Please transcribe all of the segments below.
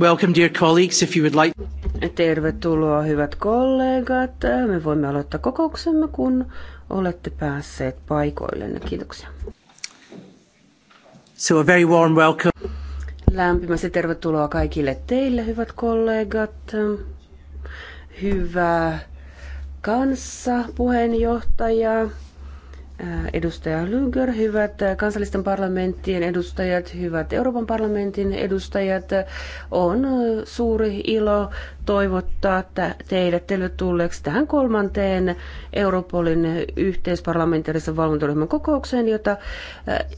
Welcome, dear colleagues, if you would like. Tervetuloa, hyvät kollegat. Me voimme aloittaa kokouksemme, kun olette päässeet paikoillenne. Kiitoksia. So a very warm welcome. Lämpimästi tervetuloa kaikille teille, hyvät kollegat. Hyvää kanssa puheenjohtaja. Äh, edustaja Lyger, hyvät äh, kansallisten parlamenttien edustajat, hyvät Euroopan parlamentin edustajat. Äh, on suuri ilo toivottaa teidät tervetulleeksi tähän kolmanteen Europolin yhteisparlamentaarisen valvontaryhmän kokoukseen, jota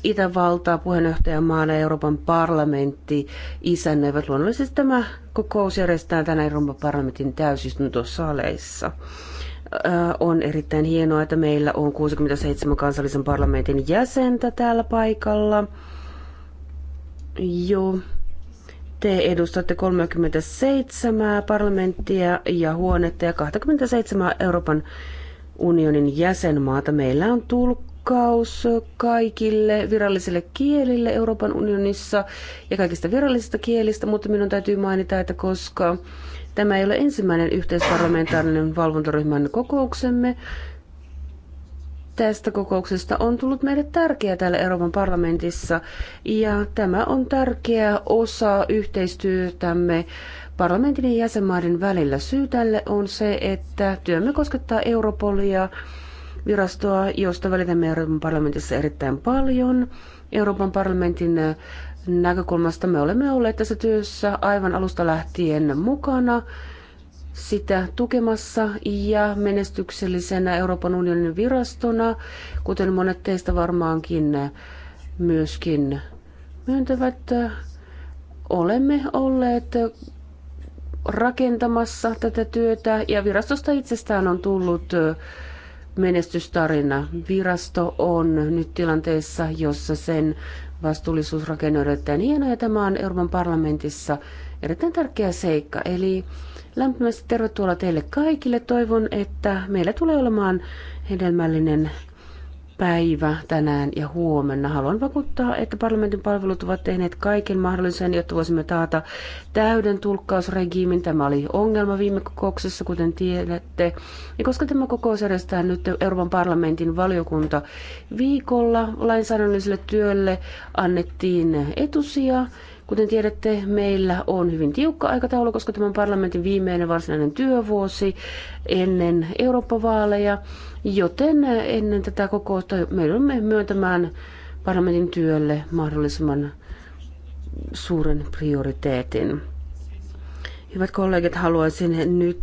Itävaltaa puheenjohtajamaana Euroopan parlamentti isännöivät. Luonnollisesti tämä kokous järjestetään tänään Euroopan parlamentin täysistuntosaleissa. saleissa. On erittäin hienoa, että meillä on 67 kansallisen parlamentin jäsentä täällä paikalla. Joo. Te edustatte 37 parlamenttia ja huonetta ja 27 Euroopan unionin jäsenmaata. Meillä on tulkkaus kaikille virallisille kielille Euroopan unionissa ja kaikista virallisista kielistä, mutta minun täytyy mainita, että koska Tämä ei ole ensimmäinen yhteisparlamentaarinen valvontaryhmän kokouksemme. Tästä kokouksesta on tullut meille tärkeä täällä Euroopan parlamentissa ja tämä on tärkeä osa yhteistyötämme parlamentin ja jäsenmaiden välillä. Syy tälle on se, että työmme koskettaa Europolia, virastoa, josta välitämme Euroopan parlamentissa erittäin paljon. Euroopan parlamentin näkökulmasta me olemme olleet tässä työssä aivan alusta lähtien mukana sitä tukemassa ja menestyksellisenä Euroopan unionin virastona, kuten monet teistä varmaankin myöskin myöntävät, olemme olleet rakentamassa tätä työtä ja virastosta itsestään on tullut menestystarina. Virasto on nyt tilanteessa, jossa sen vastuullisuusrakenne on niin hienoa ja tämä on Euroopan parlamentissa erittäin tärkeä seikka. Eli lämpimästi tervetuloa teille kaikille. Toivon, että meillä tulee olemaan hedelmällinen päivä tänään ja huomenna. Haluan vakuuttaa, että parlamentin palvelut ovat tehneet kaiken mahdollisen, jotta voisimme taata täyden tulkkausregiimin. Tämä oli ongelma viime kokouksessa, kuten tiedätte. Ja koska tämä kokous järjestetään nyt Euroopan parlamentin valiokunta viikolla, lainsäädännölliselle työlle annettiin etusia Kuten tiedätte, meillä on hyvin tiukka aikataulu, koska tämä on parlamentin viimeinen varsinainen työvuosi ennen Eurooppa-vaaleja, joten ennen tätä kokousta me joudumme myöntämään parlamentin työlle mahdollisimman suuren prioriteetin. Hyvät kollegat, haluaisin nyt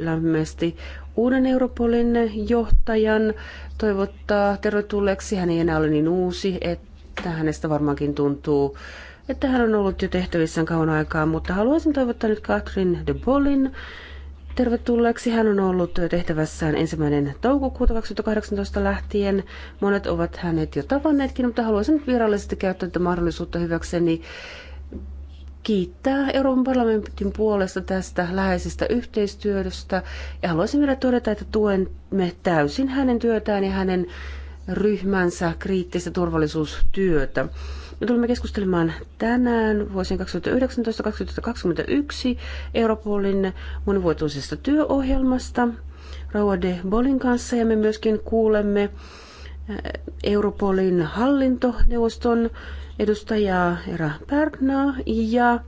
lämpimästi uuden Europolin johtajan toivottaa tervetulleeksi. Hän ei enää ole niin uusi, että hänestä varmaankin tuntuu että hän on ollut jo tehtävissään kauan aikaa, mutta haluaisin toivottaa nyt Catherine de Bollin tervetulleeksi. Hän on ollut tehtävässään ensimmäinen toukokuuta 2018 lähtien. Monet ovat hänet jo tavanneetkin, mutta haluaisin nyt virallisesti käyttää tätä mahdollisuutta hyväkseni kiittää Euroopan parlamentin puolesta tästä läheisestä yhteistyöstä ja haluaisin vielä todeta, että tuemme täysin hänen työtään ja hänen ryhmänsä kriittistä turvallisuustyötä. Me tulemme keskustelemaan tänään vuosien 2019-2021 Europolin monivuotuisesta työohjelmasta Raua de Bolin kanssa ja me myöskin kuulemme eh, Europolin hallintoneuvoston edustajaa Era Bergnaa ja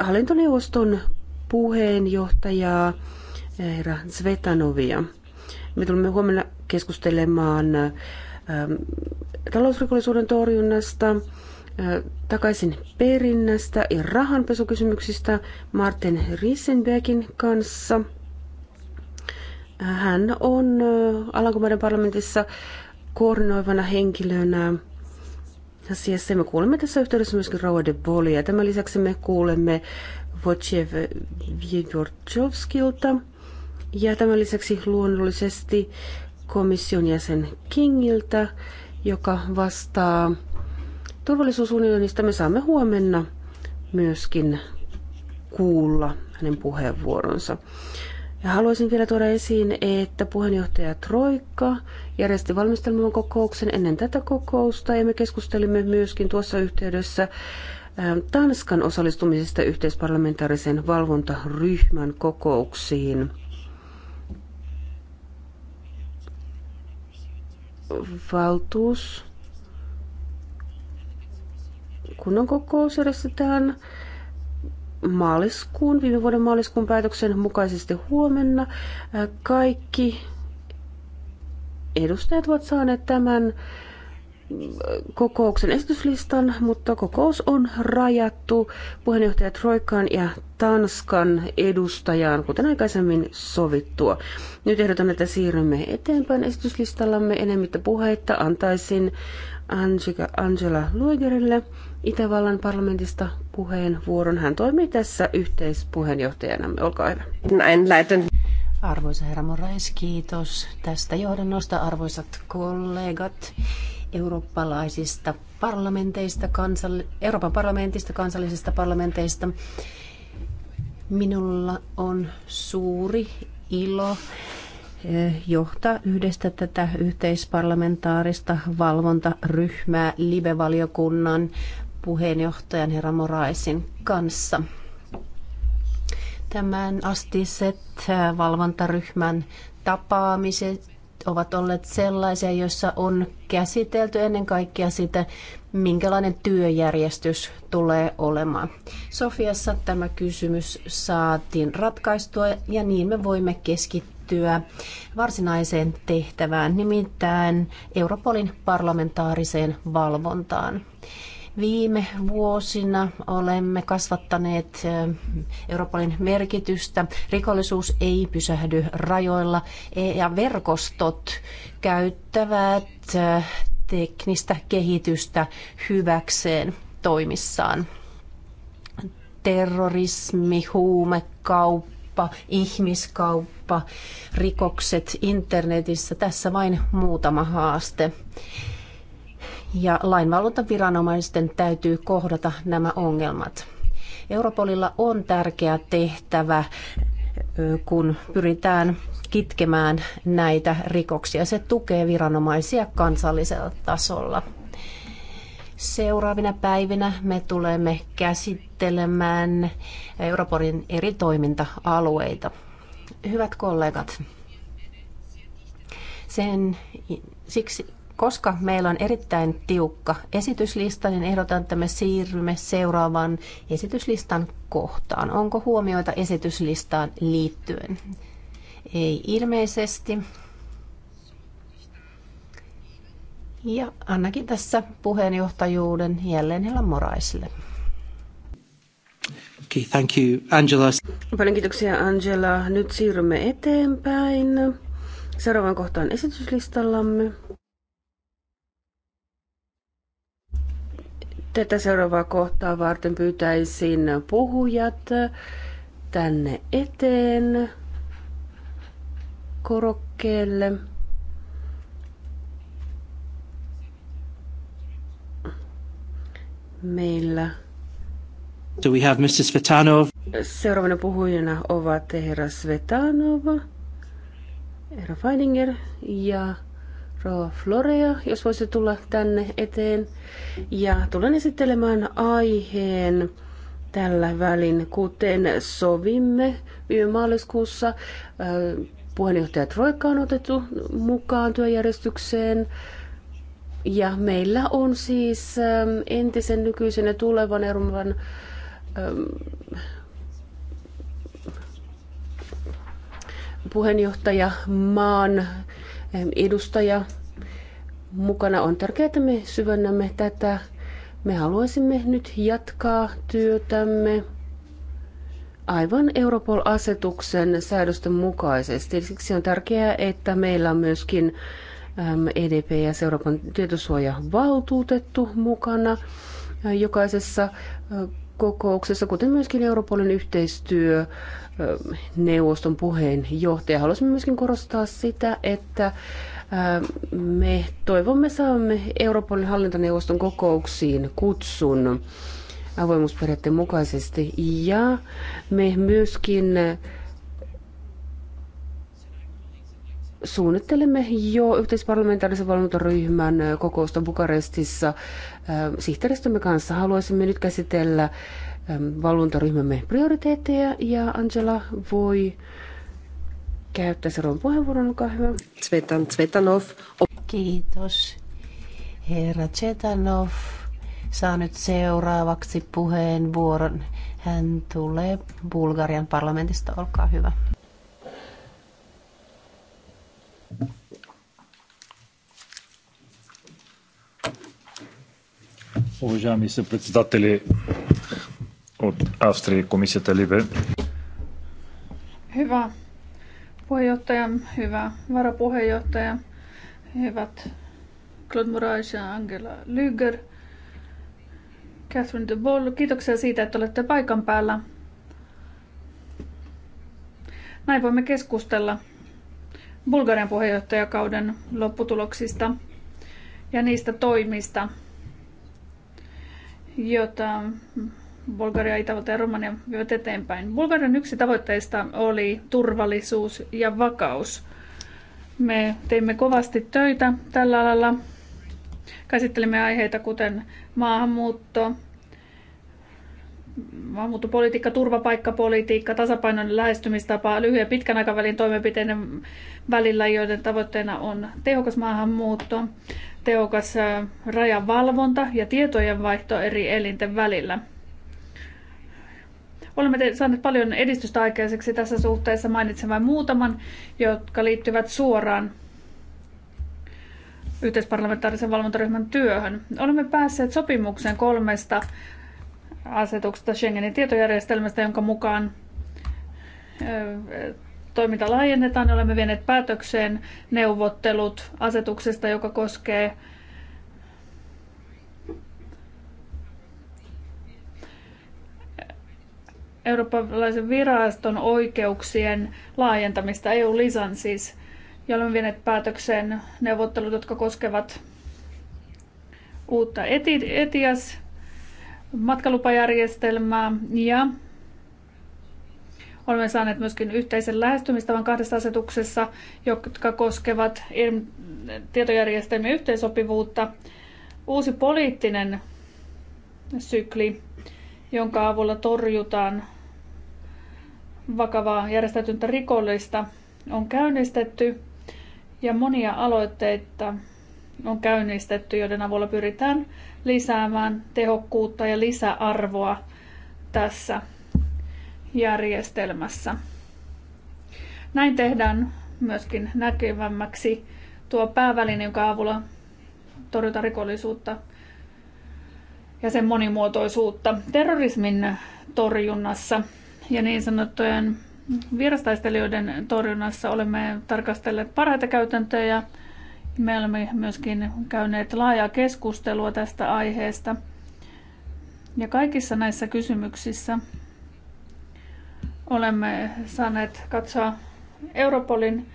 hallintoneuvoston puheenjohtajaa eh, Era Zvetanovia. Me tulemme huomenna keskustelemaan eh, Ähm, talousrikollisuuden torjunnasta, äh, takaisin perinnästä ja rahanpesukysymyksistä Martin Rissenbergin kanssa. Hän on äh, Alankomaiden parlamentissa koordinoivana henkilönä asiassa. Me kuulemme tässä yhteydessä myöskin Raua de Bolia. Tämän lisäksi me kuulemme Wojciech Wiedorczowskilta. Ja tämän lisäksi luonnollisesti komission jäsen Kingiltä, joka vastaa turvallisuusunionista. Me saamme huomenna myöskin kuulla hänen puheenvuoronsa. Ja haluaisin vielä tuoda esiin, että puheenjohtaja Troikka järjesti valmistelman kokouksen ennen tätä kokousta ja me keskustelimme myöskin tuossa yhteydessä ähm, Tanskan osallistumisesta yhteisparlamentaarisen valvontaryhmän kokouksiin. valtuus, kunnan kokous järjestetään maaliskuun, viime vuoden maaliskuun päätöksen mukaisesti huomenna. Äh, kaikki edustajat ovat saaneet tämän kokouksen esityslistan, mutta kokous on rajattu puheenjohtaja Troikan ja Tanskan edustajaan, kuten aikaisemmin sovittua. Nyt ehdotan, että siirrymme eteenpäin esityslistallamme enemmittä puheita Antaisin Angela Luigerille Itävallan parlamentista puheenvuoron. Hän toimii tässä yhteispuheenjohtajanamme. Olkaa hyvä. Näin lähetän. Arvoisa herra Morais, kiitos tästä johdannosta. Arvoisat kollegat, eurooppalaisista parlamenteista, kansall- Euroopan parlamentista, kansallisista parlamenteista. Minulla on suuri ilo eh, johtaa yhdestä tätä yhteisparlamentaarista valvontaryhmää Live-valiokunnan puheenjohtajan herra Moraisin kanssa. Tämän astiset eh, valvontaryhmän tapaamiset ovat olleet sellaisia, joissa on käsitelty ennen kaikkea sitä, minkälainen työjärjestys tulee olemaan. Sofiassa tämä kysymys saatiin ratkaistua ja niin me voimme keskittyä varsinaiseen tehtävään, nimittäin Europolin parlamentaariseen valvontaan. Viime vuosina olemme kasvattaneet Euroopan merkitystä. Rikollisuus ei pysähdy rajoilla ja verkostot käyttävät teknistä kehitystä hyväkseen toimissaan. Terrorismi, huumekauppa, ihmiskauppa, rikokset internetissä, tässä vain muutama haaste ja lainvalvontaviranomaisten täytyy kohdata nämä ongelmat. Europolilla on tärkeä tehtävä, kun pyritään kitkemään näitä rikoksia. Se tukee viranomaisia kansallisella tasolla. Seuraavina päivinä me tulemme käsittelemään Europolin eri toiminta-alueita. Hyvät kollegat, sen, siksi koska meillä on erittäin tiukka esityslista, niin ehdotan, että me siirrymme seuraavaan esityslistan kohtaan. Onko huomioita esityslistaan liittyen? Ei ilmeisesti. Ja annakin tässä puheenjohtajuuden jälleen Hela Moraisille. Okay, thank you, Angela. Paljon kiitoksia, Angela. Nyt siirrymme eteenpäin. Seuraavaan kohtaan esityslistallamme. Tätä seuraavaa kohtaa varten pyytäisin puhujat tänne eteen korokkeelle. Meillä. Do we have Mr. Svetanov. Seuraavana puhujana ovat herra Svetanov, herra Feininger ja Rova Florea, jos voisi tulla tänne eteen. Ja tulen esittelemään aiheen tällä välin, kuten sovimme viime maaliskuussa. Äh, puheenjohtaja Troikka on otettu mukaan työjärjestykseen. Ja meillä on siis äh, entisen, nykyisen ja tulevan Euroopan ähm, puheenjohtajamaan maan Ehm, edustaja mukana. On tärkeää, että me syvennämme tätä. Me haluaisimme nyt jatkaa työtämme aivan Europol-asetuksen säädösten mukaisesti. Siksi on tärkeää, että meillä on myöskin EDPS, ehm, e Euroopan tietosuojavaltuutettu, mukana jokaisessa kokouksessa, kuten myöskin Europolin yhteistyö neuvoston puheenjohtaja. Haluaisin myöskin korostaa sitä, että me toivomme saamme Europolin hallintoneuvoston kokouksiin kutsun avoimuusperiaatteen mukaisesti ja me myöskin suunnittelemme jo yhteisparlamentaarisen valvontaryhmän kokousta Bukarestissa sihteeristömme kanssa. Haluaisimme nyt käsitellä valvontaryhmämme prioriteetteja ja Angela voi käyttää seuraavan puheenvuoron, olkaa hyvä. Tsvetan, tsvetanov. Kiitos. Herra Tsvetanov saa nyt seuraavaksi puheenvuoron. Hän tulee Bulgarian parlamentista, olkaa hyvä. Уважаеми са председатели от Австрия и комисията Либе. Hyvä puheenjohtaja, hyvä varapuheenjohtaja, hyvät Claude Moraes ja Angela Lyger, Catherine de Boll. Kiitoksia siitä, että olette paikan päällä. Näin voimme keskustella Bulgarian puheenjohtajakauden lopputuloksista ja niistä toimista, joita Bulgaria, Itävalta ja Romania vievät eteenpäin. Bulgarian yksi tavoitteista oli turvallisuus ja vakaus. Me teimme kovasti töitä tällä alalla. Käsittelimme aiheita kuten maahanmuutto, maahanmuuttopolitiikka, turvapaikkapolitiikka, tasapainoinen lähestymistapa lyhyen ja pitkän aikavälin toimenpiteiden välillä, joiden tavoitteena on tehokas maahanmuutto, tehokas rajavalvonta ja tietojen vaihto eri elinten välillä. Olemme saaneet paljon edistystä aikaiseksi tässä suhteessa. Mainitsen vain muutaman, jotka liittyvät suoraan yhteisparlamentaarisen valvontaryhmän työhön. Olemme päässeet sopimukseen kolmesta asetuksesta Schengenin tietojärjestelmästä, jonka mukaan toiminta laajennetaan. Olemme vieneet päätökseen neuvottelut asetuksesta, joka koskee eurooppalaisen viraston oikeuksien laajentamista EU-lisan siis, ja olemme vieneet päätökseen neuvottelut, jotka koskevat uutta eti- ETIAS matkalupajärjestelmää ja olemme saaneet myöskin yhteisen lähestymistavan kahdessa asetuksessa, jotka koskevat tietojärjestelmien yhteensopivuutta. Uusi poliittinen sykli, jonka avulla torjutaan vakavaa järjestäytyntä rikollista, on käynnistetty ja monia aloitteita on käynnistetty, joiden avulla pyritään lisäämään tehokkuutta ja lisäarvoa tässä järjestelmässä. Näin tehdään myöskin näkyvämmäksi tuo pääväline, jonka avulla torjutaan rikollisuutta ja sen monimuotoisuutta terrorismin torjunnassa ja niin sanottujen vierastaistelijoiden torjunnassa olemme tarkastelleet parhaita käytäntöjä me olemme myöskin käyneet laajaa keskustelua tästä aiheesta. Ja kaikissa näissä kysymyksissä olemme saaneet katsoa Europolin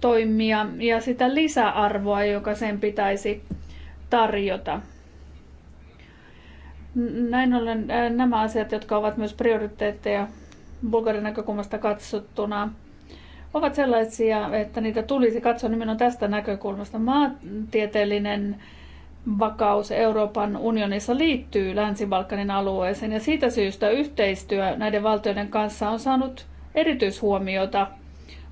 toimia ja sitä lisäarvoa, joka sen pitäisi tarjota. Näin ollen nämä asiat, jotka ovat myös prioriteetteja Bulgarin näkökulmasta katsottuna, ovat sellaisia, että niitä tulisi katsoa nimenomaan tästä näkökulmasta. Maantieteellinen vakaus Euroopan unionissa liittyy Länsi-Balkanin alueeseen ja siitä syystä yhteistyö näiden valtioiden kanssa on saanut erityishuomiota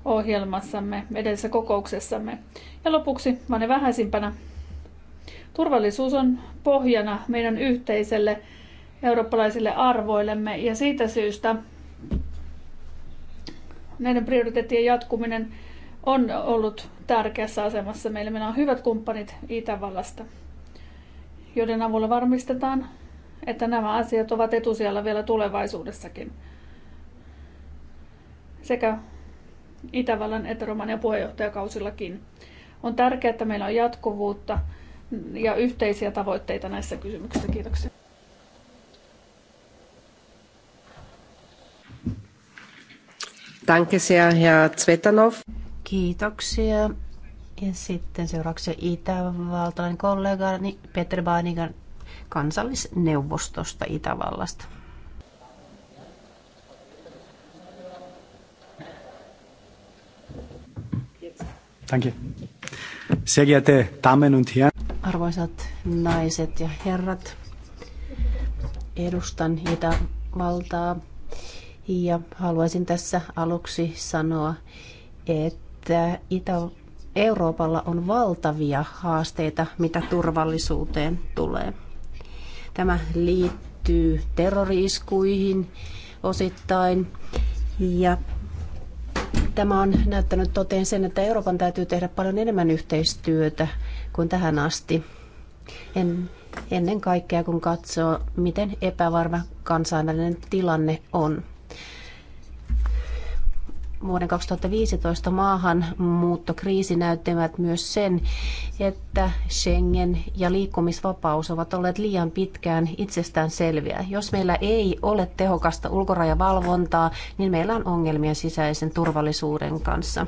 ohjelmassamme, edellisessä kokouksessamme. Ja lopuksi, vaan vähäisimpänä, turvallisuus on pohjana meidän yhteiselle eurooppalaisille arvoillemme ja siitä syystä näiden prioriteettien jatkuminen on ollut tärkeässä asemassa meillä. Meillä on hyvät kumppanit Itävallasta, joiden avulla varmistetaan, että nämä asiat ovat etusijalla vielä tulevaisuudessakin. Sekä Itävallan että Romanian puheenjohtajakausillakin. On tärkeää, että meillä on jatkuvuutta ja yhteisiä tavoitteita näissä kysymyksissä. Kiitoksia. Danke sehr, Herr Zvetanov. Kiitoksia. Ja sitten seuraavaksi itävaltalainen kollegani Peter Baanigan kansallisneuvostosta Itävallasta. Danke. Sehr geehrte Damen und Herren. Arvoisat naiset ja herrat, edustan Itävaltaa ja haluaisin tässä aluksi sanoa, että Itä-Euroopalla on valtavia haasteita, mitä turvallisuuteen tulee. Tämä liittyy terroriiskuihin osittain ja tämä on näyttänyt toteen sen, että Euroopan täytyy tehdä paljon enemmän yhteistyötä kuin tähän asti. En, ennen kaikkea kun katsoo, miten epävarma kansainvälinen tilanne on vuoden 2015 maahanmuuttokriisi näyttävät myös sen, että Schengen ja liikkumisvapaus ovat olleet liian pitkään itsestään selviä. Jos meillä ei ole tehokasta ulkorajavalvontaa, niin meillä on ongelmia sisäisen turvallisuuden kanssa.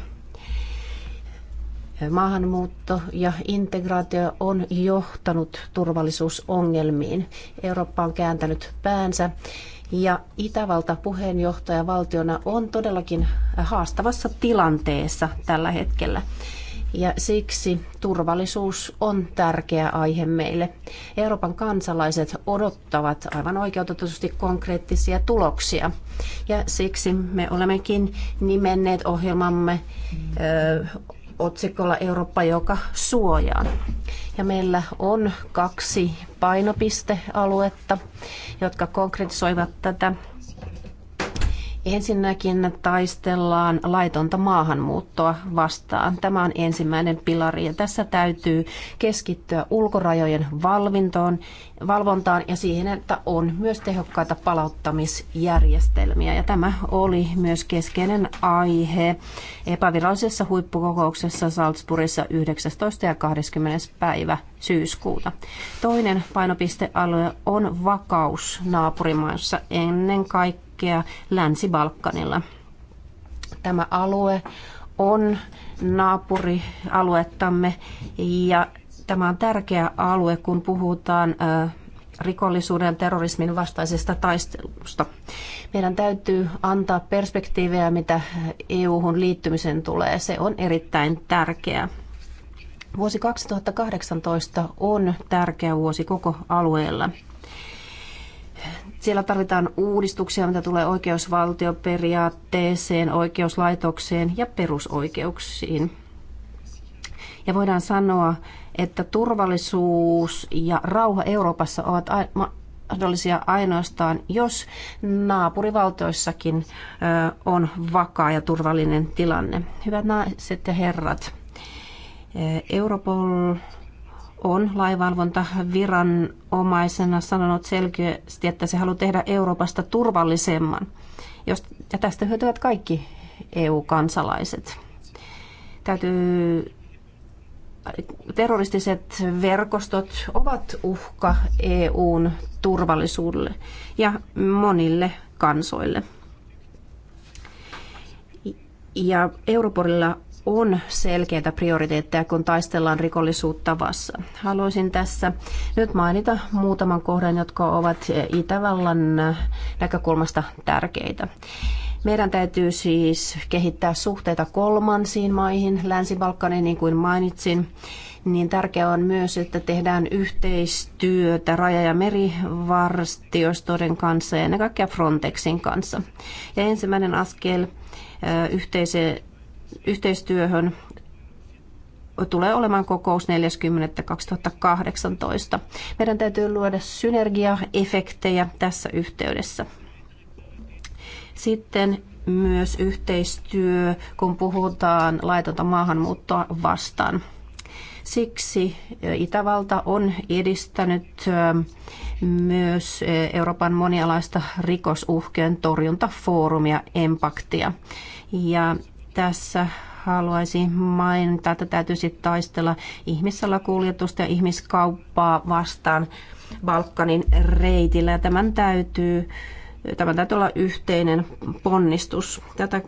Maahanmuutto ja integraatio on johtanut turvallisuusongelmiin. Eurooppa on kääntänyt päänsä ja Itävalta valtiona on todellakin haastavassa tilanteessa tällä hetkellä. Ja siksi turvallisuus on tärkeä aihe meille. Euroopan kansalaiset odottavat aivan oikeutetusti konkreettisia tuloksia. Ja siksi me olemmekin nimenneet ohjelmamme ö, otsikolla Eurooppa, joka suojaa. Ja meillä on kaksi painopistealuetta, jotka konkretisoivat tätä Ensinnäkin taistellaan laitonta maahanmuuttoa vastaan. Tämä on ensimmäinen pilari ja tässä täytyy keskittyä ulkorajojen valvintoon, valvontaan ja siihen, että on myös tehokkaita palauttamisjärjestelmiä. Ja tämä oli myös keskeinen aihe epävirallisessa huippukokouksessa Salzburgissa 19. ja 20. päivä syyskuuta. Toinen painopistealue on vakaus naapurimaissa ennen kaikkea kaikkea Länsi-Balkanilla. Tämä alue on naapurialuettamme ja tämä on tärkeä alue, kun puhutaan rikollisuuden ja terrorismin vastaisesta taistelusta. Meidän täytyy antaa perspektiivejä, mitä EU-hun liittymisen tulee. Se on erittäin tärkeää. Vuosi 2018 on tärkeä vuosi koko alueella. Siellä tarvitaan uudistuksia, mitä tulee oikeusvaltioperiaatteeseen, oikeuslaitokseen ja perusoikeuksiin. Ja voidaan sanoa, että turvallisuus ja rauha Euroopassa ovat mahdollisia ainoastaan, jos naapurivaltioissakin on vakaa ja turvallinen tilanne. Hyvät naiset ja herrat, Europol on laivalvontaviranomaisena sanonut selkeästi, että se haluaa tehdä Euroopasta turvallisemman. Ja tästä hyötyvät kaikki EU-kansalaiset. Täytyy terroristiset verkostot ovat uhka EUn turvallisuudelle ja monille kansoille. Ja Europolilla on selkeitä prioriteetteja, kun taistellaan rikollisuutta vastaan. Haluaisin tässä nyt mainita muutaman kohdan, jotka ovat Itävallan näkökulmasta tärkeitä. Meidän täytyy siis kehittää suhteita kolmansiin maihin, Länsi-Balkaniin niin kuin mainitsin. Niin tärkeää on myös, että tehdään yhteistyötä raja- ja merivartiostoiden kanssa ja ennen kaikkea Frontexin kanssa. Ja ensimmäinen askel yhteiseen yhteistyöhön tulee olemaan kokous 40.2018. Meidän täytyy luoda synergiaefektejä tässä yhteydessä. Sitten myös yhteistyö, kun puhutaan laitonta maahanmuuttoa vastaan. Siksi Itävalta on edistänyt myös Euroopan monialaista rikosuhkeen torjuntafoorumia Empaktia. Ja tässä haluaisi mainita, että täytyisi taistella ihmissalakuljetusta ja ihmiskauppaa vastaan Balkanin reitillä. Ja tämän täytyy, tämän täytyy olla yhteinen ponnistus. Tätä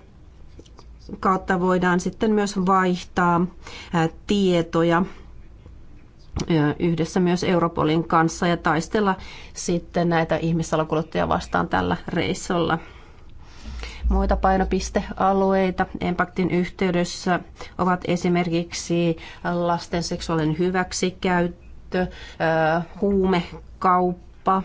kautta voidaan sitten myös vaihtaa tietoja yhdessä myös Europolin kanssa ja taistella sitten näitä ihmissalakuljettajia vastaan tällä reissolla. Muita painopistealueita Empaktin yhteydessä ovat esimerkiksi lasten seksuaalinen hyväksikäyttö, äh, huumekauppa, äh,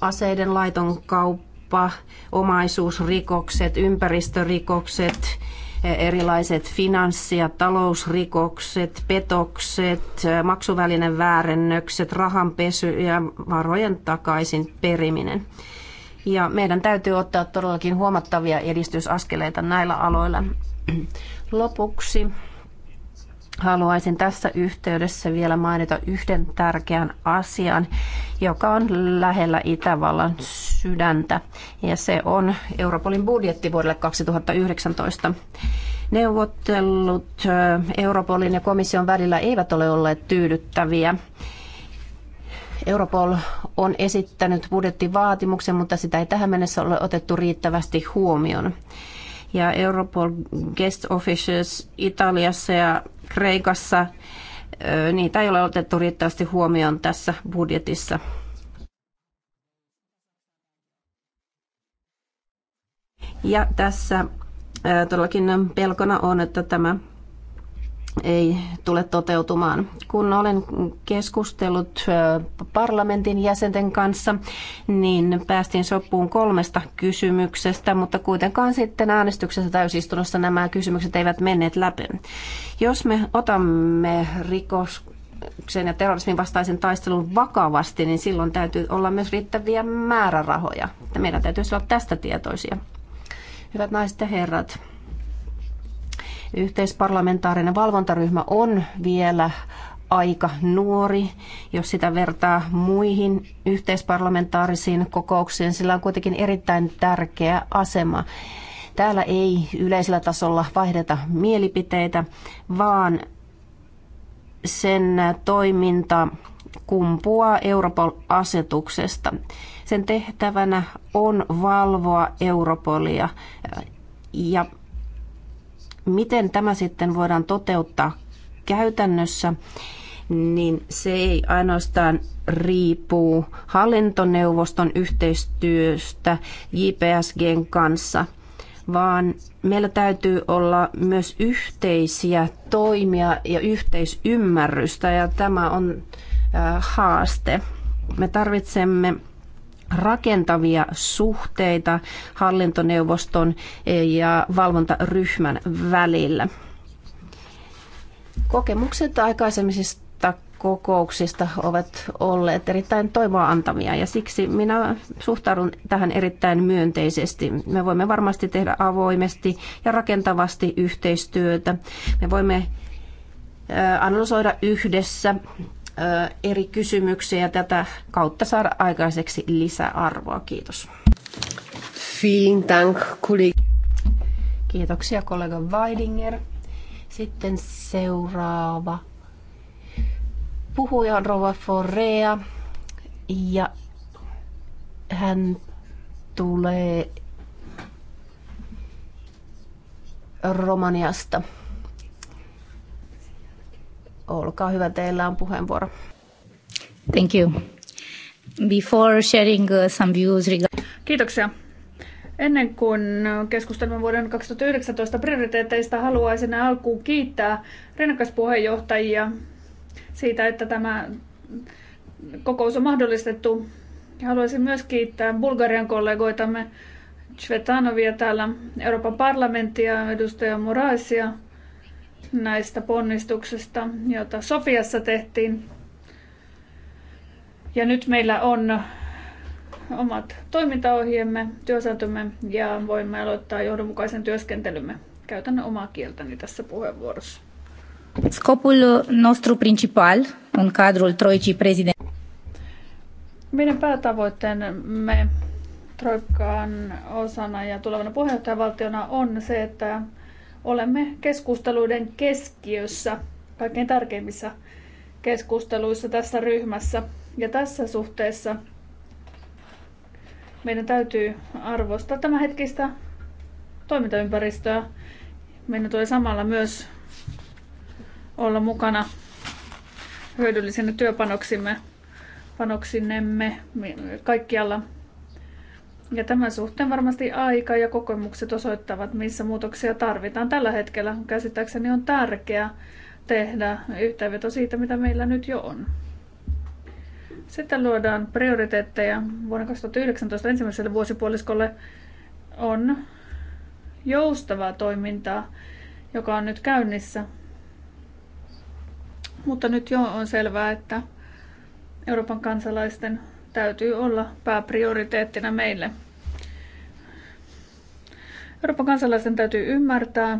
aseiden laiton kauppa, omaisuusrikokset, ympäristörikokset, äh, erilaiset finanssi- ja talousrikokset, petokset, maksuvälinen väärennökset, rahanpesy ja varojen takaisin periminen. Ja meidän täytyy ottaa todellakin huomattavia edistysaskeleita näillä aloilla. Lopuksi haluaisin tässä yhteydessä vielä mainita yhden tärkeän asian, joka on lähellä Itävallan sydäntä, ja se on Europolin budjetti vuodelle 2019. Neuvottelut Europolin ja komission välillä eivät ole olleet tyydyttäviä. Europol on esittänyt budjettivaatimuksen, mutta sitä ei tähän mennessä ole otettu riittävästi huomioon. Ja Europol guest officers Italiassa ja Kreikassa, niitä ei ole otettu riittävästi huomioon tässä budjetissa. Ja tässä todellakin pelkona on, että tämä ei tule toteutumaan. Kun olen keskustellut parlamentin jäsenten kanssa, niin päästiin sopuun kolmesta kysymyksestä, mutta kuitenkaan sitten äänestyksessä täysistunnossa nämä kysymykset eivät menneet läpi. Jos me otamme rikos ja terrorismin vastaisen taistelun vakavasti, niin silloin täytyy olla myös riittäviä määrärahoja. Meidän täytyy olla tästä tietoisia. Hyvät naiset ja herrat, Yhteisparlamentaarinen valvontaryhmä on vielä aika nuori, jos sitä vertaa muihin yhteisparlamentaarisiin kokouksiin. Sillä on kuitenkin erittäin tärkeä asema. Täällä ei yleisellä tasolla vaihdeta mielipiteitä, vaan sen toiminta kumpuaa Europol-asetuksesta. Sen tehtävänä on valvoa Europolia ja miten tämä sitten voidaan toteuttaa käytännössä, niin se ei ainoastaan riipuu hallintoneuvoston yhteistyöstä JPSGn kanssa, vaan meillä täytyy olla myös yhteisiä toimia ja yhteisymmärrystä, ja tämä on äh, haaste. Me tarvitsemme rakentavia suhteita hallintoneuvoston eh, ja valvontaryhmän välillä. Kokemukset aikaisemmista kokouksista ovat olleet erittäin toivoa antamia ja siksi minä suhtaudun tähän erittäin myönteisesti. Me voimme varmasti tehdä avoimesti ja rakentavasti yhteistyötä. Me voimme eh, analysoida yhdessä eri kysymyksiä ja tätä kautta saada aikaiseksi lisäarvoa. Kiitos. Vielen Dank, Kiitoksia kollega Weidinger. Sitten seuraava puhuja on Rova Forea ja hän tulee Romaniasta. Olkaa hyvä, teillä on puheenvuoro. Thank you. Before sharing uh, some views Kiitoksia. Ennen kuin keskustelemme vuoden 2019 prioriteetteista, haluaisin alkuun kiittää rinnakkaispuheenjohtajia siitä, että tämä kokous on mahdollistettu. Haluaisin myös kiittää Bulgarian kollegoitamme Svetanovia täällä Euroopan parlamenttia, edustaja Moraisia, näistä ponnistuksista, joita Sofiassa tehtiin. Ja nyt meillä on omat toimintaohjeemme, työsääntömme ja voimme aloittaa johdonmukaisen työskentelymme. Käytän omaa kieltäni tässä puheenvuorossa. Scopul nostru principal on cadrul Troicii president. Meidän päätavoitteemme Troikan osana ja tulevana puheenjohtajavaltiona on se, että olemme keskusteluiden keskiössä, kaikkein tärkeimmissä keskusteluissa tässä ryhmässä. Ja tässä suhteessa meidän täytyy arvostaa tämä hetkistä, toimintaympäristöä. Meidän tulee samalla myös olla mukana hyödyllisenä työpanoksimme panoksinemme kaikkialla ja tämän suhteen varmasti aika ja kokemukset osoittavat, missä muutoksia tarvitaan. Tällä hetkellä käsittääkseni on tärkeää tehdä yhteenveto siitä, mitä meillä nyt jo on. Sitten luodaan prioriteetteja vuonna 2019 ensimmäiselle vuosipuoliskolle on joustavaa toimintaa, joka on nyt käynnissä. Mutta nyt jo on selvää, että Euroopan kansalaisten täytyy olla pääprioriteettina meille. Euroopan kansalaisten täytyy ymmärtää,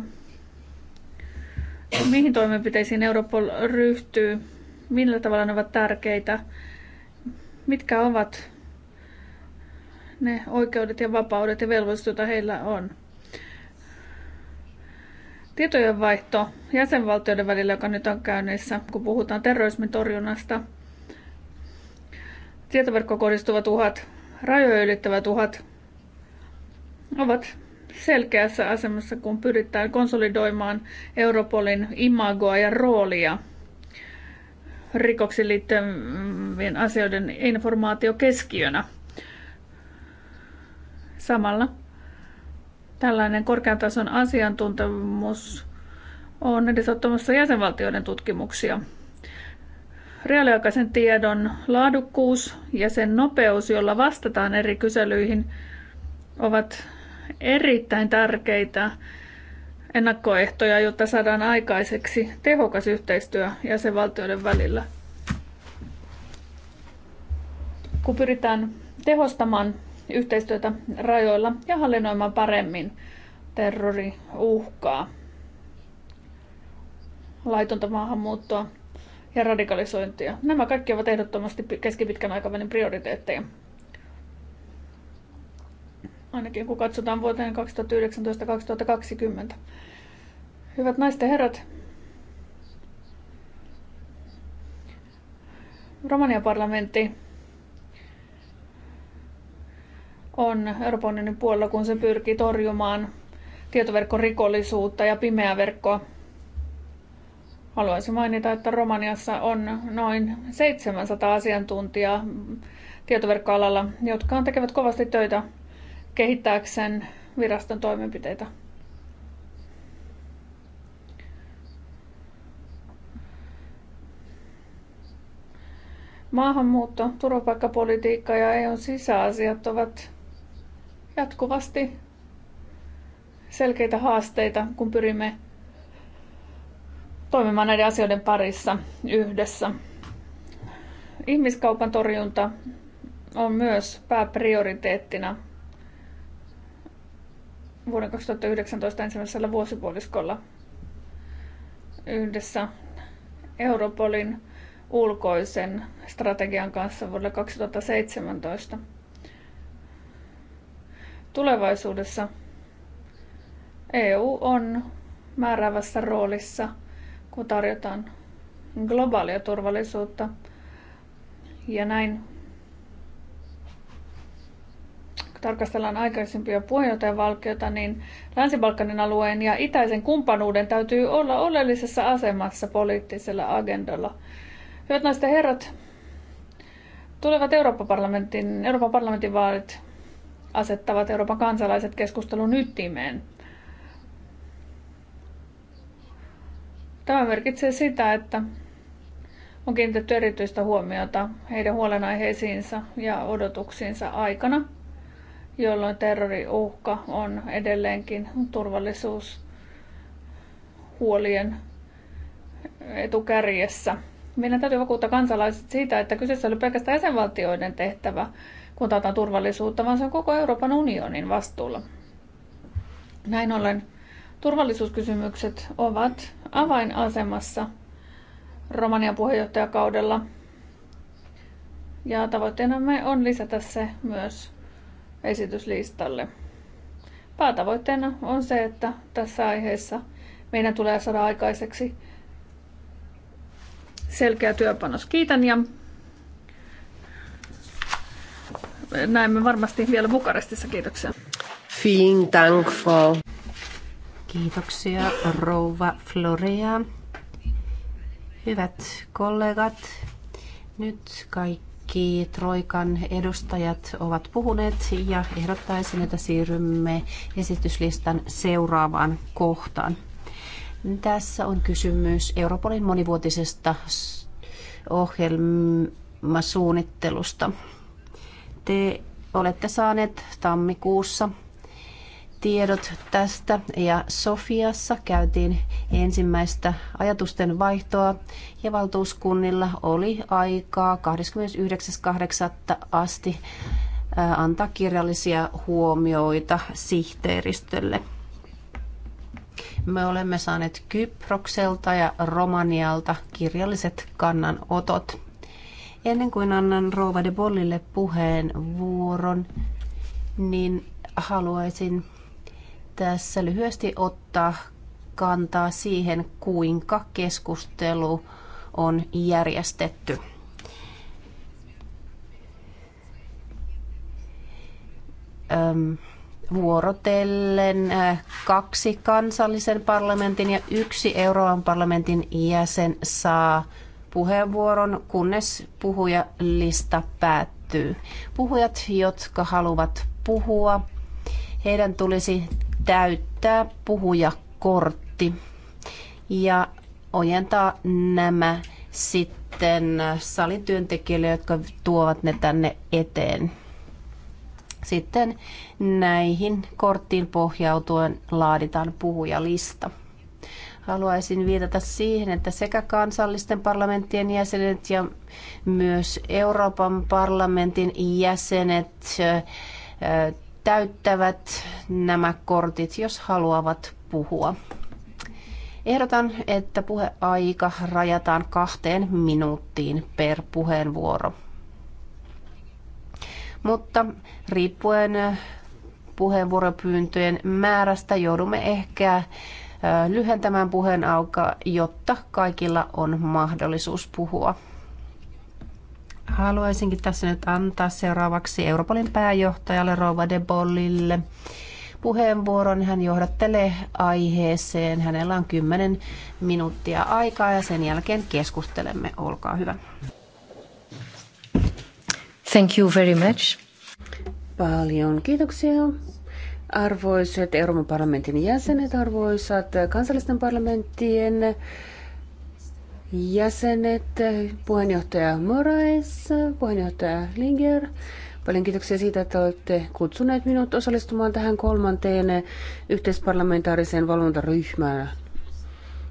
mihin toimenpiteisiin Europol ryhtyy, millä tavalla ne ovat tärkeitä, mitkä ovat ne oikeudet ja vapaudet ja velvollisuudet, joita heillä on. Tietojenvaihto jäsenvaltioiden välillä, joka nyt on käynnissä, kun puhutaan terrorismin torjunnasta – tietoverkkoon kohdistuvat uhat, rajoja ylittävät uhat ovat selkeässä asemassa, kun pyritään konsolidoimaan Europolin imagoa ja roolia rikoksiin liittyvien asioiden informaatiokeskiönä. Samalla tällainen korkean tason asiantuntemus on edesottamassa jäsenvaltioiden tutkimuksia reaaliaikaisen tiedon laadukkuus ja sen nopeus, jolla vastataan eri kyselyihin, ovat erittäin tärkeitä ennakkoehtoja, jotta saadaan aikaiseksi tehokas yhteistyö jäsenvaltioiden välillä. Kun pyritään tehostamaan yhteistyötä rajoilla ja hallinnoimaan paremmin terroriuhkaa, laitonta maahanmuuttoa ja radikalisointia. Nämä kaikki ovat ehdottomasti keskipitkän aikavälin prioriteetteja. Ainakin kun katsotaan vuoteen 2019-2020. Hyvät naisten herrat, Romanian parlamentti on Euroopan puolella, kun se pyrkii torjumaan tietoverkkorikollisuutta ja pimeää verkkoa Haluaisin mainita, että Romaniassa on noin 700 asiantuntijaa tietoverkkoalalla, jotka tekevät kovasti töitä kehittääkseen viraston toimenpiteitä. Maahanmuutto, turvapaikkapolitiikka ja EUn sisäasiat ovat jatkuvasti selkeitä haasteita, kun pyrimme toimimaan näiden asioiden parissa yhdessä. Ihmiskaupan torjunta on myös pääprioriteettina vuoden 2019 ensimmäisellä vuosipuoliskolla yhdessä Europolin ulkoisen strategian kanssa vuodelle 2017. Tulevaisuudessa EU on määräävässä roolissa – kun tarjotaan globaalia turvallisuutta. Ja näin kun tarkastellaan aikaisempia puheenjohtajavalkioita, niin Länsi-Balkanin alueen ja itäisen kumppanuuden täytyy olla oleellisessa asemassa poliittisella agendalla. Hyvät naiset ja herrat, tulevat Euroopan parlamentin, Euroopan parlamentin vaalit asettavat Euroopan kansalaiset keskustelun ytimeen – Tämä merkitsee sitä, että on kiinnitetty erityistä huomiota heidän huolenaiheisiinsa ja odotuksiinsa aikana, jolloin terroriuhka on edelleenkin turvallisuushuolien etukärjessä. Meidän täytyy vakuuttaa kansalaiset siitä, että kyseessä oli pelkästään jäsenvaltioiden tehtävä, kun taataan turvallisuutta, vaan se on koko Euroopan unionin vastuulla. Näin ollen turvallisuuskysymykset ovat avainasemassa Romanian puheenjohtajakaudella. Ja tavoitteenamme on lisätä se myös esityslistalle. Päätavoitteena on se, että tässä aiheessa meidän tulee saada aikaiseksi selkeä työpanos. Kiitän ja näemme varmasti vielä Bukarestissa. Kiitoksia. Vielen Dank, Frau. Kiitoksia rouva Florea. Hyvät kollegat, nyt kaikki Troikan edustajat ovat puhuneet ja ehdottaisin, että siirrymme esityslistan seuraavaan kohtaan. Tässä on kysymys Europolin monivuotisesta ohjelmasuunnittelusta. Te olette saaneet tammikuussa tiedot tästä ja Sofiassa käytiin ensimmäistä ajatusten vaihtoa ja valtuuskunnilla oli aikaa 29.8. asti antaa kirjallisia huomioita sihteeristölle. Me olemme saaneet Kyprokselta ja Romanialta kirjalliset kannanotot. Ennen kuin annan Rova de Bollille puheenvuoron, niin haluaisin tässä lyhyesti ottaa kantaa siihen, kuinka keskustelu on järjestetty. Öm, vuorotellen äh, kaksi kansallisen parlamentin ja yksi Euroopan parlamentin jäsen saa puheenvuoron, kunnes puhujalista päättyy. Puhujat, jotka haluavat puhua, heidän tulisi täyttää puhujakortti ja ojentaa nämä sitten salityöntekijöille, jotka tuovat ne tänne eteen. Sitten näihin korttiin pohjautuen laaditaan puhujalista. Haluaisin viitata siihen, että sekä kansallisten parlamenttien jäsenet ja myös Euroopan parlamentin jäsenet täyttävät nämä kortit, jos haluavat puhua. Ehdotan, että puheaika rajataan kahteen minuuttiin per puheenvuoro. Mutta riippuen äh, puheenvuoropyyntöjen määrästä joudumme ehkä äh, lyhentämään puheen auka, jotta kaikilla on mahdollisuus puhua. Haluaisinkin tässä nyt antaa seuraavaksi Europolin pääjohtajalle Rova de Bollille puheenvuoron. Hän johdattelee aiheeseen. Hänellä on 10 minuuttia aikaa ja sen jälkeen keskustelemme. Olkaa hyvä. Thank you very much. Paljon kiitoksia. Arvoisat Euroopan parlamentin jäsenet, arvoisat kansallisten parlamenttien jäsenet, puheenjohtaja Moraes, puheenjohtaja Linger. Paljon kiitoksia siitä, että olette kutsuneet minut osallistumaan tähän kolmanteen yhteisparlamentaariseen valvontaryhmään.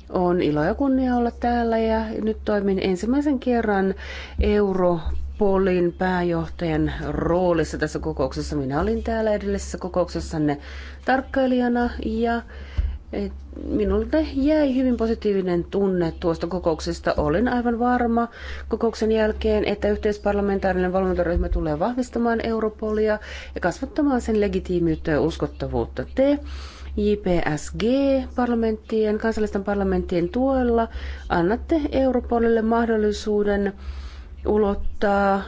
On ilo ja kunnia olla täällä ja nyt toimin ensimmäisen kerran euro Polin pääjohtajan roolissa tässä kokouksessa. Minä olin täällä edellisessä kokouksessanne tarkkailijana ja Minulle jäi hyvin positiivinen tunne tuosta kokouksesta. Olin aivan varma kokouksen jälkeen, että yhteisparlamentaarinen valvontaryhmä tulee vahvistamaan Europolia ja kasvattamaan sen legitiimiyttä ja uskottavuutta. Te JPSG-parlamenttien, kansallisten parlamenttien tuella annatte Europolille mahdollisuuden ulottaa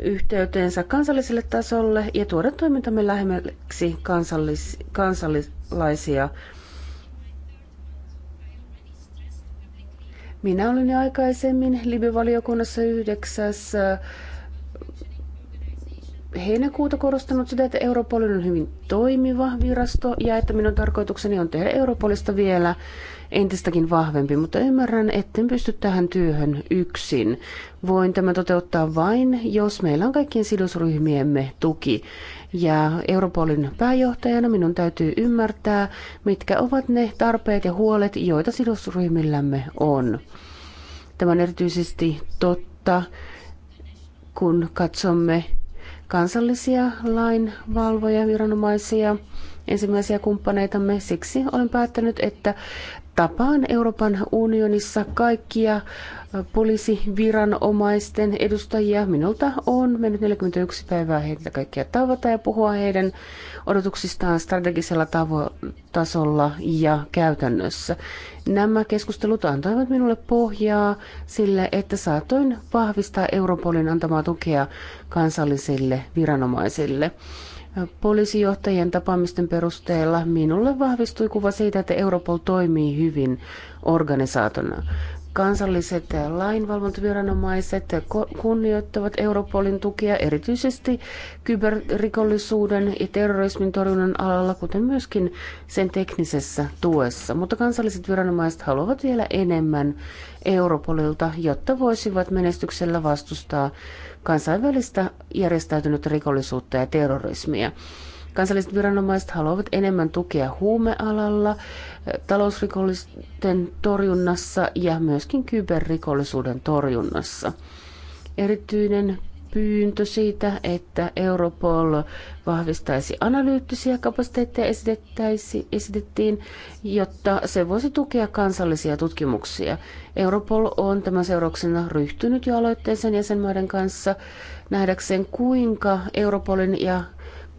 yhteyteensä kansalliselle tasolle ja tuoda toimintamme lähemmäksi kansallis- kansallisia. Minä olin jo aikaisemmin Libyvaliokunnassa yhdeksäs heinäkuuta korostanut sitä, että Europol on hyvin toimiva virasto ja että minun tarkoitukseni on tehdä Europolista vielä entistäkin vahvempi, mutta ymmärrän, etten pysty tähän työhön yksin. Voin tämä toteuttaa vain, jos meillä on kaikkien sidosryhmiemme tuki ja Europolin pääjohtajana minun täytyy ymmärtää, mitkä ovat ne tarpeet ja huolet, joita sidosryhmillämme on. Tämä on erityisesti totta, kun katsomme kansallisia lainvalvoja, viranomaisia, ensimmäisiä kumppaneitamme. Siksi olen päättänyt, että tapaan Euroopan unionissa kaikkia poliisiviranomaisten edustajia. Minulta on mennyt 41 päivää heitä kaikkia tavata ja puhua heidän odotuksistaan strategisella tavo- tasolla ja käytännössä. Nämä keskustelut antoivat minulle pohjaa sille, että saatoin vahvistaa Europolin antamaa tukea kansallisille viranomaisille. Poliisijohtajien tapaamisten perusteella minulle vahvistui kuva siitä, että Europol toimii hyvin organisaatona kansalliset lainvalvontaviranomaiset kunnioittavat Europolin tukea erityisesti kyberrikollisuuden ja terrorismin torjunnan alalla, kuten myöskin sen teknisessä tuessa. Mutta kansalliset viranomaiset haluavat vielä enemmän Europolilta, jotta voisivat menestyksellä vastustaa kansainvälistä järjestäytynyttä rikollisuutta ja terrorismia. Kansalliset viranomaiset haluavat enemmän tukea huumealalla, talousrikollisten torjunnassa ja myöskin kyberrikollisuuden torjunnassa. Erityinen pyyntö siitä, että Europol vahvistaisi analyyttisiä kapasiteetteja esitettiin, jotta se voisi tukea kansallisia tutkimuksia. Europol on tämän seurauksena ryhtynyt jo aloitteeseen jäsenmaiden kanssa nähdäkseen, kuinka Europolin ja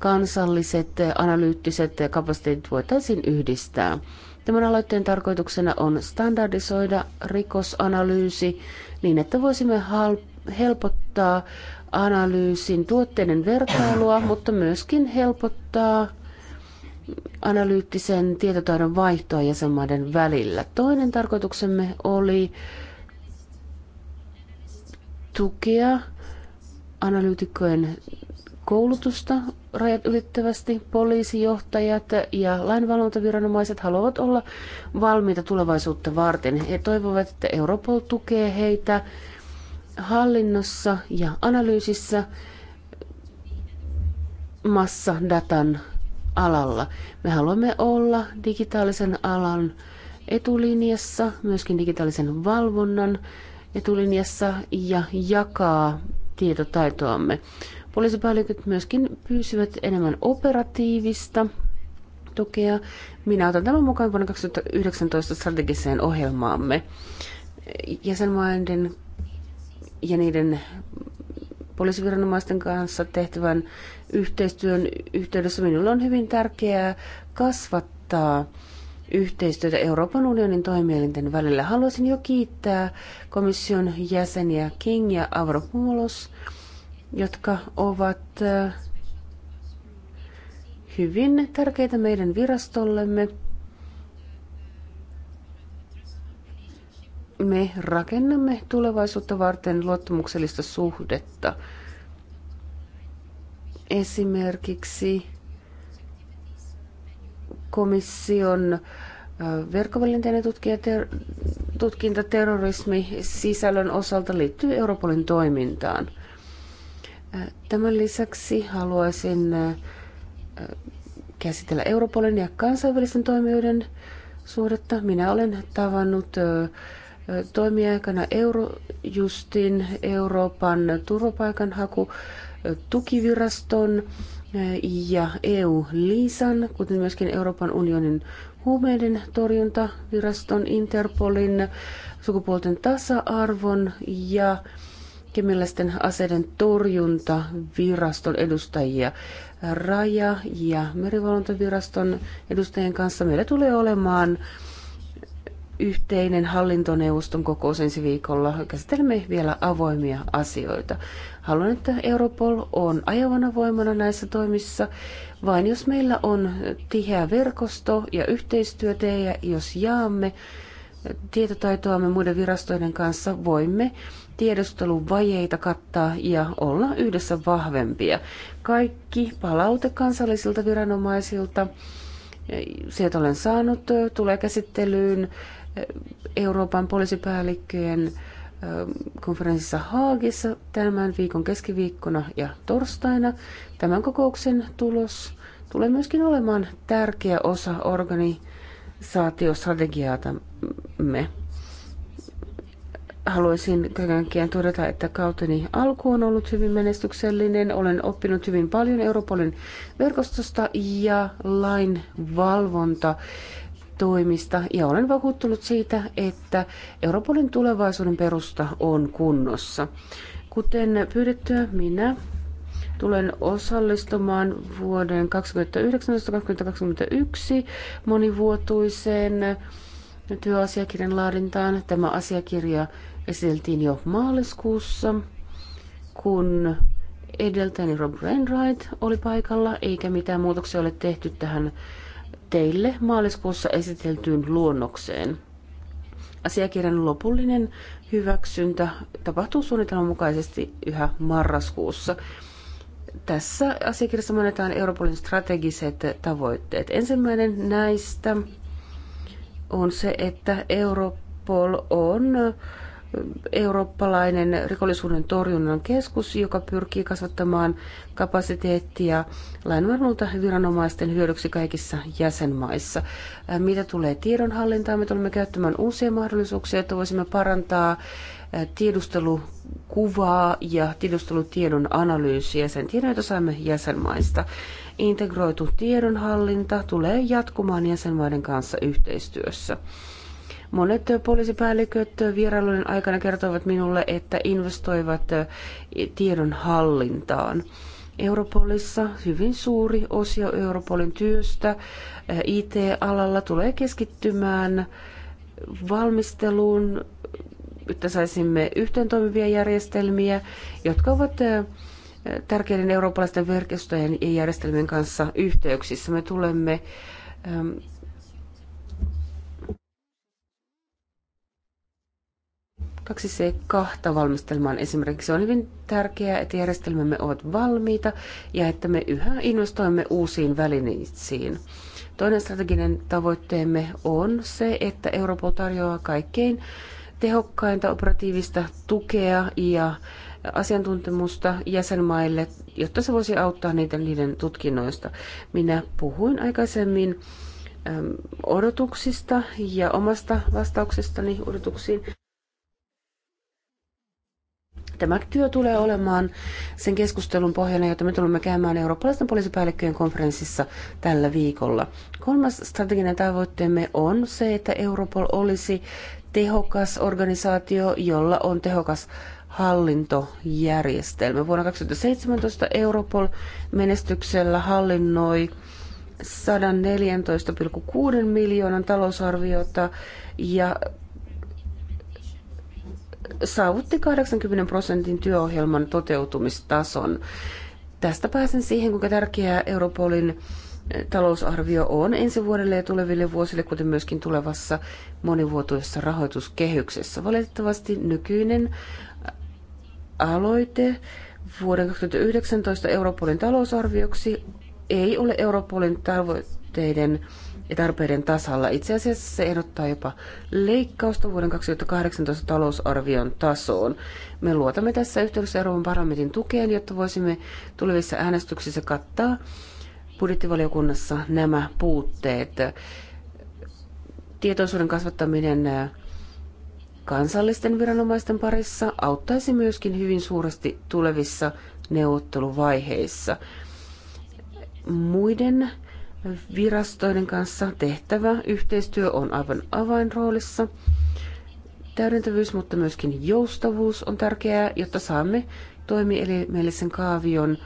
kansalliset analyyttiset kapasiteetit voitaisiin yhdistää. Tämän aloitteen tarkoituksena on standardisoida rikosanalyysi niin, että voisimme helpottaa analyysin tuotteiden vertailua, mutta myöskin helpottaa analyyttisen tietotaidon vaihtoa jäsenmaiden välillä. Toinen tarkoituksemme oli tukea analyytikkojen koulutusta rajat ylittävästi. Poliisijohtajat ja lainvalvontaviranomaiset haluavat olla valmiita tulevaisuutta varten. He toivovat, että Europol tukee heitä hallinnossa ja analyysissä massadatan alalla. Me haluamme olla digitaalisen alan etulinjassa, myöskin digitaalisen valvonnan etulinjassa ja jakaa tietotaitoamme. Poliisipäälliköt myöskin pyysivät enemmän operatiivista tukea. Minä otan tämän mukaan vuonna 2019 strategiseen ohjelmaamme. Jäsenmaiden ja niiden poliisiviranomaisten kanssa tehtävän yhteistyön yhteydessä minulle on hyvin tärkeää kasvattaa yhteistyötä Euroopan unionin toimielinten välillä. Haluaisin jo kiittää komission jäseniä King ja Avropoulos jotka ovat äh, hyvin tärkeitä meidän virastollemme. Me rakennamme tulevaisuutta varten luottamuksellista suhdetta. Esimerkiksi komission äh, verkkovälinteinen tutkinta terrorismi sisällön osalta liittyy Europolin toimintaan. Tämän lisäksi haluaisin käsitellä Europolin ja kansainvälisten toimijoiden suhdetta. Minä olen tavannut toimiaikana Eurojustin, Euroopan turvapaikanhaku, tukiviraston ja EU-liisan, kuten myöskin Euroopan unionin huumeiden torjuntaviraston, Interpolin, sukupuolten tasa-arvon ja kemiallisten aseiden torjuntaviraston edustajia. Raja- ja merivalvontaviraston edustajien kanssa meillä tulee olemaan yhteinen hallintoneuvoston kokous ensi viikolla. Käsittelemme vielä avoimia asioita. Haluan, että Europol on ajavana voimana näissä toimissa, vain jos meillä on tiheä verkosto ja yhteistyötä ja jos jaamme tietotaitoamme muiden virastoiden kanssa, voimme tiedusteluvajeita kattaa ja olla yhdessä vahvempia. Kaikki palaute kansallisilta viranomaisilta, sieltä olen saanut, tulee käsittelyyn eh, Euroopan poliisipäällikköjen eh, konferenssissa Haagissa tämän viikon keskiviikkona ja torstaina. Tämän kokouksen tulos tulee myöskin olemaan tärkeä osa organisaatiostrategiaatamme haluaisin kaiken todeta, että kauteni alku on ollut hyvin menestyksellinen. Olen oppinut hyvin paljon Europolin verkostosta ja lainvalvonta toimista ja olen vakuuttunut siitä, että Europolin tulevaisuuden perusta on kunnossa. Kuten pyydettyä, minä tulen osallistumaan vuoden 2019-2021 monivuotuiseen työasiakirjan laadintaan. Tämä asiakirja esiteltiin jo maaliskuussa, kun edeltäjäni Rob Renright oli paikalla, eikä mitään muutoksia ole tehty tähän teille maaliskuussa esiteltyyn luonnokseen. Asiakirjan lopullinen hyväksyntä tapahtuu suunnitelman mukaisesti yhä marraskuussa. Tässä asiakirjassa mainitaan Euroopan strategiset tavoitteet. Ensimmäinen näistä on se, että Europol on eurooppalainen rikollisuuden torjunnan keskus, joka pyrkii kasvattamaan kapasiteettia lainvalvonta viranomaisten hyödyksi kaikissa jäsenmaissa. Äh, mitä tulee tiedonhallintaan, me tulemme käyttämään uusia mahdollisuuksia, että voisimme parantaa äh, tiedustelukuvaa ja tiedustelutiedon analyysiä sen tiedon, jota saamme jäsenmaista. Integroitu tiedonhallinta tulee jatkumaan jäsenmaiden kanssa yhteistyössä. Monet poliisipäälliköt vierailujen aikana kertoivat minulle, että investoivat eh, tiedon hallintaan. Europolissa hyvin suuri osio Europolin työstä eh, IT-alalla tulee keskittymään valmisteluun, että saisimme yhteen toimivia järjestelmiä, jotka ovat eh, tärkeiden eurooppalaisten verkostojen ja järjestelmien kanssa yhteyksissä. Me tulemme kaksi c kahta valmistelmaan esimerkiksi. On hyvin tärkeää, että järjestelmämme ovat valmiita ja että me yhä investoimme uusiin välineisiin. Toinen strateginen tavoitteemme on se, että Europol tarjoaa kaikkein tehokkainta operatiivista tukea ja asiantuntemusta jäsenmaille, jotta se voisi auttaa niitä niiden tutkinnoista. Minä puhuin aikaisemmin odotuksista ja omasta vastauksestani odotuksiin. Tämä työ tulee olemaan sen keskustelun pohjana, jota me tulemme käymään eurooppalaisten poliisipäällikköjen konferenssissa tällä viikolla. Kolmas strateginen tavoitteemme on se, että Europol olisi tehokas organisaatio, jolla on tehokas hallintojärjestelmä. Vuonna 2017 Europol menestyksellä hallinnoi 114,6 miljoonan talousarviota ja saavutti 80 prosentin työohjelman toteutumistason. Tästä pääsen siihen, kuinka tärkeää Europolin eh, talousarvio on ensi vuodelle ja tuleville vuosille, kuten myöskin tulevassa monivuotuisessa rahoituskehyksessä. Valitettavasti nykyinen eh, aloite vuoden 2019 Europolin talousarvioksi ei ole Europolin tavoitteiden ja tarpeiden tasalla. Itse asiassa se ehdottaa jopa leikkausta vuoden 2018 talousarvion tasoon. Me luotamme tässä yhteydessä Euroopan parlamentin tukeen, jotta voisimme tulevissa äänestyksissä kattaa budjettivaliokunnassa nämä puutteet. Tietoisuuden kasvattaminen äh, kansallisten viranomaisten parissa auttaisi myöskin hyvin suuresti tulevissa neuvotteluvaiheissa. Muiden virastoiden kanssa tehtävä yhteistyö on aivan avainroolissa. Täydentävyys, mutta myöskin joustavuus on tärkeää, jotta saamme toimielimellisen kaavion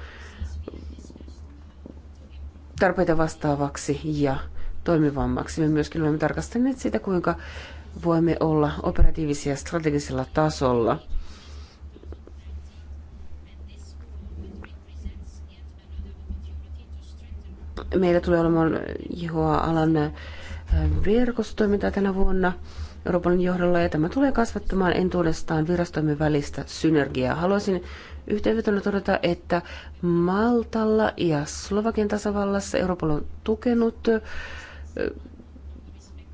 tarpeita vastaavaksi ja toimivammaksi. Me myöskin olemme tarkastaneet sitä, kuinka voimme olla operatiivisia strategisella tasolla. meillä tulee olemaan JHA-alan verkostoimintaa tänä vuonna Euroopan johdolla, ja tämä tulee kasvattamaan entuudestaan virastoimme välistä synergiaa. Haluaisin yhteenvetona todeta, että Maltalla ja Slovakian tasavallassa Euroopan on tukenut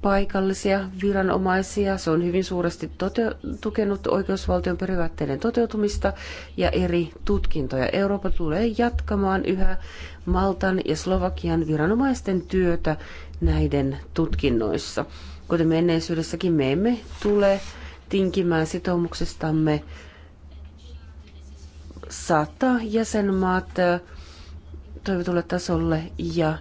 paikallisia viranomaisia. Se on hyvin suuresti tote- tukenut oikeusvaltion periaatteiden toteutumista ja eri tutkintoja. Eurooppa tulee jatkamaan yhä Maltan ja Slovakian viranomaisten työtä näiden tutkinnoissa. Kuten menneisyydessäkin me emme tule tinkimään sitoumuksestamme saattaa jäsenmaat toivotulle tasolle ja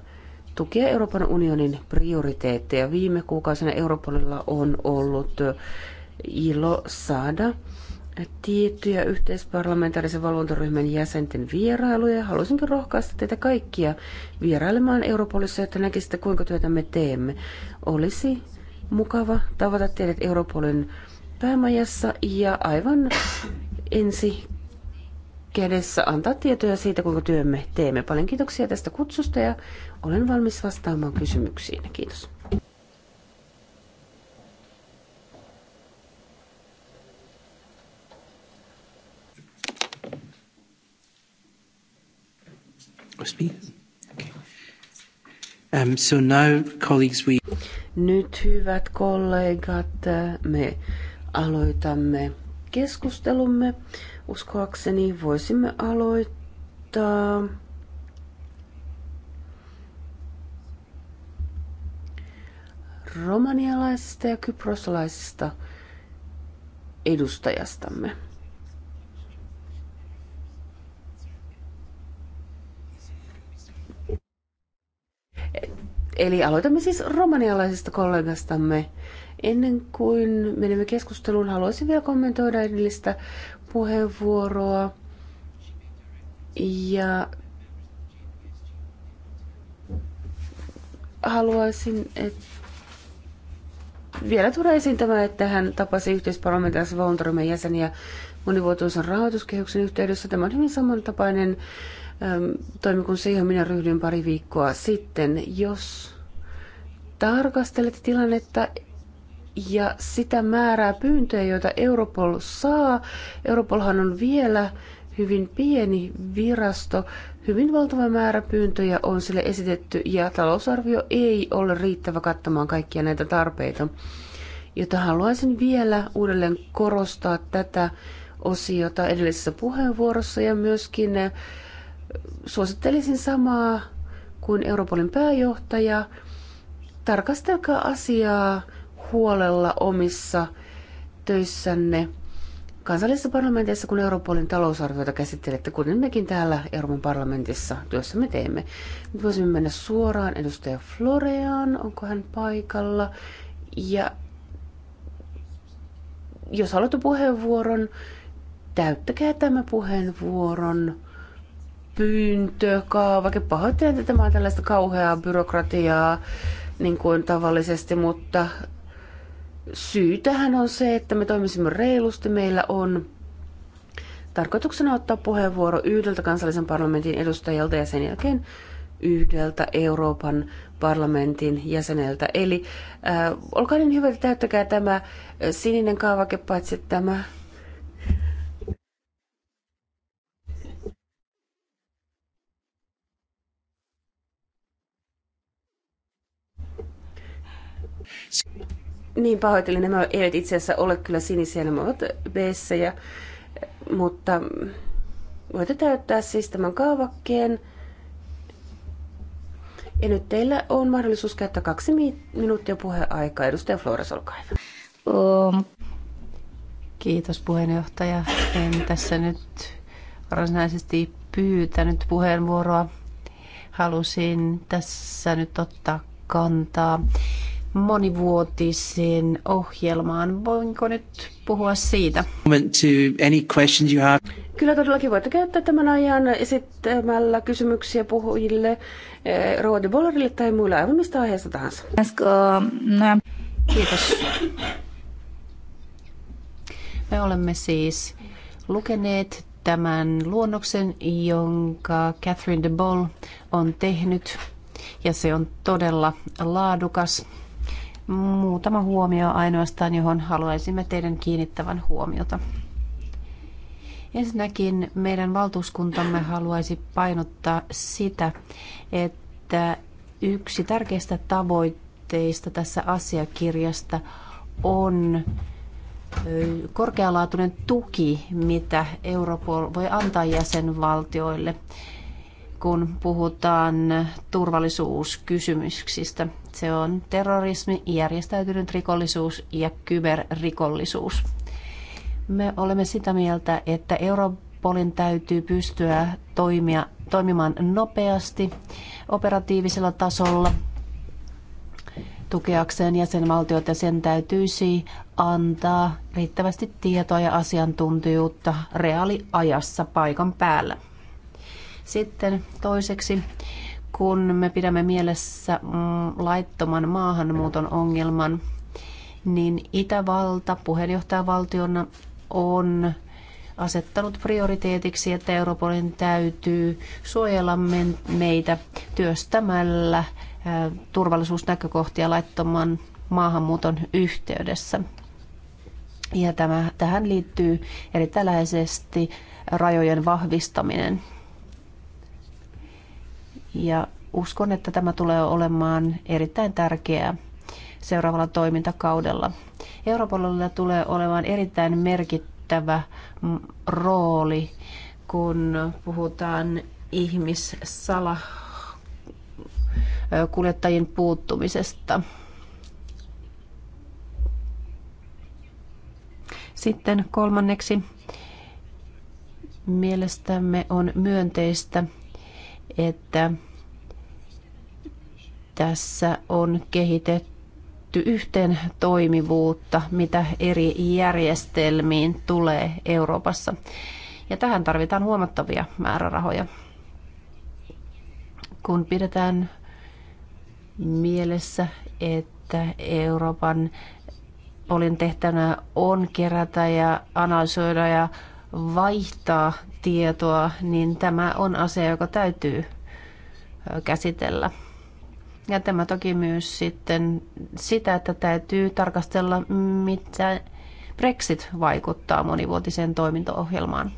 tukea Euroopan unionin prioriteetteja. Viime kuukausina Euroopalla on ollut ilo saada tiettyjä yhteisparlamentaarisen valvontaryhmän jäsenten vierailuja. Haluaisinkin rohkaista teitä kaikkia vierailemaan Europolissa, jotta näkisitte, kuinka työtä me teemme. Olisi mukava tavata teidät Europolin päämajassa ja aivan ensi kädessä antaa tietoja siitä, kuinka työmme teemme. Paljon kiitoksia tästä kutsusta ja olen valmis vastaamaan kysymyksiin. Kiitos. Um, Nyt hyvät kollegat, me aloitamme keskustelumme. Uskoakseni voisimme aloittaa romanialaisesta ja kyproslaisesta edustajastamme. Eli aloitamme siis romanialaisesta kollegastamme Ennen kuin menemme keskusteluun, haluaisin vielä kommentoida edellistä puheenvuoroa. Ja haluaisin että vielä tuoda esiin tämä, että hän tapasi yhteisparlamentaarisen valvontaryhmän jäseniä monivuotuisen rahoituskehyksen yhteydessä. Tämä on hyvin samantapainen äm, toimi kuin se, johon minä ryhdyin pari viikkoa sitten. Jos tarkastelette tilannetta ja sitä määrää pyyntöjä, joita Europol saa. Europolhan on vielä hyvin pieni virasto. Hyvin valtava määrä pyyntöjä on sille esitetty ja talousarvio ei ole riittävä kattamaan kaikkia näitä tarpeita. Jota haluaisin vielä uudelleen korostaa tätä osiota edellisessä puheenvuorossa ja myöskin eh, suosittelisin samaa kuin Europolin pääjohtaja. Tarkastelkaa asiaa huolella omissa töissänne kansallisissa parlamenteissa, kun Europolin talousarvioita käsittelette, kuten mekin täällä Euroopan parlamentissa työssämme teemme. Nyt voisimme mennä suoraan edustaja Floreaan, onko hän paikalla. Ja jos haluatte puheenvuoron, täyttäkää tämä puheenvuoron pyyntö, kaavake. Pahoittelen, että tämä on tällaista kauheaa byrokratiaa niin kuin tavallisesti, mutta syy tähän on se, että me toimisimme reilusti. Meillä on tarkoituksena ottaa puheenvuoro yhdeltä kansallisen parlamentin edustajalta ja sen jälkeen yhdeltä Euroopan parlamentin jäseneltä. Eli äh, olkaa niin hyvä, että täyttäkää tämä äh, sininen kaavake, paitsi tämä niin pahoitellen, nämä eivät itse asiassa ole kyllä sinisiä, nämä ovat b mutta voitte täyttää siis tämän kaavakkeen. Ja nyt teillä on mahdollisuus käyttää kaksi minuuttia puheaikaa. Edustaja Flores, olkaa hyvä. Um. Kiitos puheenjohtaja. En tässä nyt varsinaisesti pyytänyt puheenvuoroa. Halusin tässä nyt ottaa kantaa monivuotiseen ohjelmaan. Voinko nyt puhua siitä? Kyllä todellakin voitte käyttää tämän ajan esittämällä kysymyksiä puhujille, eh, Rode Bollerille tai muille aivan mistä aiheesta tahansa. Kiitos. Me olemme siis lukeneet tämän luonnoksen, jonka Catherine de Boll on tehnyt, ja se on todella laadukas Muutama huomio ainoastaan, johon haluaisimme teidän kiinnittävän huomiota. Ensinnäkin meidän valtuuskuntamme haluaisi painottaa sitä, että yksi tärkeistä tavoitteista tässä asiakirjasta on korkealaatuinen tuki, mitä Europol voi antaa jäsenvaltioille, kun puhutaan turvallisuuskysymyksistä. Se on terrorismi, järjestäytynyt rikollisuus ja kyberrikollisuus. Me olemme sitä mieltä, että Europolin täytyy pystyä toimia, toimimaan nopeasti operatiivisella tasolla tukeakseen jäsenvaltioita. Sen täytyisi antaa riittävästi tietoa ja asiantuntijuutta reaaliajassa paikan päällä. Sitten toiseksi kun me pidämme mielessä mm, laittoman maahanmuuton ongelman, niin Itävalta puheenjohtajavaltiona on asettanut prioriteetiksi, että Euroopan täytyy suojella meitä työstämällä turvallisuusnäkökohtia laittoman maahanmuuton yhteydessä. Ja tämä, tähän liittyy erittäin läheisesti rajojen vahvistaminen. Ja uskon, että tämä tulee olemaan erittäin tärkeää seuraavalla toimintakaudella. Europolilla tulee olemaan erittäin merkittävä rooli, kun puhutaan ihmissalakuljettajien puuttumisesta. Sitten kolmanneksi mielestämme on myönteistä, että tässä on kehitetty yhteen toimivuutta, mitä eri järjestelmiin tulee Euroopassa. Ja tähän tarvitaan huomattavia määrärahoja. Kun pidetään mielessä, että Euroopan olin tehtävänä on kerätä ja analysoida ja vaihtaa tietoa, niin tämä on asia, joka täytyy käsitellä. Ja tämä toki myös sitten sitä, että täytyy tarkastella, mitä Brexit vaikuttaa monivuotiseen toimintoohjelmaan.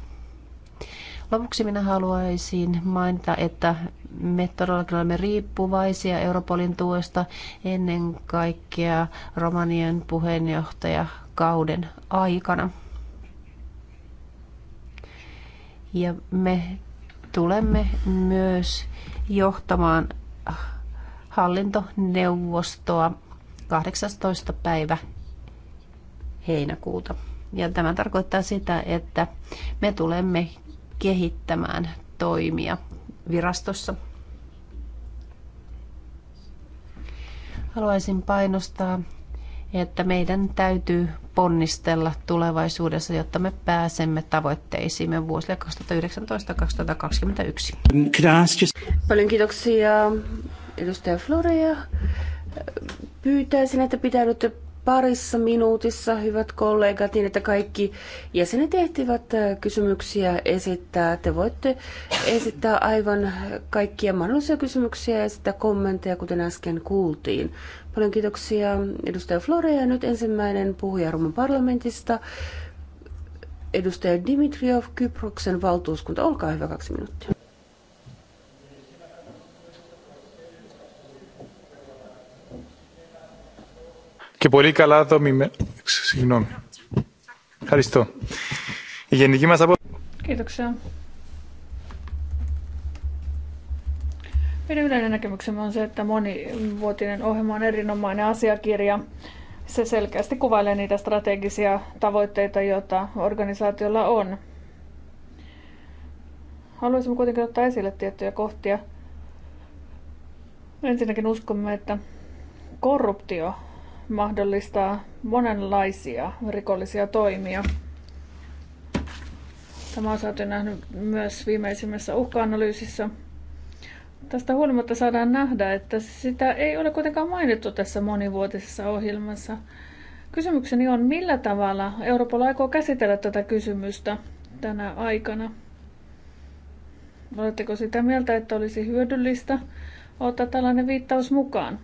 Lopuksi minä haluaisin mainita, että me todellakin olemme riippuvaisia Europolin tuesta ennen kaikkea Romanian puheenjohtajakauden aikana. Ja me tulemme myös johtamaan hallintoneuvostoa 18. päivä heinäkuuta. Ja tämä tarkoittaa sitä, että me tulemme kehittämään toimia virastossa. Haluaisin painostaa että meidän täytyy ponnistella tulevaisuudessa, jotta me pääsemme tavoitteisiimme vuosille 2019-2021. Paljon kiitoksia edustaja Floria. Pyytäisin, että pitäydytte parissa minuutissa, hyvät kollegat, niin että kaikki jäsenet ehtivät äh, kysymyksiä esittää. Te voitte esittää aivan kaikkia mahdollisia kysymyksiä ja esittää kommentteja, kuten äsken kuultiin. Paljon kiitoksia edustaja ja Nyt ensimmäinen puhuja Rumun parlamentista. Edustaja Dimitriov, Kyproksen valtuuskunta. Olkaa hyvä, kaksi minuuttia. Και πολύ καλά δομημένο. Συγγνώμη. Ευχαριστώ. Η γενική μας απο... Κοίταξε. Meidän yleinen näkemyksemme on se, että monivuotinen ohjelma on erinomainen asiakirja. Se selkeästi kuvailee niitä strategisia tavoitteita, joita organisaatiolla on. Haluaisimme kuitenkin ottaa esille tiettyjä kohtia. Ensinnäkin uskomme, että korruptio mahdollistaa monenlaisia rikollisia toimia. Tämä on saatu nähnyt myös viimeisimmässä uhka-analyysissä – Tästä huolimatta saadaan nähdä, että sitä ei ole kuitenkaan mainittu tässä monivuotisessa ohjelmassa. Kysymykseni on, millä tavalla Euroopalla aikoo käsitellä tätä kysymystä tänä aikana? Oletteko sitä mieltä, että olisi hyödyllistä ottaa tällainen viittaus mukaan?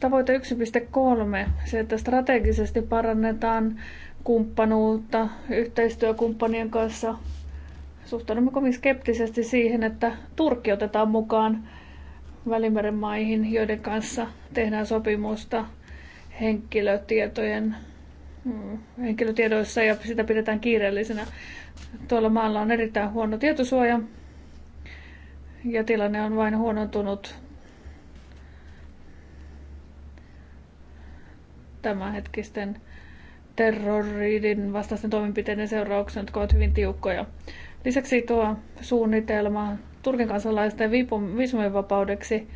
Tavoite 1.3, se, että strategisesti parannetaan kumppanuutta yhteistyökumppanien kanssa suhtaudumme kovin skeptisesti siihen, että Turkki otetaan mukaan Välimeren maihin, joiden kanssa tehdään sopimusta henkilötietojen, mm, henkilötiedoissa ja sitä pidetään kiireellisenä. Tuolla maalla on erittäin huono tietosuoja ja tilanne on vain huonontunut tämänhetkisten terroridin vastaisten toimenpiteiden seuraukset, jotka ovat hyvin tiukkoja. Lisäksi tuo suunnitelma Turkin kansalaisten viisumivapaudeksi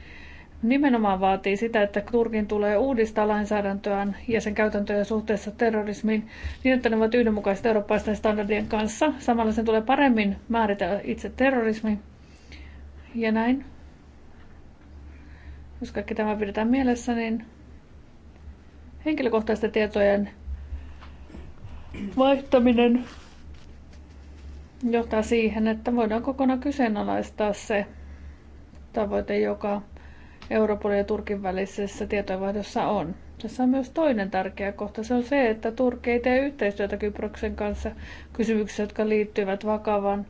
nimenomaan vaatii sitä, että Turkin tulee uudistaa lainsäädäntöään ja sen käytäntöjä suhteessa terrorismiin niin, että ne ovat yhdenmukaiset eurooppaisten standardien kanssa. Samalla sen tulee paremmin määritellä itse terrorismi ja näin. Jos kaikki tämä pidetään mielessä, niin henkilökohtaisten tietojen vaihtaminen johtaa siihen, että voidaan kokonaan kyseenalaistaa se tavoite, joka Europolin ja Turkin välisessä tietojenvaihdossa on. Tässä on myös toinen tärkeä kohta. Se on se, että Turkki ei tee yhteistyötä Kyproksen kanssa kysymyksissä, jotka liittyvät vakavan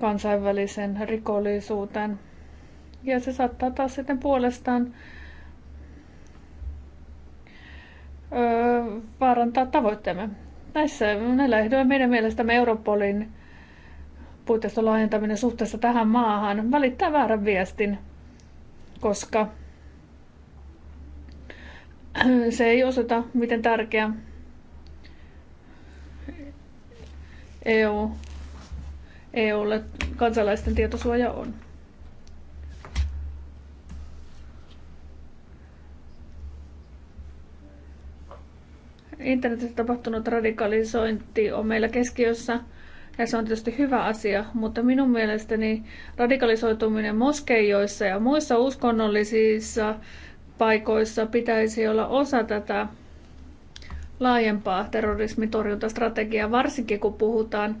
kansainvälisen rikollisuuteen. Ja se saattaa taas sitten puolestaan öö, vaarantaa tavoitteemme. Näissä näillä ehdoilla meidän mielestämme Europolin puitteiston laajentaminen suhteessa tähän maahan välittää väärän viestin, koska se ei osoita, miten tärkeä EU, EUlle kansalaisten tietosuoja on. Internetissä tapahtunut radikalisointi on meillä keskiössä – ja se on tietysti hyvä asia, mutta minun mielestäni radikalisoituminen moskeijoissa ja muissa uskonnollisissa paikoissa pitäisi olla osa tätä laajempaa terrorismitorjuntastrategiaa, varsinkin kun puhutaan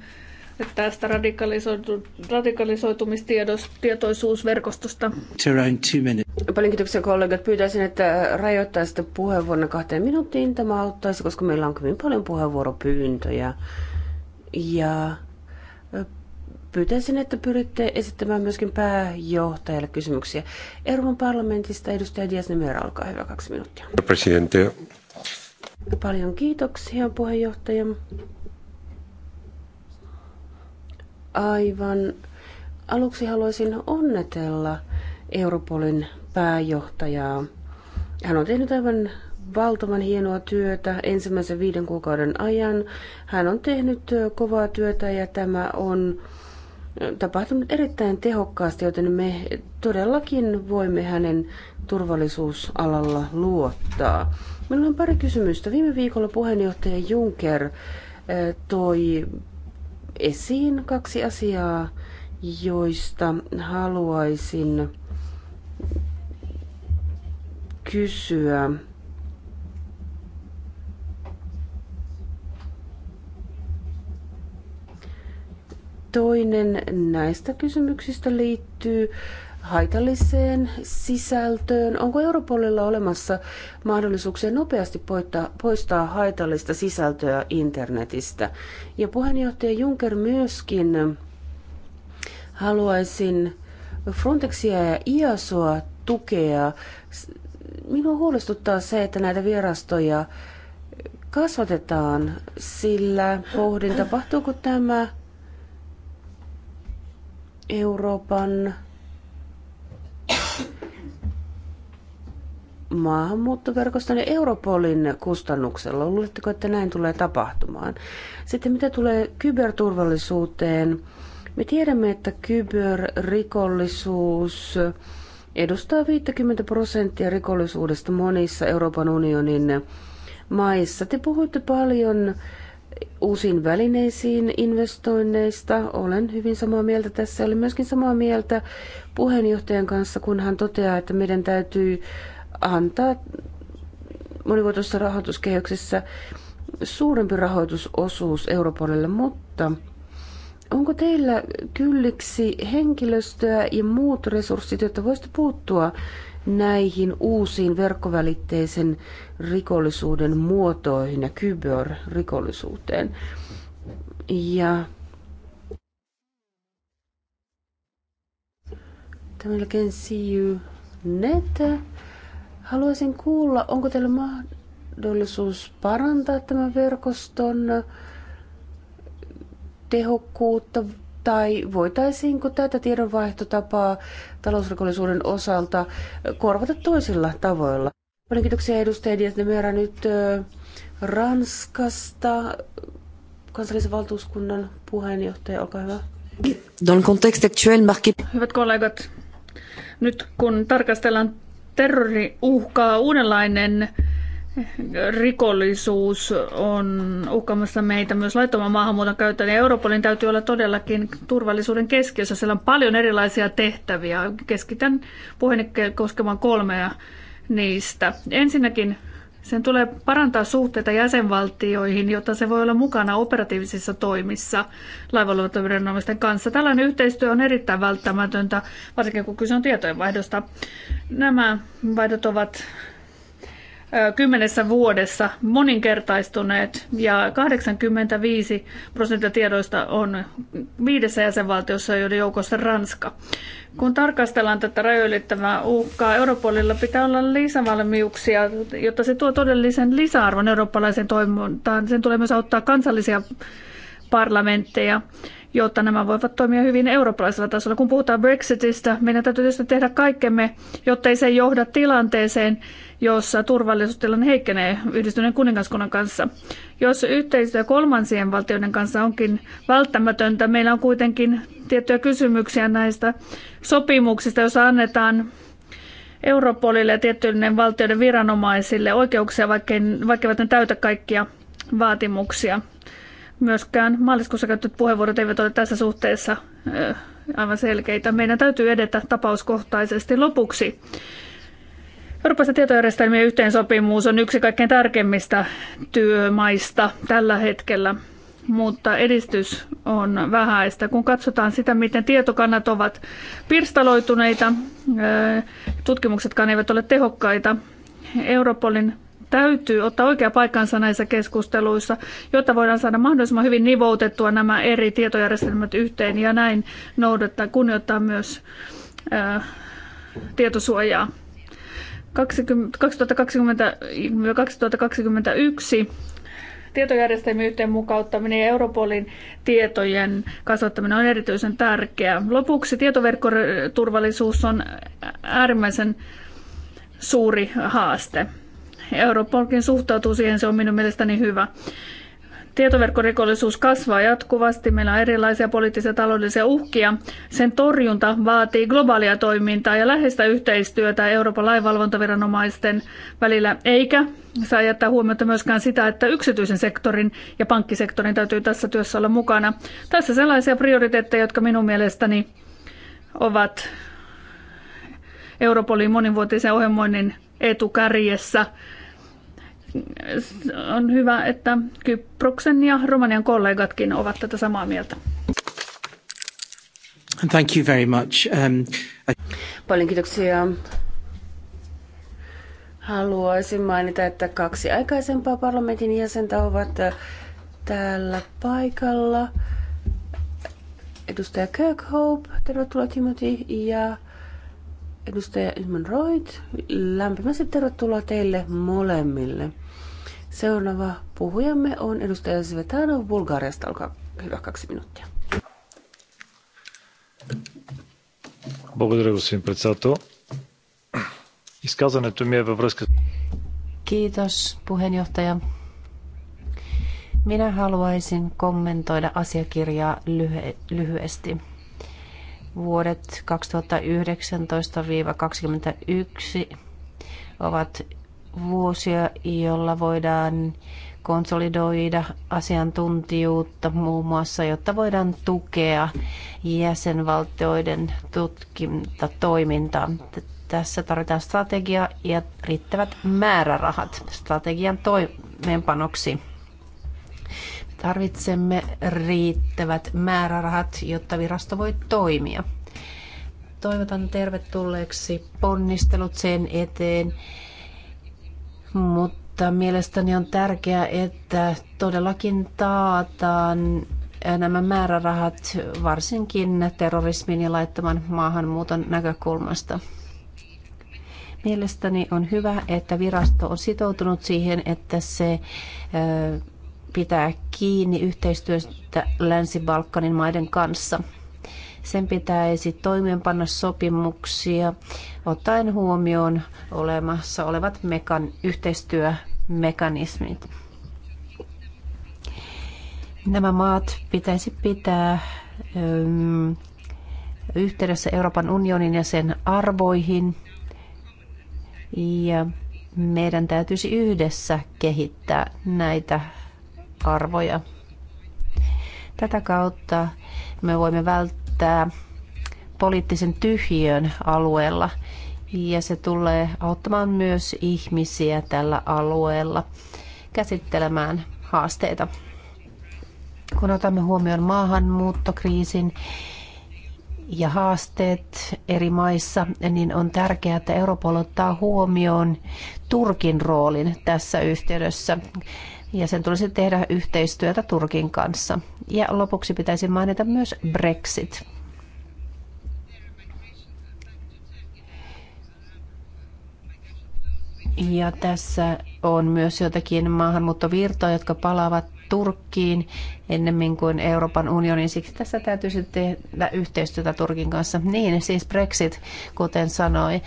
tästä radikalisoitu, radikalisoitumistietoisuusverkostosta. Paljon kiitoksia kollegat. Pyytäisin, että rajoittaisitte puheenvuoron kahteen minuuttiin. Tämä auttaisi, koska meillä on hyvin paljon puheenvuoropyyntöjä. Ja pyytäisin, että pyritte esittämään myöskin pääjohtajalle kysymyksiä. Euroopan parlamentista edustaja Dias Nemera, olkaa hyvä, kaksi minuuttia. Presidente. Paljon kiitoksia, puheenjohtaja. Aivan aluksi haluaisin onnetella Europolin pääjohtajaa. Hän on tehnyt aivan valtavan hienoa työtä ensimmäisen viiden kuukauden ajan. Hän on tehnyt kovaa työtä ja tämä on tapahtunut erittäin tehokkaasti, joten me todellakin voimme hänen turvallisuusalalla luottaa. Meillä on pari kysymystä. Viime viikolla puheenjohtaja Juncker toi esiin kaksi asiaa, joista haluaisin kysyä. Toinen näistä kysymyksistä liittyy haitalliseen sisältöön. Onko Europolilla olemassa mahdollisuuksia nopeasti poistaa haitallista sisältöä internetistä? Ja puheenjohtaja Juncker myöskin haluaisin Frontexia ja IASOa tukea. Minua huolestuttaa se, että näitä virastoja kasvatetaan, sillä pohdin, tapahtuuko tämä Euroopan maahanmuuttoverkoston ja Europolin kustannuksella. Luuletteko, että näin tulee tapahtumaan? Sitten mitä tulee kyberturvallisuuteen? Me tiedämme, että kyberrikollisuus edustaa 50 prosenttia rikollisuudesta monissa Euroopan unionin maissa. Te puhuitte paljon uusiin välineisiin investoinneista. Olen hyvin samaa mieltä tässä. Olen myöskin samaa mieltä puheenjohtajan kanssa, kun hän toteaa, että meidän täytyy antaa monivuotoisessa rahoituskehyksessä suurempi rahoitusosuus Europolille, mutta onko teillä kylliksi henkilöstöä ja muut resurssit, jotta voisitte puuttua näihin uusiin verkkovälitteisen rikollisuuden muotoihin ja kyberrikollisuuteen. Ja Tämä jälkeen see you net. Haluaisin kuulla, onko teillä mahdollisuus parantaa tämän verkoston tehokkuutta, tai voitaisiinko tätä tiedonvaihtotapaa talousrikollisuuden osalta korvata toisilla tavoilla? Paljon kiitoksia edustaja Dietnemerä nyt Ranskasta. Kansallisen valtuuskunnan puheenjohtaja, olkaa hyvä. Dans actuel Hyvät kollegat, nyt kun tarkastellaan terroriuhkaa, uudenlainen rikollisuus on uhkaamassa meitä myös laittoman maahanmuuton käyttäjä. Europolin täytyy olla todellakin turvallisuuden keskiössä. Siellä on paljon erilaisia tehtäviä. Keskitän puheen koskemaan kolmea niistä. Ensinnäkin sen tulee parantaa suhteita jäsenvaltioihin, jotta se voi olla mukana operatiivisissa toimissa laivaluotoviranomaisten kanssa. Tällainen yhteistyö on erittäin välttämätöntä, varsinkin kun kyse on tietojenvaihdosta. Nämä vaihdot ovat kymmenessä vuodessa moninkertaistuneet ja 85 prosenttia tiedoista on viidessä jäsenvaltiossa, joiden joukossa Ranska. Kun tarkastellaan tätä rajoittavaa uhkaa, Europolilla pitää olla lisävalmiuksia, jotta se tuo todellisen lisäarvon eurooppalaisen toimintaan. Sen tulee myös auttaa kansallisia parlamentteja jotta nämä voivat toimia hyvin eurooppalaisella tasolla. Kun puhutaan Brexitistä, meidän täytyy tietysti tehdä kaikkemme, jotta ei se johda tilanteeseen, jossa turvallisuustilanne heikkenee yhdistyneen kuningaskunnan kanssa. Jos yhteistyö kolmansien valtioiden kanssa onkin välttämätöntä, meillä on kuitenkin tiettyjä kysymyksiä näistä sopimuksista, joissa annetaan Europolille ja tiettyjen valtioiden viranomaisille oikeuksia, vaikkei, vaikkei ne täytä kaikkia vaatimuksia myöskään maaliskuussa käytetyt puheenvuorot eivät ole tässä suhteessa aivan selkeitä. Meidän täytyy edetä tapauskohtaisesti lopuksi. Euroopassa tietojärjestelmien yhteensopimus on yksi kaikkein tärkeimmistä työmaista tällä hetkellä, mutta edistys on vähäistä. Kun katsotaan sitä, miten tietokannat ovat pirstaloituneita, tutkimuksetkaan eivät ole tehokkaita. Europolin täytyy ottaa oikea paikkansa näissä keskusteluissa, jotta voidaan saada mahdollisimman hyvin nivoutettua nämä eri tietojärjestelmät yhteen ja näin noudattaa, kunnioittaa myös ää, tietosuojaa. 2020-2021 tietojärjestelmien yhteenmukauttaminen ja Europolin tietojen kasvattaminen on erityisen tärkeää. Lopuksi tietoverkkoturvallisuus on äärimmäisen suuri haaste. Europolkin suhtautuu siihen, se on minun mielestäni hyvä. Tietoverkkorikollisuus kasvaa jatkuvasti, meillä on erilaisia poliittisia ja taloudellisia uhkia. Sen torjunta vaatii globaalia toimintaa ja läheistä yhteistyötä Euroopan laivalvontaviranomaisten välillä, eikä saa jättää huomiota myöskään sitä, että yksityisen sektorin ja pankkisektorin täytyy tässä työssä olla mukana. Tässä sellaisia prioriteetteja, jotka minun mielestäni ovat Europolin monivuotisen ohjelmoinnin etukärjessä – on hyvä, että Kyproksen ja Romanian kollegatkin ovat tätä samaa mieltä. Thank you very much. Um, I... Paljon kiitoksia. Haluaisin mainita, että kaksi aikaisempaa parlamentin jäsentä ovat täällä paikalla. Edustaja Kirkhope, tervetuloa Timothy, ja edustaja Ilman Roit, lämpimästi tervetuloa teille molemmille. Seuraava puhujamme on edustaja Svetanov Bulgariasta. Olkaa hyvä, kaksi minuuttia. Kiitos, puheenjohtaja. Minä haluaisin kommentoida asiakirjaa lyhy- lyhyesti. Vuodet 2019-2021 ovat vuosia, jolla voidaan konsolidoida asiantuntijuutta muun muassa, jotta voidaan tukea jäsenvaltioiden tutkintatoimintaa. Tässä tarvitaan strategia ja riittävät määrärahat strategian toimeenpanoksi. Tarvitsemme riittävät määrärahat, jotta virasto voi toimia. Toivotan tervetulleeksi ponnistelut sen eteen, mutta mielestäni on tärkeää, että todellakin taataan nämä määrärahat varsinkin terrorismin ja laittoman maahanmuuton näkökulmasta. Mielestäni on hyvä, että virasto on sitoutunut siihen, että se pitää kiinni yhteistyöstä Länsi-Balkanin maiden kanssa. Sen pitäisi toimeenpanna sopimuksia ottaen huomioon olemassa olevat mekan, yhteistyömekanismit. Nämä maat pitäisi pitää öm, yhteydessä Euroopan unionin ja sen arvoihin. Ja meidän täytyisi yhdessä kehittää näitä arvoja. Tätä kautta me voimme välttää tämä poliittisen tyhjön alueella ja se tulee auttamaan myös ihmisiä tällä alueella käsittelemään haasteita. Kun otamme huomioon maahanmuuttokriisin ja haasteet eri maissa, niin on tärkeää, että Europol ottaa huomioon Turkin roolin tässä yhteydessä ja sen tulisi tehdä yhteistyötä Turkin kanssa. Ja lopuksi pitäisi mainita myös Brexit. Ja tässä on myös jotakin maahanmuuttovirtoja, jotka palaavat Turkkiin ennemmin kuin Euroopan unionin Siksi tässä täytyisi tehdä yhteistyötä Turkin kanssa. Niin, siis Brexit, kuten sanoi.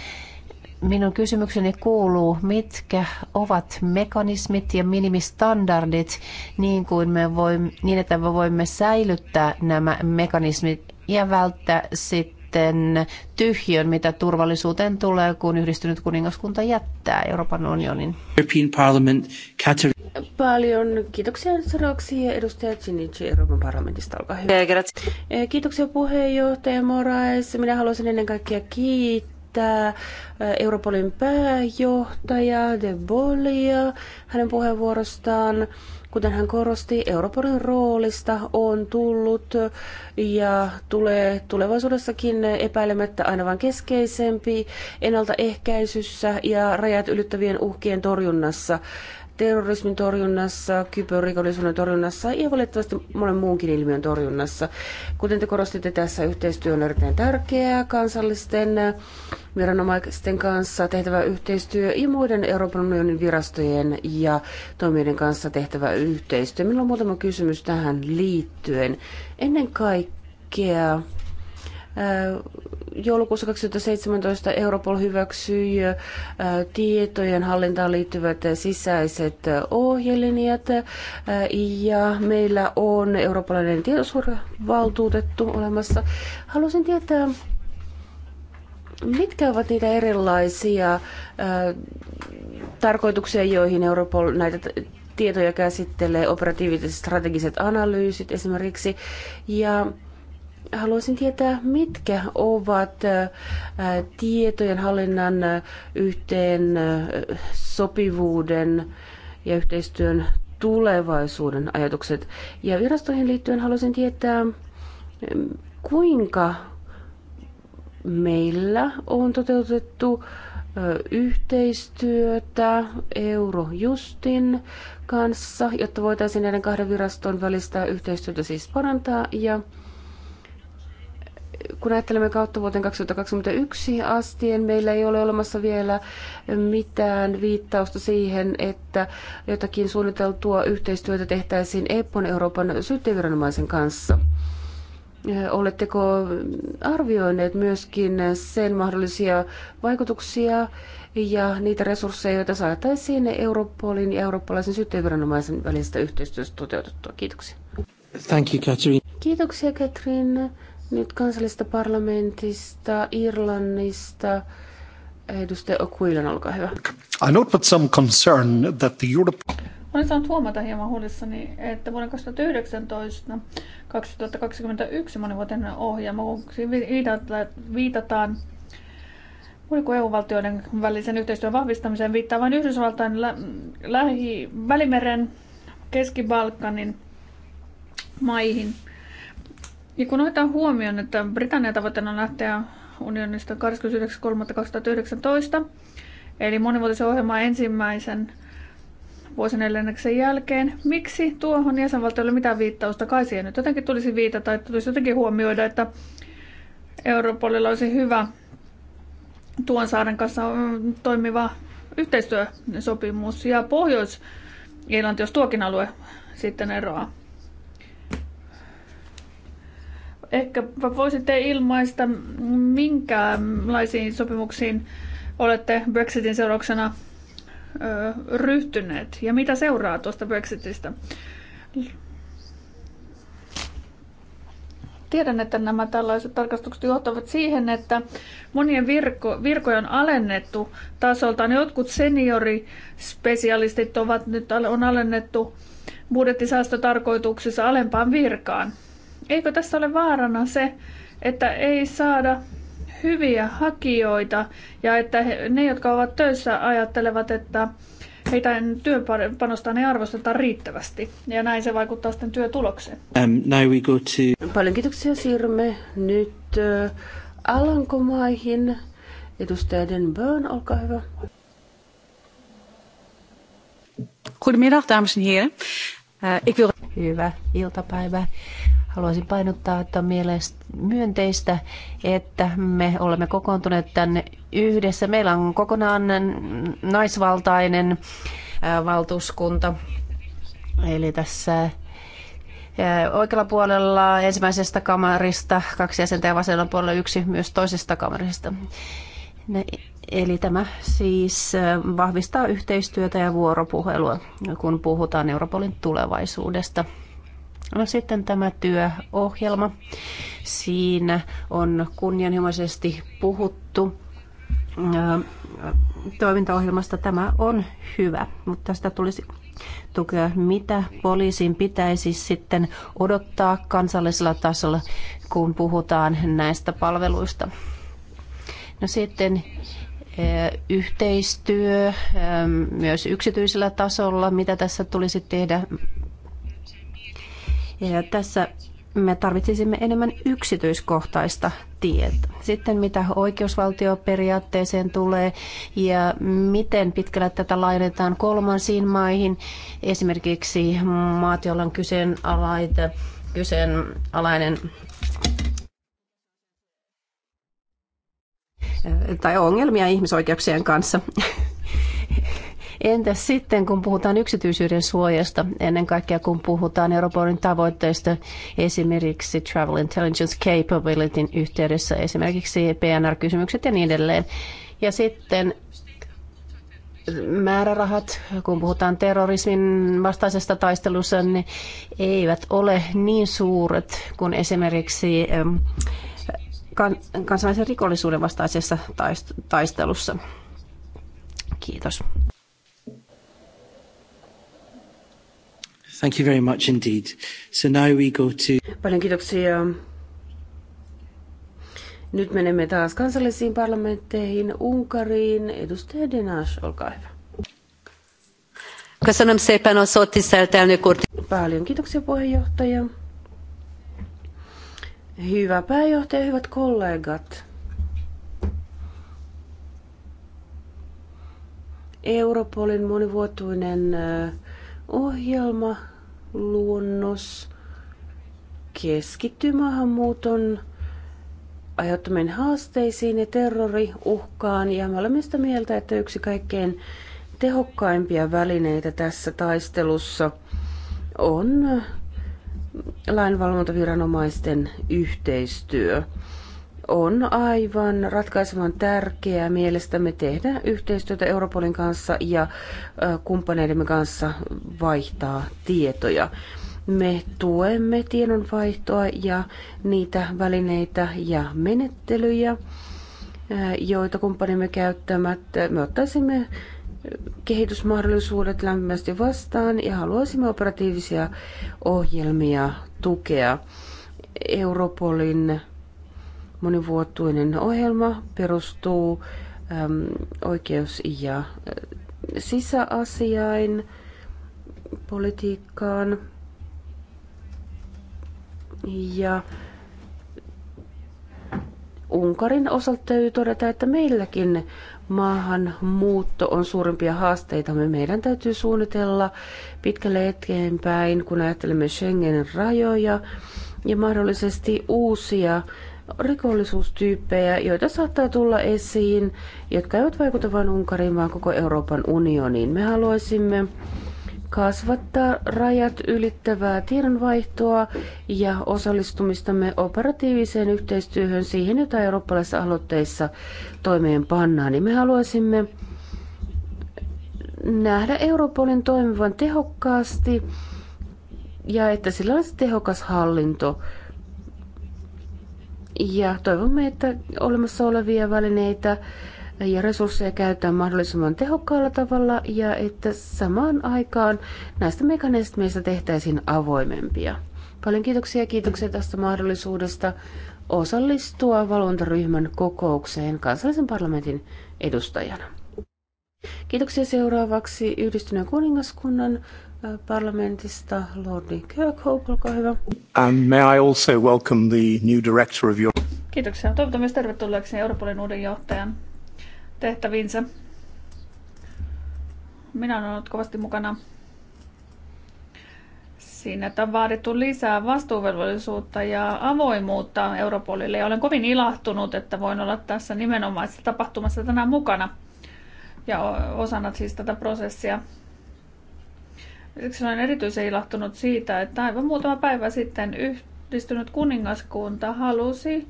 Minun kysymykseni kuuluu, mitkä ovat mekanismit ja minimistandardit niin, kuin me voimme, niin että me voimme säilyttää nämä mekanismit ja välttää sitten tyhjön, mitä turvallisuuteen tulee, kun yhdistynyt kuningaskunta jättää Euroopan unionin. European Parliament, Kater- Paljon kiitoksia sanoksi edustaja Chinichi Euroopan parlamentista, olkaa hyvä. Kiitoksia puheenjohtaja Morais. Minä haluaisin ennen kaikkea kiittää että äh, Europolin pääjohtaja De Bolia hänen puheenvuorostaan. Kuten hän korosti, Europolin roolista on tullut ja tulee tulevaisuudessakin epäilemättä aina vain keskeisempi ennaltaehkäisyssä ja rajat ylittävien uhkien torjunnassa terrorismin torjunnassa, kyberrikollisuuden torjunnassa ja valitettavasti monen muunkin ilmiön torjunnassa. Kuten te korostitte tässä, yhteistyö on erittäin tärkeää kansallisten viranomaisten kanssa tehtävä yhteistyö ja muiden Euroopan unionin virastojen ja toimijoiden kanssa tehtävä yhteistyö. Minulla on muutama kysymys tähän liittyen. Ennen kaikkea Joulukuussa 2017 Europol hyväksyi tietojen hallintaan liittyvät sisäiset ohjelinjat ja meillä on eurooppalainen tietosuojavaltuutettu olemassa. Haluaisin tietää, mitkä ovat niitä erilaisia tarkoituksia, joihin Europol näitä tietoja käsittelee, operatiiviset strategiset analyysit esimerkiksi, ja haluaisin tietää, mitkä ovat äh, tietojen hallinnan äh, yhteen äh, sopivuuden ja yhteistyön tulevaisuuden ajatukset. Ja virastoihin liittyen haluaisin tietää, mm, kuinka meillä on toteutettu yhteistyötä Eurojustin kanssa, jotta voitaisiin näiden kahden viraston välistä yhteistyötä siis parantaa ja kun ajattelemme kautta vuoteen 2021 astien, meillä ei ole olemassa vielä mitään viittausta siihen, että jotakin suunniteltua yhteistyötä tehtäisiin EPPON Euroopan syytteviranomaisen kanssa. Oletteko arvioineet myöskin sen mahdollisia vaikutuksia ja niitä resursseja, joita saataisiin Europolin ja eurooppalaisen syytteviranomaisen välisestä yhteistyöstä toteutettua? Kiitoksia. Thank you, Catherine. Kiitoksia, Katrin. Nyt kansallista parlamentista, Irlannista. Edustaja O'Quillan, olkaa hyvä. I note but some concern that the Europe... Olen saanut huomata hieman huolissani, että vuonna 2019 2021 monivuotinen ohjelma, kun viitataan Muiden EU-valtioiden välisen yhteistyön vahvistamiseen viittaa vain Yhdysvaltain lä- lähi-välimeren, Keski-Balkanin maihin – ja kun otetaan huomioon, että Britannia tavoitteena lähteä unionista 29.3.2019, eli monivuotisen ohjelman ensimmäisen vuosineljänneksen jälkeen. Miksi tuohon jäsenvaltiolle mitään viittausta? Kai siihen nyt jotenkin tulisi viitata että tulisi jotenkin huomioida, että Europolilla olisi hyvä tuon saaren kanssa mm, toimiva yhteistyösopimus ja Pohjois-Irlanti, jos tuokin alue sitten eroaa. Ehkä voisitte ilmaista, minkälaisiin sopimuksiin olette Brexitin seurauksena ryhtyneet ja mitä seuraa tuosta Brexitistä? Tiedän, että nämä tällaiset tarkastukset johtavat siihen, että monien virko, virkoja on alennettu tasoltaan. Jotkut seniorispesialistit ovat nyt on alennettu budjettisäästötarkoituksessa alempaan virkaan. Eikö tässä ole vaarana se, että ei saada hyviä hakijoita ja että he, ne, jotka ovat töissä, ajattelevat, että heitä työpanostaan ei arvosteta riittävästi. Ja näin se vaikuttaa sitten työtulokseen. Um, now we go to... Paljon kiitoksia Sirme. Nyt uh, Alankomaihin. Edustaja Den Bön, olkaa hyvä. Goedemiddag, dames en heren. Uh, ik wil... Hyvä iltapäivä. Haluaisin painottaa, että on mielestä myönteistä, että me olemme kokoontuneet tänne yhdessä. Meillä on kokonaan naisvaltainen valtuuskunta. Eli tässä oikealla puolella ensimmäisestä kamarista kaksi jäsentä ja vasemmalla puolella yksi myös toisesta kamarista. Eli tämä siis vahvistaa yhteistyötä ja vuoropuhelua, kun puhutaan Europolin tulevaisuudesta. No sitten tämä työohjelma. Siinä on kunnianhimoisesti puhuttu toimintaohjelmasta. Tämä on hyvä, mutta tästä tulisi tukea, mitä poliisin pitäisi sitten odottaa kansallisella tasolla, kun puhutaan näistä palveluista. No sitten yhteistyö myös yksityisellä tasolla, mitä tässä tulisi tehdä ja tässä me tarvitsisimme enemmän yksityiskohtaista tietoa. Sitten mitä oikeusvaltioperiaatteeseen tulee ja miten pitkälle tätä laajennetaan kolmansiin maihin, esimerkiksi maat, joilla on kyseenalainen tai ongelmia ihmisoikeuksien kanssa. Entä sitten, kun puhutaan yksityisyyden suojasta, ennen kaikkea kun puhutaan Europolin tavoitteista esimerkiksi Travel Intelligence Capabilityn yhteydessä, esimerkiksi e PNR-kysymykset ja niin edelleen. Ja sitten määrärahat, kun puhutaan terrorismin vastaisesta taistelussa, niin eivät ole niin suuret kuin esimerkiksi kansainvälisen rikollisuuden vastaisessa taistelussa. Kiitos. Thank you very much indeed. So now we go to... Paljon kiitoksia. Nyt menemme taas kansallisiin parlamentteihin, Unkariin. Edustaja Denas, olkaa hyvä. Köszönöm szépen a szót, tisztelt elnök úr. Paljon kiitoksia puheenjohtaja. Hyvä pääjohtaja, hyvät kollegat. Europolin monivuotuinen ohjelma luonnos keskittyy maahanmuuton aiheuttamien haasteisiin ja terroriuhkaan, ja me olemme sitä mieltä, että yksi kaikkein tehokkaimpia välineitä tässä taistelussa on lainvalvontaviranomaisten yhteistyö on aivan ratkaisevan tärkeää mielestämme tehdä yhteistyötä Europolin kanssa ja kumppaneidemme kanssa vaihtaa tietoja. Me tuemme tiedonvaihtoa ja niitä välineitä ja menettelyjä, joita kumppanimme käyttämät. Me ottaisimme kehitysmahdollisuudet lämpimästi vastaan ja haluaisimme operatiivisia ohjelmia tukea. Europolin monivuotuinen ohjelma perustuu äm, oikeus- ja äh, sisäasiain politiikkaan ja Unkarin osalta täytyy todeta, että meilläkin maahanmuutto on suurimpia haasteita. Meidän täytyy suunnitella pitkälle eteenpäin, kun ajattelemme Schengenin rajoja ja mahdollisesti uusia rikollisuustyyppejä, joita saattaa tulla esiin, jotka eivät vaikuta vain Unkariin, vaan koko Euroopan unioniin. Me haluaisimme kasvattaa rajat ylittävää tiedonvaihtoa ja osallistumistamme operatiiviseen yhteistyöhön siihen, jota eurooppalaisissa aloitteissa toimeenpannaan. Niin me haluaisimme nähdä Europolin toimivan tehokkaasti ja että sillä olisi tehokas hallinto ja toivomme, että olemassa olevia välineitä ja resursseja käytetään mahdollisimman tehokkaalla tavalla ja että samaan aikaan näistä mekanismeista tehtäisiin avoimempia. Paljon kiitoksia ja kiitoksia tästä mahdollisuudesta osallistua valvontaryhmän kokoukseen kansallisen parlamentin edustajana. Kiitoksia seuraavaksi yhdistyneen kuningaskunnan parlamentista, Lordi Kirkhope, olkaa hyvä. And may I also welcome the new director of your... Kiitoksia. Toivotan myös tervetulleeksi Euroopan uuden johtajan tehtäviinsä. Minä olen ollut kovasti mukana siinä, että on vaadittu lisää vastuuvelvollisuutta ja avoimuutta Europolille. Ja olen kovin ilahtunut, että voin olla tässä nimenomaisessa tapahtumassa tänään mukana ja osana siis tätä prosessia. Yksi olen erityisen ilahtunut siitä, että aivan muutama päivä sitten yhdistynyt kuningaskunta halusi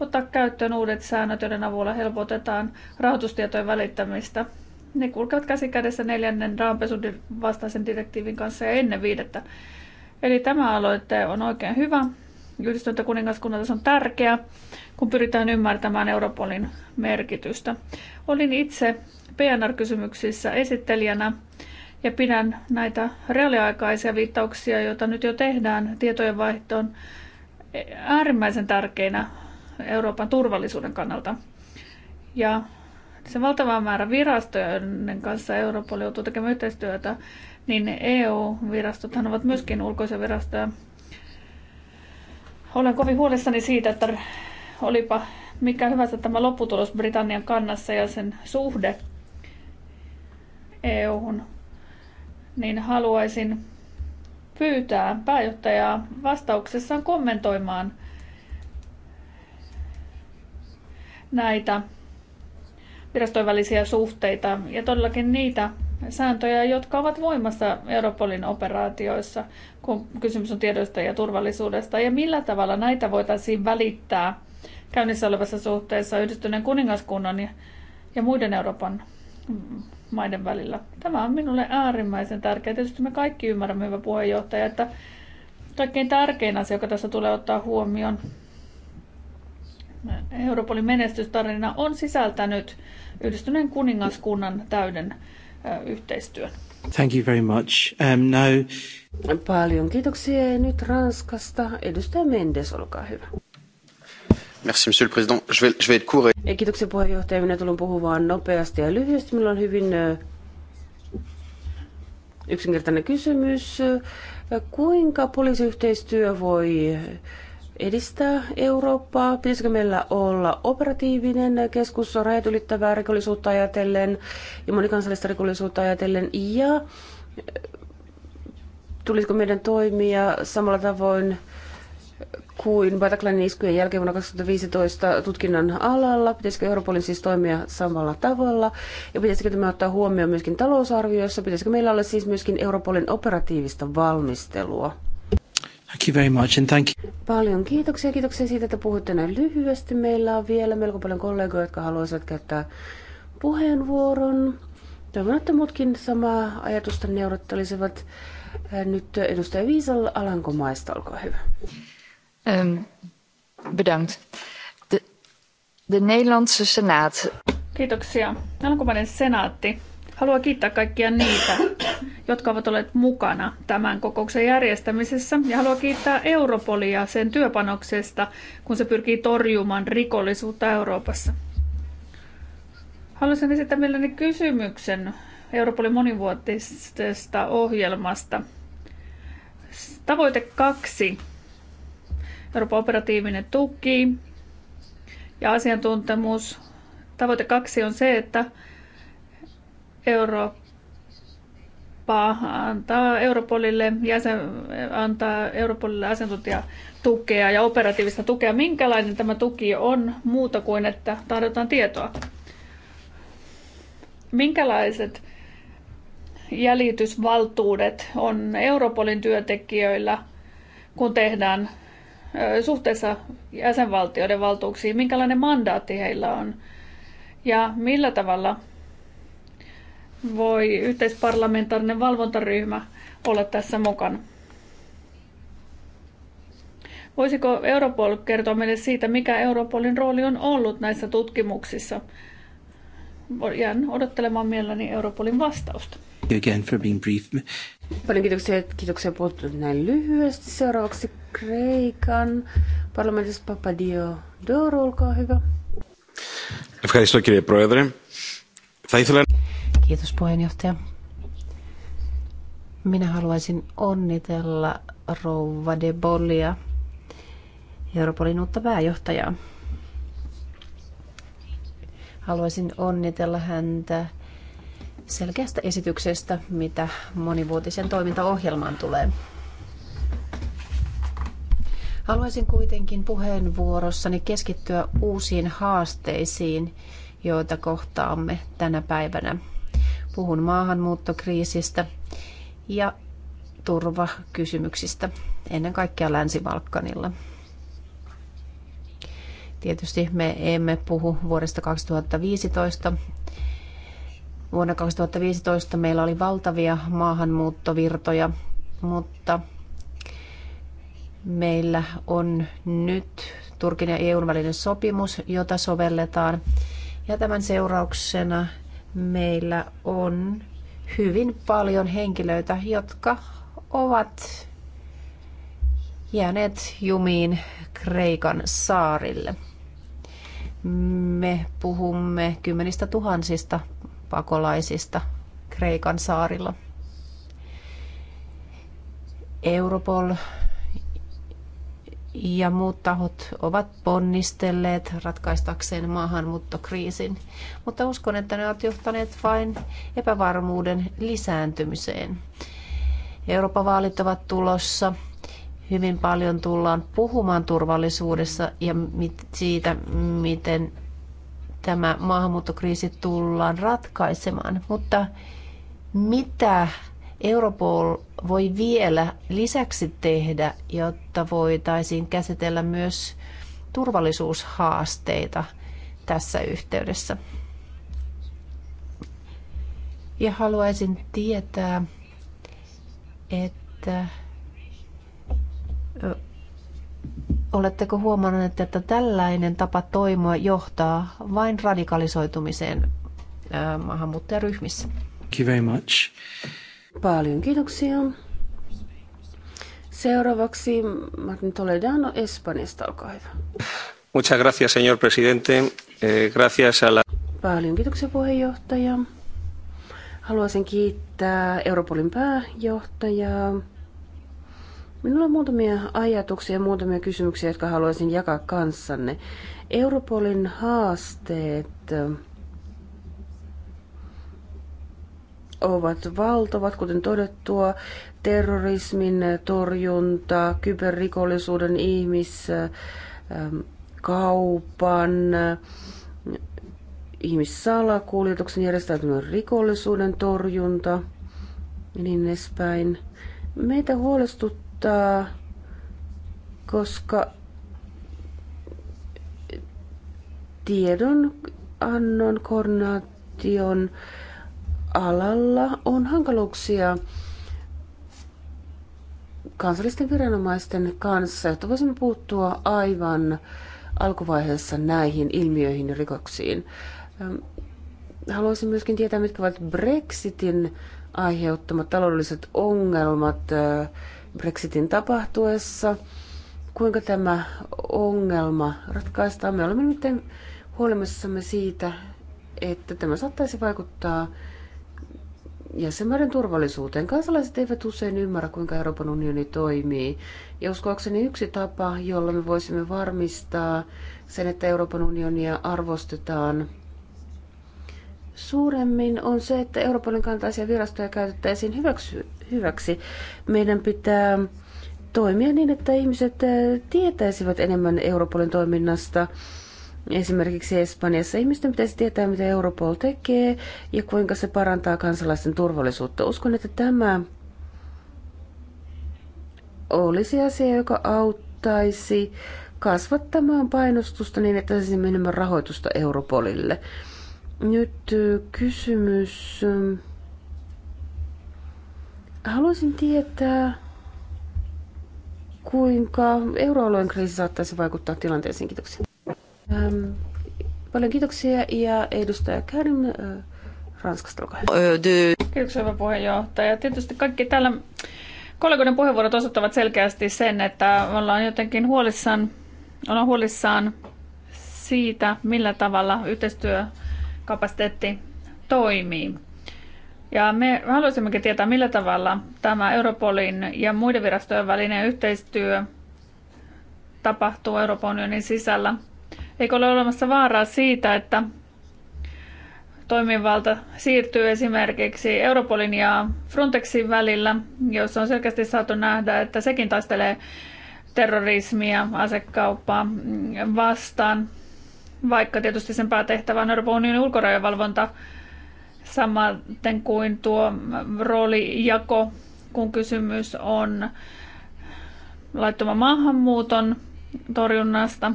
ottaa käyttöön uudet säännöt, joiden avulla helpotetaan rahoitustietojen välittämistä. Ne kulkevat käsi kädessä neljännen rahanpesun vastaisen direktiivin kanssa ja ennen viidettä. Eli tämä aloite on oikein hyvä. Yhdistyntä kuningaskunnalta on tärkeä, kun pyritään ymmärtämään Europolin merkitystä. Olin itse PNR-kysymyksissä esittelijänä ja pidän näitä reaaliaikaisia viittauksia, joita nyt jo tehdään tietojenvaihtoon, äärimmäisen tärkeinä Euroopan turvallisuuden kannalta. Ja se valtava määrä virastoja, joiden kanssa Eurooppa joutuu tekemään yhteistyötä, niin EU-virastothan ovat myöskin ulkoisia virastoja. Olen kovin huolissani siitä, että olipa mikä hyvänsä tämä lopputulos Britannian kannassa ja sen suhde EU-hun niin haluaisin pyytää pääjohtajaa vastauksessaan kommentoimaan näitä virastojen välisiä suhteita ja todellakin niitä sääntöjä, jotka ovat voimassa Europolin operaatioissa, kun kysymys on tiedoista ja turvallisuudesta, ja millä tavalla näitä voitaisiin välittää käynnissä olevassa suhteessa yhdistyneen kuningaskunnan ja, ja muiden Euroopan maiden välillä. Tämä on minulle äärimmäisen tärkeää. Tietysti me kaikki ymmärrämme, hyvä puheenjohtaja, että kaikkein tärkein asia, joka tässä tulee ottaa huomioon, Europolin menestystarina on sisältänyt yhdistyneen kuningaskunnan täyden yhteistyön. Thank you very much. Um, now... Paljon kiitoksia. Nyt Ranskasta. Edustaja Mendes, olkaa hyvä. Merci, monsieur le président. Je vais, je vais être court. Et... Kiitoksia puheenjohtaja. Minä tulen puhumaan nopeasti ja lyhyesti. Minulla on hyvin yksinkertainen kysymys. Kuinka poliisiyhteistyö voi edistää Eurooppaa? Pitäisikö meillä olla operatiivinen keskus rajat ylittävää rikollisuutta ajatellen ja monikansallista rikollisuutta ajatellen? Ja tulisiko meidän toimia samalla tavoin kuin Bataclanin iskujen jälkeen vuonna 2015 tutkinnan alalla? Pitäisikö Europolin siis toimia samalla tavalla? Ja pitäisikö tämä ottaa huomioon myöskin talousarvioissa? Pitäisikö meillä olla siis myöskin Europolin operatiivista valmistelua? Thank you very much and thank you. Paljon kiitoksia. Kiitoksia siitä, että puhutte näin lyhyesti. Meillä on vielä melko paljon kollegoja, jotka haluaisivat käyttää puheenvuoron. Toivon, että muutkin samaa ajatusta neurottelisivat. Nyt edustaja Viisal Alankomaista, olkaa hyvä. Ehm, bedankt. De, de Nederlandse Senaat. Kiitoksia. Alkuperäinen senaatti haluaa kiittää kaikkia niitä, jotka ovat olleet mukana tämän kokouksen järjestämisessä ja haluaa kiittää Europolia sen työpanoksesta, kun se pyrkii torjumaan rikollisuutta Euroopassa. Haluaisin esittää mielelläni kysymyksen Europolin monivuotisesta ohjelmasta. Tavoite kaksi Euroopan operatiivinen tuki ja asiantuntemus. Tavoite kaksi on se, että Eurooppa antaa Europolille, jäsen, antaa Europolille asiantuntijatukea ja operatiivista tukea. Minkälainen tämä tuki on muuta kuin, että tarjotaan tietoa? Minkälaiset jäljitysvaltuudet on Europolin työntekijöillä, kun tehdään suhteessa jäsenvaltioiden valtuuksiin, minkälainen mandaatti heillä on ja millä tavalla voi yhteisparlamentaarinen valvontaryhmä olla tässä mukana. Voisiko Europol kertoa meille siitä, mikä Europolin rooli on ollut näissä tutkimuksissa? Jään odottelemaan mielelläni Europolin vastausta. Again for being brief. Paljon kiitoksia, kiitoksia puhuttu näin lyhyesti. Seuraavaksi Kreikan parlamentissa Papadio Doro, olkaa hyvä. Kiitos puheenjohtaja. Minä haluaisin onnitella rouva de Bollia, Europolin uutta pääjohtajaa. Haluaisin onnitella häntä selkeästä esityksestä, mitä monivuotisen toimintaohjelmaan tulee. Haluaisin kuitenkin puheenvuorossani keskittyä uusiin haasteisiin, joita kohtaamme tänä päivänä. Puhun maahanmuuttokriisistä ja turvakysymyksistä, ennen kaikkea Länsi-Balkanilla. Tietysti me emme puhu vuodesta 2015, Vuonna 2015 meillä oli valtavia maahanmuuttovirtoja, mutta meillä on nyt Turkin ja EUn välinen sopimus, jota sovelletaan. Ja tämän seurauksena meillä on hyvin paljon henkilöitä, jotka ovat jääneet jumiin Kreikan saarille. Me puhumme kymmenistä tuhansista pakolaisista Kreikan saarilla. Europol ja muut tahot ovat ponnistelleet ratkaistakseen maahanmuuttokriisin, mutta uskon, että ne ovat johtaneet vain epävarmuuden lisääntymiseen. Euroopan vaalit ovat tulossa. Hyvin paljon tullaan puhumaan turvallisuudessa ja siitä, miten tämä maahanmuuttokriisi tullaan ratkaisemaan. Mutta mitä Europol voi vielä lisäksi tehdä, jotta voitaisiin käsitellä myös turvallisuushaasteita tässä yhteydessä? Ja haluaisin tietää, että Oletteko huomanneet, että tällainen tapa toimia johtaa vain radikalisoitumiseen maahanmuuttajaryhmissä? Thank you very much. Paljon kiitoksia. Seuraavaksi Martin Toledano Espanjasta, olkaa hyvä. Muchas gracias, señor presidente. Eh, gracias a la... Paljon kiitoksia puheenjohtaja. Haluaisin kiittää Europolin pääjohtajaa Minulla on muutamia ajatuksia ja muutamia kysymyksiä, jotka haluaisin jakaa kanssanne. Europolin haasteet äh, ovat valtavat, kuten todettua, terrorismin torjunta, kyberrikollisuuden ihmiskaupan, äh, äh, ihmissalakuljetuksen järjestäytyneen rikollisuuden torjunta ja niin edespäin. Meitä huolestuttaa kohtaa, koska tiedon annon koordinaation alalla on hankaluuksia kansallisten viranomaisten kanssa, että voisimme puuttua aivan alkuvaiheessa näihin ilmiöihin ja rikoksiin. Haluaisin myöskin tietää, mitkä ovat Brexitin aiheuttamat taloudelliset ongelmat Brexitin tapahtuessa. Kuinka tämä ongelma ratkaistaan? Me olemme nyt huolimassamme siitä, että tämä saattaisi vaikuttaa jäsenmaiden turvallisuuteen. Kansalaiset eivät usein ymmärrä, kuinka Euroopan unioni toimii. Ja uskoakseni yksi tapa, jolla me voisimme varmistaa sen, että Euroopan unionia arvostetaan – suuremmin, on se, että Euroopan kaltaisia virastoja käytettäisiin hyväksy, hyväksi. Meidän pitää toimia niin, että ihmiset äh, tietäisivät enemmän Europolin toiminnasta. Esimerkiksi Espanjassa ihmisten pitäisi tietää, mitä Europol tekee ja kuinka se parantaa kansalaisten turvallisuutta. Uskon, että tämä olisi asia, joka auttaisi kasvattamaan painostusta niin, että saisimme enemmän rahoitusta Europolille. Nyt kysymys. Haluaisin tietää, kuinka euroalueen kriisi saattaisi vaikuttaa tilanteeseen. Kiitoksia. Ähm, paljon kiitoksia ja edustaja Kärim äh, Ranskasta. Kiitoksia, hyvä puheenjohtaja. Tietysti kaikki täällä kollegoiden puheenvuorot osoittavat selkeästi sen, että ollaan jotenkin huolissaan, ollaan huolissaan siitä, millä tavalla yhteistyö kapasiteetti toimii. Ja me haluaisimmekin tietää, millä tavalla tämä Europolin ja muiden virastojen välinen yhteistyö tapahtuu Euroopan unionin sisällä. Eikö ole olemassa vaaraa siitä, että toimivalta siirtyy esimerkiksi Europolin ja Frontexin välillä, jossa on selkeästi saatu nähdä, että sekin taistelee terrorismia, asekauppaa vastaan vaikka tietysti sen päätehtävä on Euroopan unionin ulkorajavalvonta, samaten kuin tuo roolijako, kun kysymys on laittoman maahanmuuton torjunnasta.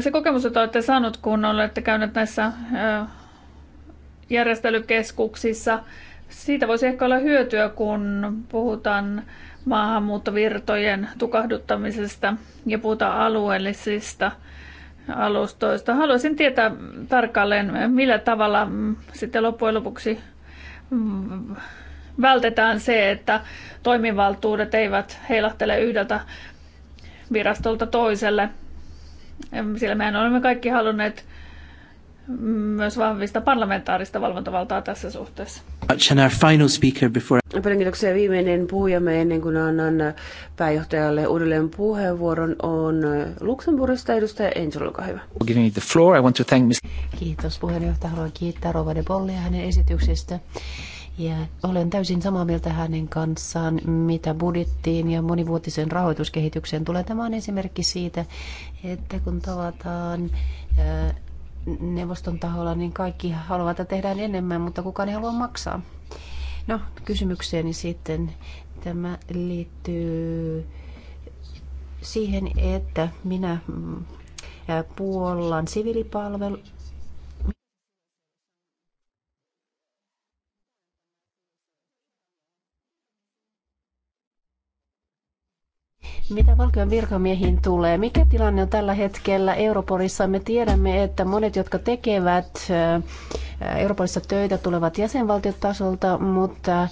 Se kokemus, jota olette saanut, kun olette käyneet näissä järjestelykeskuksissa, siitä voisi ehkä olla hyötyä, kun puhutaan maahanmuuttovirtojen tukahduttamisesta ja puhutaan alueellisista alustoista. Haluaisin tietää tarkalleen, millä tavalla sitten loppujen lopuksi vältetään se, että toimivaltuudet eivät heilahtele yhdeltä virastolta toiselle. Sillä mehän olemme kaikki halunneet myös vahvista parlamentaarista valvontavaltaa tässä suhteessa. And our final speaker before... kiitoksia. Viimeinen puhujamme ennen kuin annan pääjohtajalle uudelleen puheenvuoron on Luxemburgista edustaja Angel, olkaa hyvä. The floor. I want to thank Ms. Kiitos puheenjohtaja. Haluan kiittää Rova de Bollia hänen esityksestä. Ja olen täysin samaa mieltä hänen kanssaan, mitä budjettiin ja monivuotisen rahoituskehitykseen tulee. Tämä on esimerkki siitä, että kun tavataan neuvoston taholla, niin kaikki haluavat, että tehdään enemmän, mutta kukaan ei halua maksaa. No, kysymykseeni sitten. Tämä liittyy siihen, että minä mm, puollan siviilipalvelu, Mitä valkojen virkamiehiin tulee? Mikä tilanne on tällä hetkellä Europolissa? Me tiedämme, että monet, jotka tekevät äh, Europolissa töitä, tulevat jäsenvaltiotasolta, mutta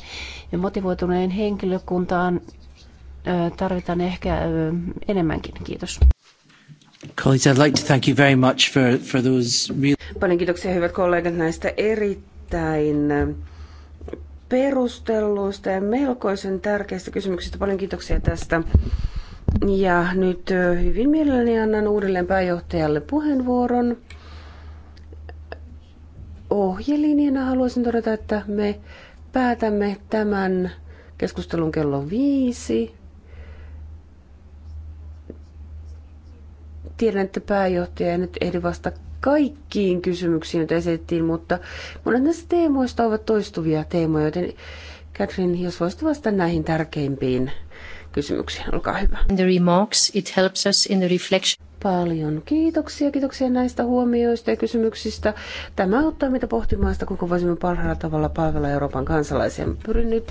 motivoituneen henkilökuntaan äh, tarvitaan ehkä äh, enemmänkin. Kiitos. I'd like to thank you very much for, for those Paljon kiitoksia hyvät kollegat näistä erittäin perustelluista ja melkoisen tärkeistä kysymyksistä. Paljon kiitoksia tästä. Ja nyt hyvin mielelläni annan uudelleen pääjohtajalle puheenvuoron. Ohjelinjana haluaisin todeta, että me päätämme tämän keskustelun kello viisi. Tiedän, että pääjohtaja ei nyt ehdi vasta kaikkiin kysymyksiin, joita esitettiin, mutta monet näistä teemoista ovat toistuvia teemoja, joten Katrin, jos voisit vastata näihin tärkeimpiin kysymyksiin. Olkaa hyvä. The remarks, it helps us in the reflection. Paljon kiitoksia, kiitoksia näistä huomioista ja kysymyksistä. Tämä auttaa meitä pohtimaan sitä, kuinka voisimme parhaalla tavalla palvella Euroopan kansalaisia. Pyrin nyt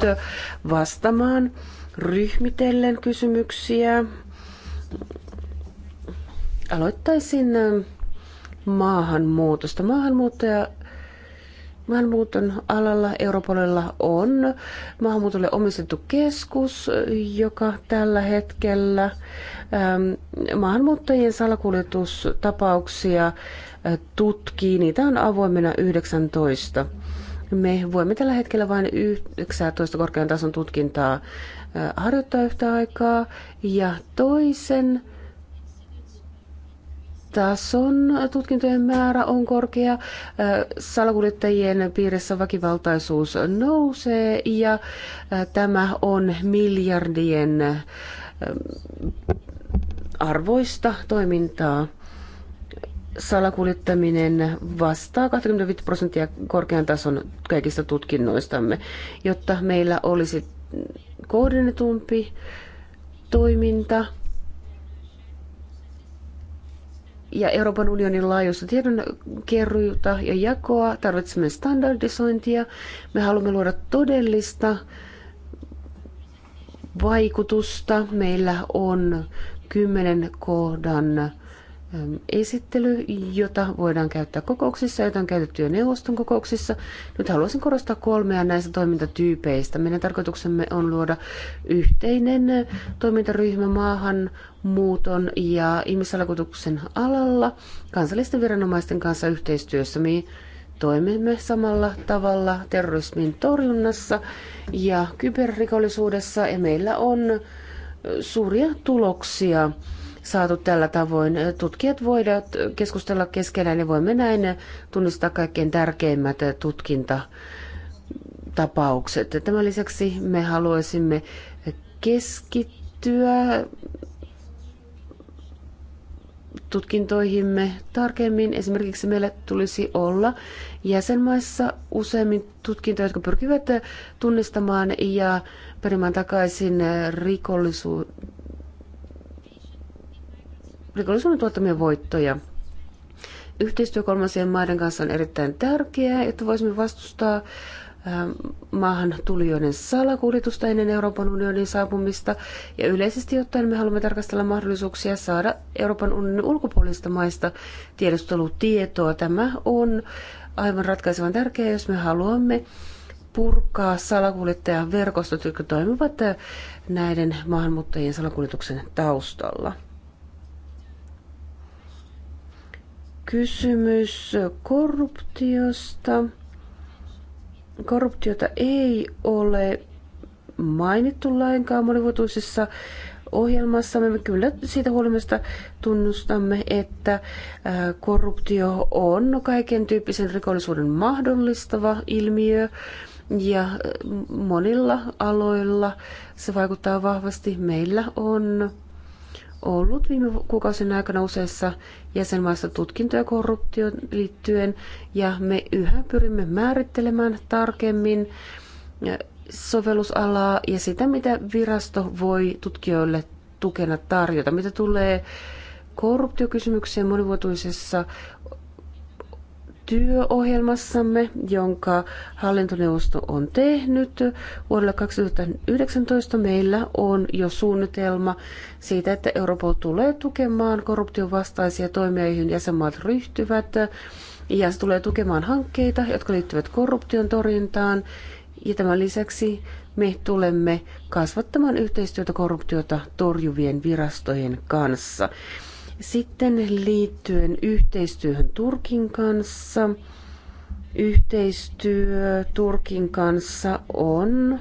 vastaamaan ryhmitellen kysymyksiä. Aloittaisin maahanmuutosta. Maahanmuuttaja maahanmuuton alalla Europolilla on maahanmuutolle omistettu keskus, joka tällä hetkellä ähm, maahanmuuttajien salakuljetustapauksia äh, tutkii. Niitä on avoimena 19. Me voimme tällä hetkellä vain 19 korkean tason tutkintaa äh, harjoittaa yhtä aikaa ja toisen tason tutkintojen määrä on korkea, salakuljettajien piirissä väkivaltaisuus nousee ja tämä on miljardien arvoista toimintaa. Salakuljettaminen vastaa 25 prosenttia korkean tason kaikista tutkinnoistamme, jotta meillä olisi kohdennetumpi toiminta ja Euroopan unionin laajuista tiedonkerruuta ja jakoa. Tarvitsemme standardisointia. Me haluamme luoda todellista vaikutusta. Meillä on kymmenen kohdan esittely, jota voidaan käyttää kokouksissa, jota on käytetty jo neuvoston kokouksissa. Nyt haluaisin korostaa kolmea näistä toimintatyypeistä. Meidän tarkoituksemme on luoda yhteinen toimintaryhmä maahan muuton ja ihmisalakutuksen alalla kansallisten viranomaisten kanssa yhteistyössä. Me toimimme samalla tavalla terrorismin torjunnassa ja kyberrikollisuudessa ja meillä on suuria tuloksia saatu tällä tavoin. Tutkijat voivat keskustella keskenään ja voimme näin tunnistaa kaikkein tärkeimmät tutkintatapaukset. Tämän lisäksi me haluaisimme keskittyä tutkintoihimme tarkemmin. Esimerkiksi meillä tulisi olla jäsenmaissa useammin tutkintoja, jotka pyrkivät tunnistamaan ja perimään takaisin rikollisuuden rikollisuuden tuottamia voittoja. Yhteistyö kolmansien maiden kanssa on erittäin tärkeää, että voisimme vastustaa ähm, maahan tulijoiden salakuljetusta ennen Euroopan unionin saapumista. Ja yleisesti ottaen me haluamme tarkastella mahdollisuuksia saada Euroopan unionin ulkopuolista maista tiedustelutietoa. Tämä on aivan ratkaisevan tärkeää, jos me haluamme purkaa salakuljettajan verkostot, jotka toimivat äh, näiden maahanmuuttajien salakuljetuksen taustalla. kysymys korruptiosta. Korruptiota ei ole mainittu lainkaan monivuotuisessa ohjelmassa. Me kyllä siitä huolimatta tunnustamme, että korruptio on kaiken tyyppisen rikollisuuden mahdollistava ilmiö ja monilla aloilla se vaikuttaa vahvasti. Meillä on ollut viime kuukausien aikana useissa jäsenmaissa tutkintoja korruptioon liittyen, ja me yhä pyrimme määrittelemään tarkemmin sovellusalaa ja sitä, mitä virasto voi tutkijoille tukena tarjota. Mitä tulee korruptiokysymykseen monivuotuisessa työohjelmassamme, jonka hallintoneuvosto on tehnyt. Vuodelle 2019 meillä on jo suunnitelma siitä, että Europol tulee tukemaan korruption vastaisia toimia, joihin jäsenmaat ryhtyvät. Ja se tulee tukemaan hankkeita, jotka liittyvät korruption torjuntaan. Ja tämän lisäksi me tulemme kasvattamaan yhteistyötä korruptiota torjuvien virastojen kanssa. Sitten liittyen yhteistyöhön Turkin kanssa. Yhteistyö Turkin kanssa on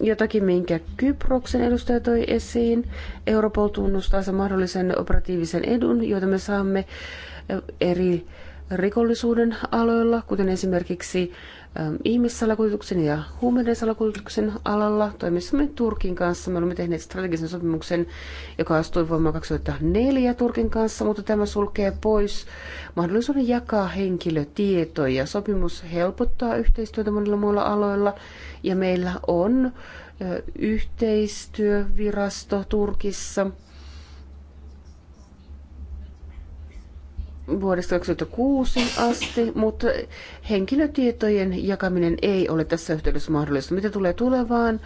jotakin, minkä Kyproksen edustaja toi esiin. Europol tunnustaa sen mahdollisen operatiivisen edun, jota me saamme eri rikollisuuden aloilla, kuten esimerkiksi ihmissalakuljetuksen ja huumeiden salakuljetuksen alalla. Toimissamme Turkin kanssa. Me olemme tehneet strategisen sopimuksen, joka astui voimaan 2004 Turkin kanssa, mutta tämä sulkee pois mahdollisuuden jakaa henkilötietoja. Sopimus helpottaa yhteistyötä monilla muilla aloilla ja meillä on yhteistyövirasto Turkissa – vuodesta 2006 asti, mutta henkilötietojen jakaminen ei ole tässä yhteydessä mahdollista. Mitä tulee tulevaan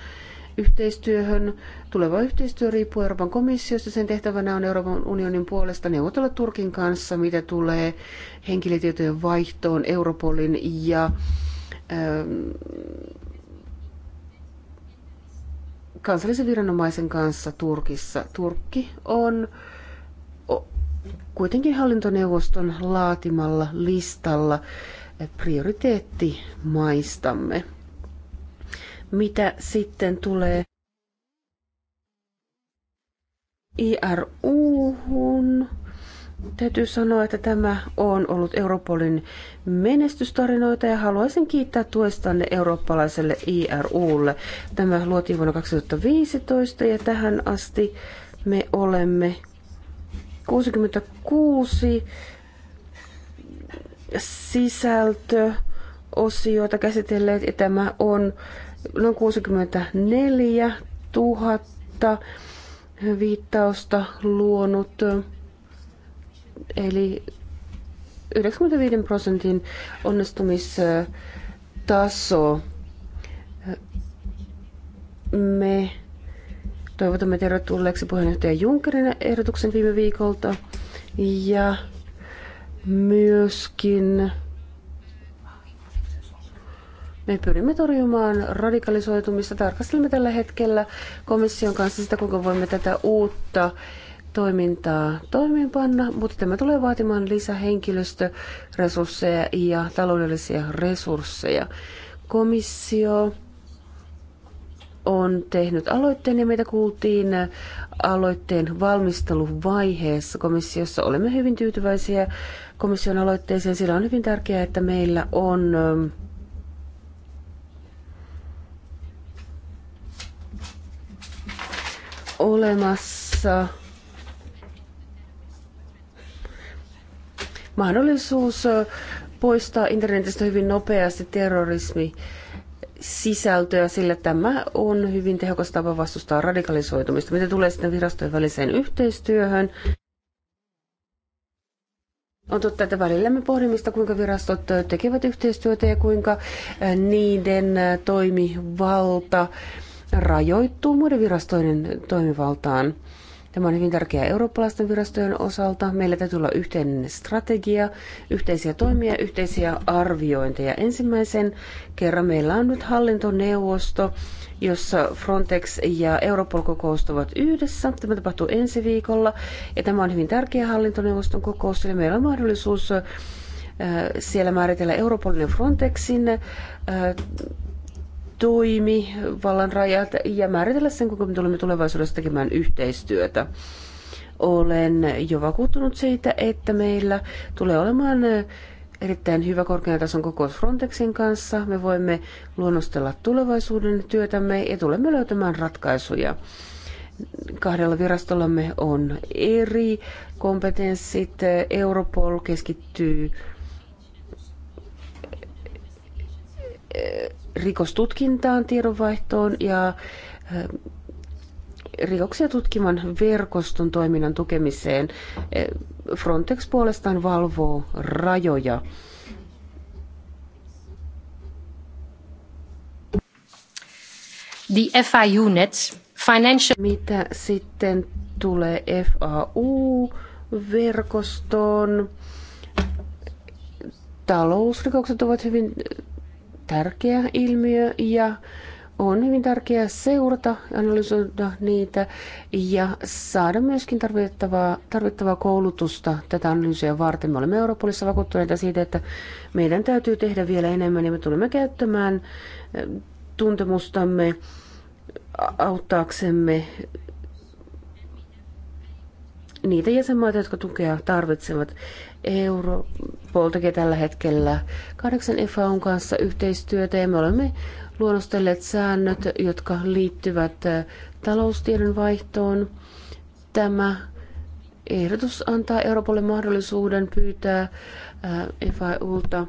yhteistyöhön? Tuleva yhteistyö riippuu Euroopan komissiosta. Sen tehtävänä on Euroopan unionin puolesta neuvotella Turkin kanssa, mitä tulee henkilötietojen vaihtoon Europolin ja ähm, kansallisen viranomaisen kanssa Turkissa. Turkki on kuitenkin hallintoneuvoston laatimalla listalla prioriteettimaistamme. Mitä sitten tulee IRU-hun? Täytyy sanoa, että tämä on ollut Europolin menestystarinoita ja haluaisin kiittää tuestanne eurooppalaiselle IRUlle. Tämä luotiin vuonna 2015 ja tähän asti me olemme 66 sisältöosioita käsitelleet ja tämä on noin 64 000 viittausta luonut, eli 95 prosentin onnistumistaso. Me Toivotamme tervetulleeksi puheenjohtaja Junckerin ehdotuksen viime viikolta ja myöskin me pyrimme torjumaan radikalisoitumista. Tarkastelemme tällä hetkellä komission kanssa sitä, kuinka voimme tätä uutta toimintaa toimeenpanna, mutta tämä tulee vaatimaan lisähenkilöstöresursseja ja taloudellisia resursseja. Komissio on tehnyt aloitteen ja meitä kuultiin aloitteen valmisteluvaiheessa komissiossa. Olemme hyvin tyytyväisiä komission aloitteeseen. Sillä on hyvin tärkeää, että meillä on ähm, olemassa mahdollisuus poistaa internetistä hyvin nopeasti terrorismi sisältöä, sillä tämä on hyvin tehokas tapa vastustaa radikalisoitumista. Mitä tulee sitten virastojen väliseen yhteistyöhön? On totta, että välillä me pohdimista, kuinka virastot tekevät yhteistyötä ja kuinka niiden toimivalta rajoittuu muiden virastojen toimivaltaan. Tämä on hyvin tärkeää eurooppalaisten virastojen osalta. Meillä täytyy olla yhteinen strategia, yhteisiä toimia, yhteisiä arviointeja. Ensimmäisen kerran meillä on nyt hallintoneuvosto, jossa Frontex ja Europol kokoustuvat yhdessä. Tämä tapahtuu ensi viikolla ja tämä on hyvin tärkeä hallintoneuvoston kokous, sillä meillä on mahdollisuus äh, siellä määritellä Europolin ja Frontexin äh, toimi vallan rajat ja määritellä sen, kuinka me tulemme tulevaisuudessa tekemään yhteistyötä. Olen jo vakuuttunut siitä, että meillä tulee olemaan erittäin hyvä korkean tason kokous Frontexin kanssa. Me voimme luonnostella tulevaisuuden työtämme ja tulemme löytämään ratkaisuja. Kahdella virastollamme on eri kompetenssit. Europol keskittyy rikostutkintaan, tiedonvaihtoon ja eh, rikoksia tutkivan verkoston toiminnan tukemiseen. Eh, Frontex puolestaan valvoo rajoja. The fiu nets financial... Mitä sitten tulee FAU-verkostoon? Talousrikokset ovat hyvin tärkeä ilmiö ja on hyvin tärkeää seurata, analysoida niitä ja saada myöskin tarvittavaa, tarvittavaa koulutusta tätä analyysiä varten. Me olemme Europolissa vakuuttuneita siitä, että meidän täytyy tehdä vielä enemmän ja me tulemme käyttämään eh, tuntemustamme auttaaksemme niitä jäsenmaita, jotka tukea tarvitsevat. Europol tekee tällä hetkellä kahdeksan EFAUn kanssa yhteistyötä ja me olemme luonnostelleet säännöt, jotka liittyvät äh, taloustiedon vaihtoon. Tämä ehdotus antaa Europolin mahdollisuuden pyytää EFAulta äh,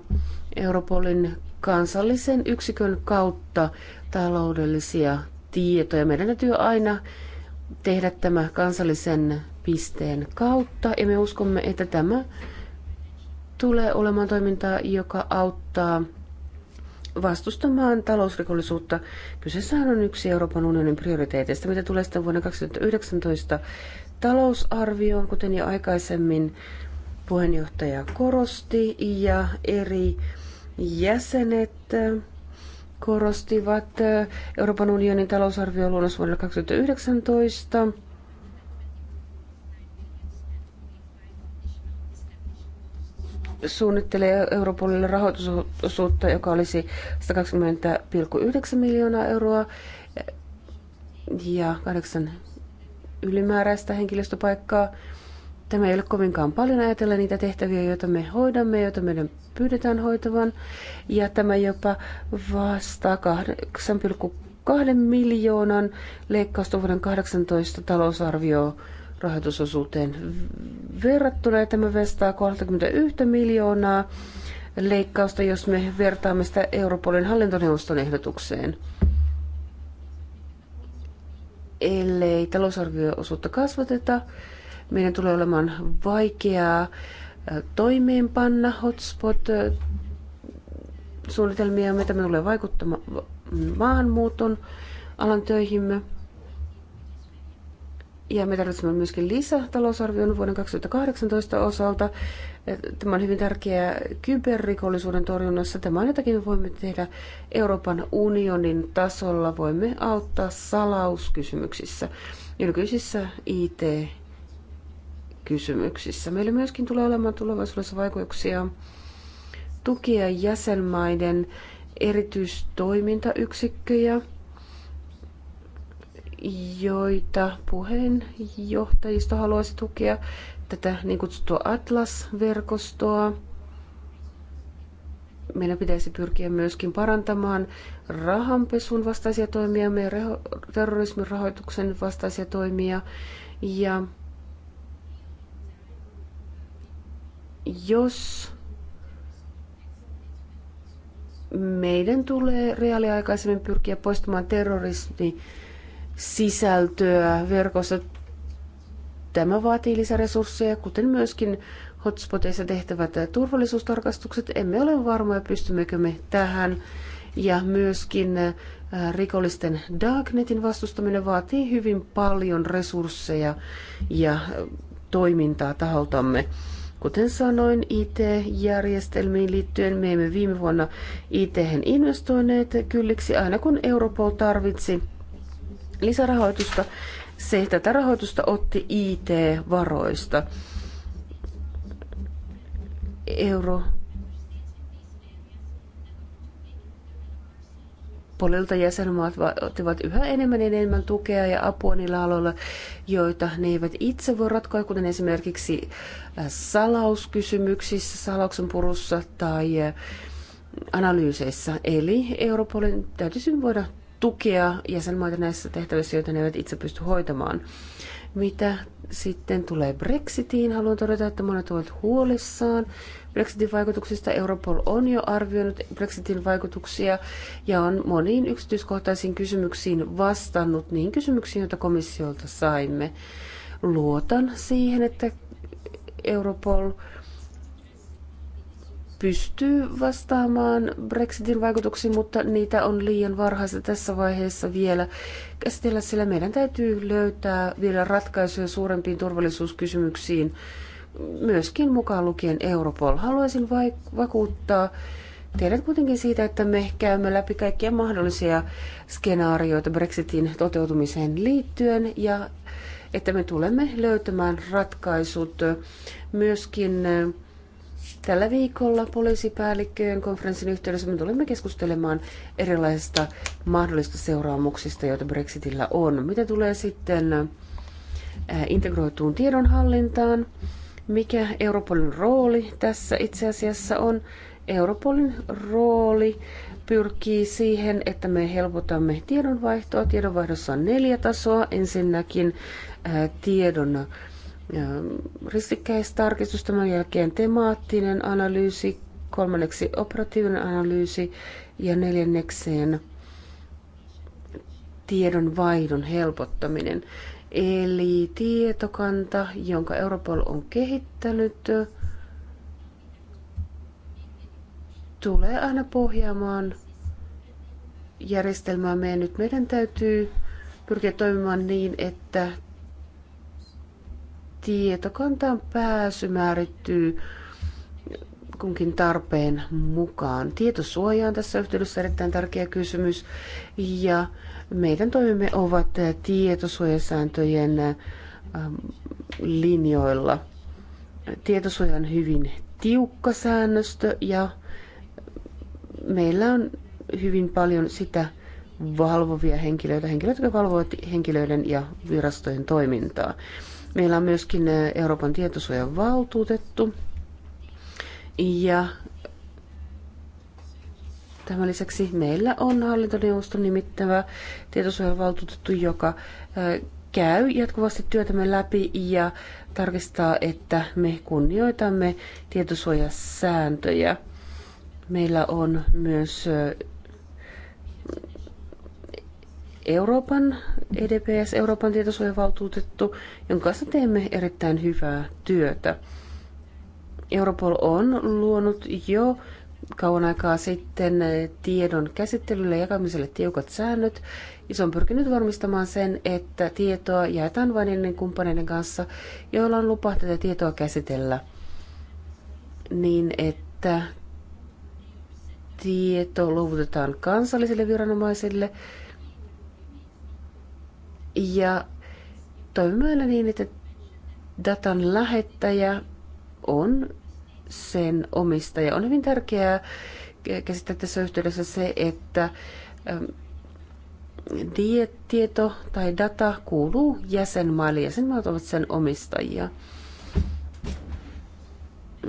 Europolin kansallisen yksikön kautta taloudellisia tietoja. Meidän täytyy aina tehdä tämä kansallisen pisteen kautta ja me uskomme, että tämä tulee olemaan toimintaa, joka auttaa vastustamaan talousrikollisuutta. Kyseessä on yksi Euroopan unionin prioriteeteista, mitä tulee sitten vuonna 2019 talousarvioon, kuten jo aikaisemmin puheenjohtaja korosti ja eri jäsenet korostivat Euroopan unionin talousarvioluonnos vuodelle 2019 suunnittelee Europolille rahoitusosuutta, joka olisi 120,9 miljoonaa euroa ja kahdeksan ylimääräistä henkilöstöpaikkaa. Tämä ei ole kovinkaan paljon ajatella niitä tehtäviä, joita me hoidamme, joita meidän pyydetään hoitavan. Ja tämä jopa vastaa 8,2 miljoonan leikkausta vuoden 2018 talousarvioon rahoitusosuuteen verrattuna. Ja tämä vastaa 31 miljoonaa leikkausta, jos me vertaamme sitä Europolin hallintoneuvoston ehdotukseen. Ellei talousarvioosuutta kasvateta, meidän tulee olemaan vaikeaa toimeenpanna hotspot-suunnitelmia, mitä me tulee vaikuttamaan maahanmuuton alan töihimme. Ja me tarvitsemme myöskin lisätalousarvion vuoden 2018 osalta. Eh, tämä on hyvin tärkeää kyberrikollisuuden torjunnassa. Tämä on jotakin, me voimme tehdä Euroopan unionin tasolla. Voimme auttaa salauskysymyksissä, nykyisissä IT-kysymyksissä. Meillä myöskin tulee olemaan tulevaisuudessa vaikutuksia tukia jäsenmaiden erityistoimintayksikköjä – joita puheenjohtajisto haluaisi tukea, tätä niin kutsuttua Atlas-verkostoa. Meidän pitäisi pyrkiä myöskin parantamaan rahanpesun vastaisia toimia, meidän terrorismin rahoituksen vastaisia toimia ja jos meidän tulee reaaliaikaisemmin pyrkiä poistamaan terrorismi sisältöä verkossa. Tämä vaatii lisäresursseja, kuten myöskin hotspoteissa tehtävät turvallisuustarkastukset. Emme ole varmoja, pystymmekö me tähän. Ja myöskin äh, rikollisten Darknetin vastustaminen vaatii hyvin paljon resursseja ja äh, toimintaa taholtamme. Kuten sanoin, IT-järjestelmiin liittyen me emme viime vuonna it investoineet kylliksi aina kun Europol tarvitsi lisärahoitusta. Se tätä rahoitusta otti IT-varoista. Euro Polilta jäsenmaat ottivat yhä enemmän ja enemmän tukea ja apua niillä aloilla, joita ne eivät itse voi ratkoa, kuten esimerkiksi äh, salauskysymyksissä, salauksen purussa tai äh, analyyseissä. Eli Europolin täytyisi voida tukea jäsenmaita näissä tehtävissä, joita ne eivät itse pysty hoitamaan. Mitä sitten tulee Brexitiin, haluan todeta, että monet ovat huolissaan Brexitin vaikutuksista. Europol on jo arvioinut Brexitin vaikutuksia ja on moniin yksityiskohtaisiin kysymyksiin vastannut niin kysymyksiin, joita komissiolta saimme. Luotan siihen, että Europol pystyy vastaamaan Brexitin vaikutuksiin, mutta niitä on liian varhaista tässä vaiheessa vielä käsitellä, sillä meidän täytyy löytää vielä ratkaisuja suurempiin turvallisuuskysymyksiin, myöskin mukaan lukien Europol. Haluaisin vakuuttaa teidät kuitenkin siitä, että me käymme läpi kaikkia mahdollisia skenaarioita Brexitin toteutumiseen liittyen ja että me tulemme löytämään ratkaisut myöskin Tällä viikolla poliisipäällikköjen konferenssin yhteydessä me tulemme keskustelemaan erilaisista mahdollisista seuraamuksista, joita Brexitillä on. Mitä tulee sitten äh, integroituun tiedonhallintaan, mikä Europolin rooli tässä itse asiassa on. Europolin rooli pyrkii siihen, että me helpotamme tiedonvaihtoa. Tiedonvaihdossa on neljä tasoa. Ensinnäkin äh, tiedon ristikkäistarkistus, tämän jälkeen temaattinen analyysi, kolmanneksi operatiivinen analyysi ja neljännekseen tiedonvaihdon helpottaminen. Eli tietokanta, jonka Europol on kehittänyt, tulee aina pohjaamaan järjestelmäämme. Nyt meidän täytyy pyrkiä toimimaan niin, että tietokantaan pääsy määrittyy kunkin tarpeen mukaan. Tietosuoja on tässä yhteydessä erittäin tärkeä kysymys ja meidän toimimme ovat tietosuojasääntöjen ähm, linjoilla. Tietosuoja on hyvin tiukka säännöstö ja meillä on hyvin paljon sitä valvovia henkilöitä, henkilöitä, jotka valvovat henkilöiden ja virastojen toimintaa. Meillä on myöskin Euroopan tietosuojan valtuutettu. Ja tämän lisäksi meillä on hallintoneuvoston nimittävä tietosuojavaltuutettu, joka käy jatkuvasti työtämme läpi ja tarkistaa, että me kunnioitamme tietosuojasääntöjä. Meillä on myös Euroopan EDPS, Euroopan tietosuojavaltuutettu, jonka kanssa teemme erittäin hyvää työtä. Europol on luonut jo kauan aikaa sitten tiedon käsittelylle ja jakamiselle tiukat säännöt, ja se on pyrkinyt varmistamaan sen, että tietoa jaetaan vain ennen kumppaneiden kanssa, joilla on lupa tätä tietoa käsitellä, niin että tieto luovutetaan kansallisille viranomaisille, ja toimimme niin, että datan lähettäjä on sen omistaja. On hyvin tärkeää käsittää tässä yhteydessä se, että ähm, tieto tai data kuuluu jäsenmaille. Jäsenmaat ovat sen omistajia.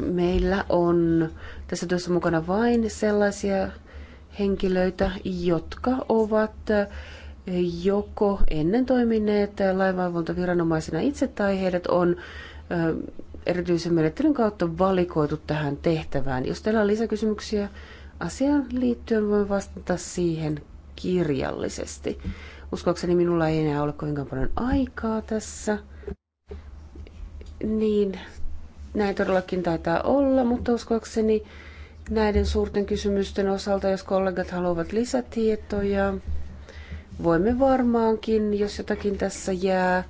Meillä on tässä työssä mukana vain sellaisia henkilöitä, jotka ovat äh, joko ennen toimineet lainvalvontaviranomaisena itse tai heidät on erityisen menettelyn kautta valikoitu tähän tehtävään. Jos teillä on lisäkysymyksiä asiaan liittyen, voin vastata siihen kirjallisesti. Uskoakseni minulla ei enää ole kovinkaan paljon aikaa tässä. Niin, näin todellakin taitaa olla, mutta uskoakseni näiden suurten kysymysten osalta, jos kollegat haluavat lisätietoja, voimme varmaankin, jos jotakin tässä jää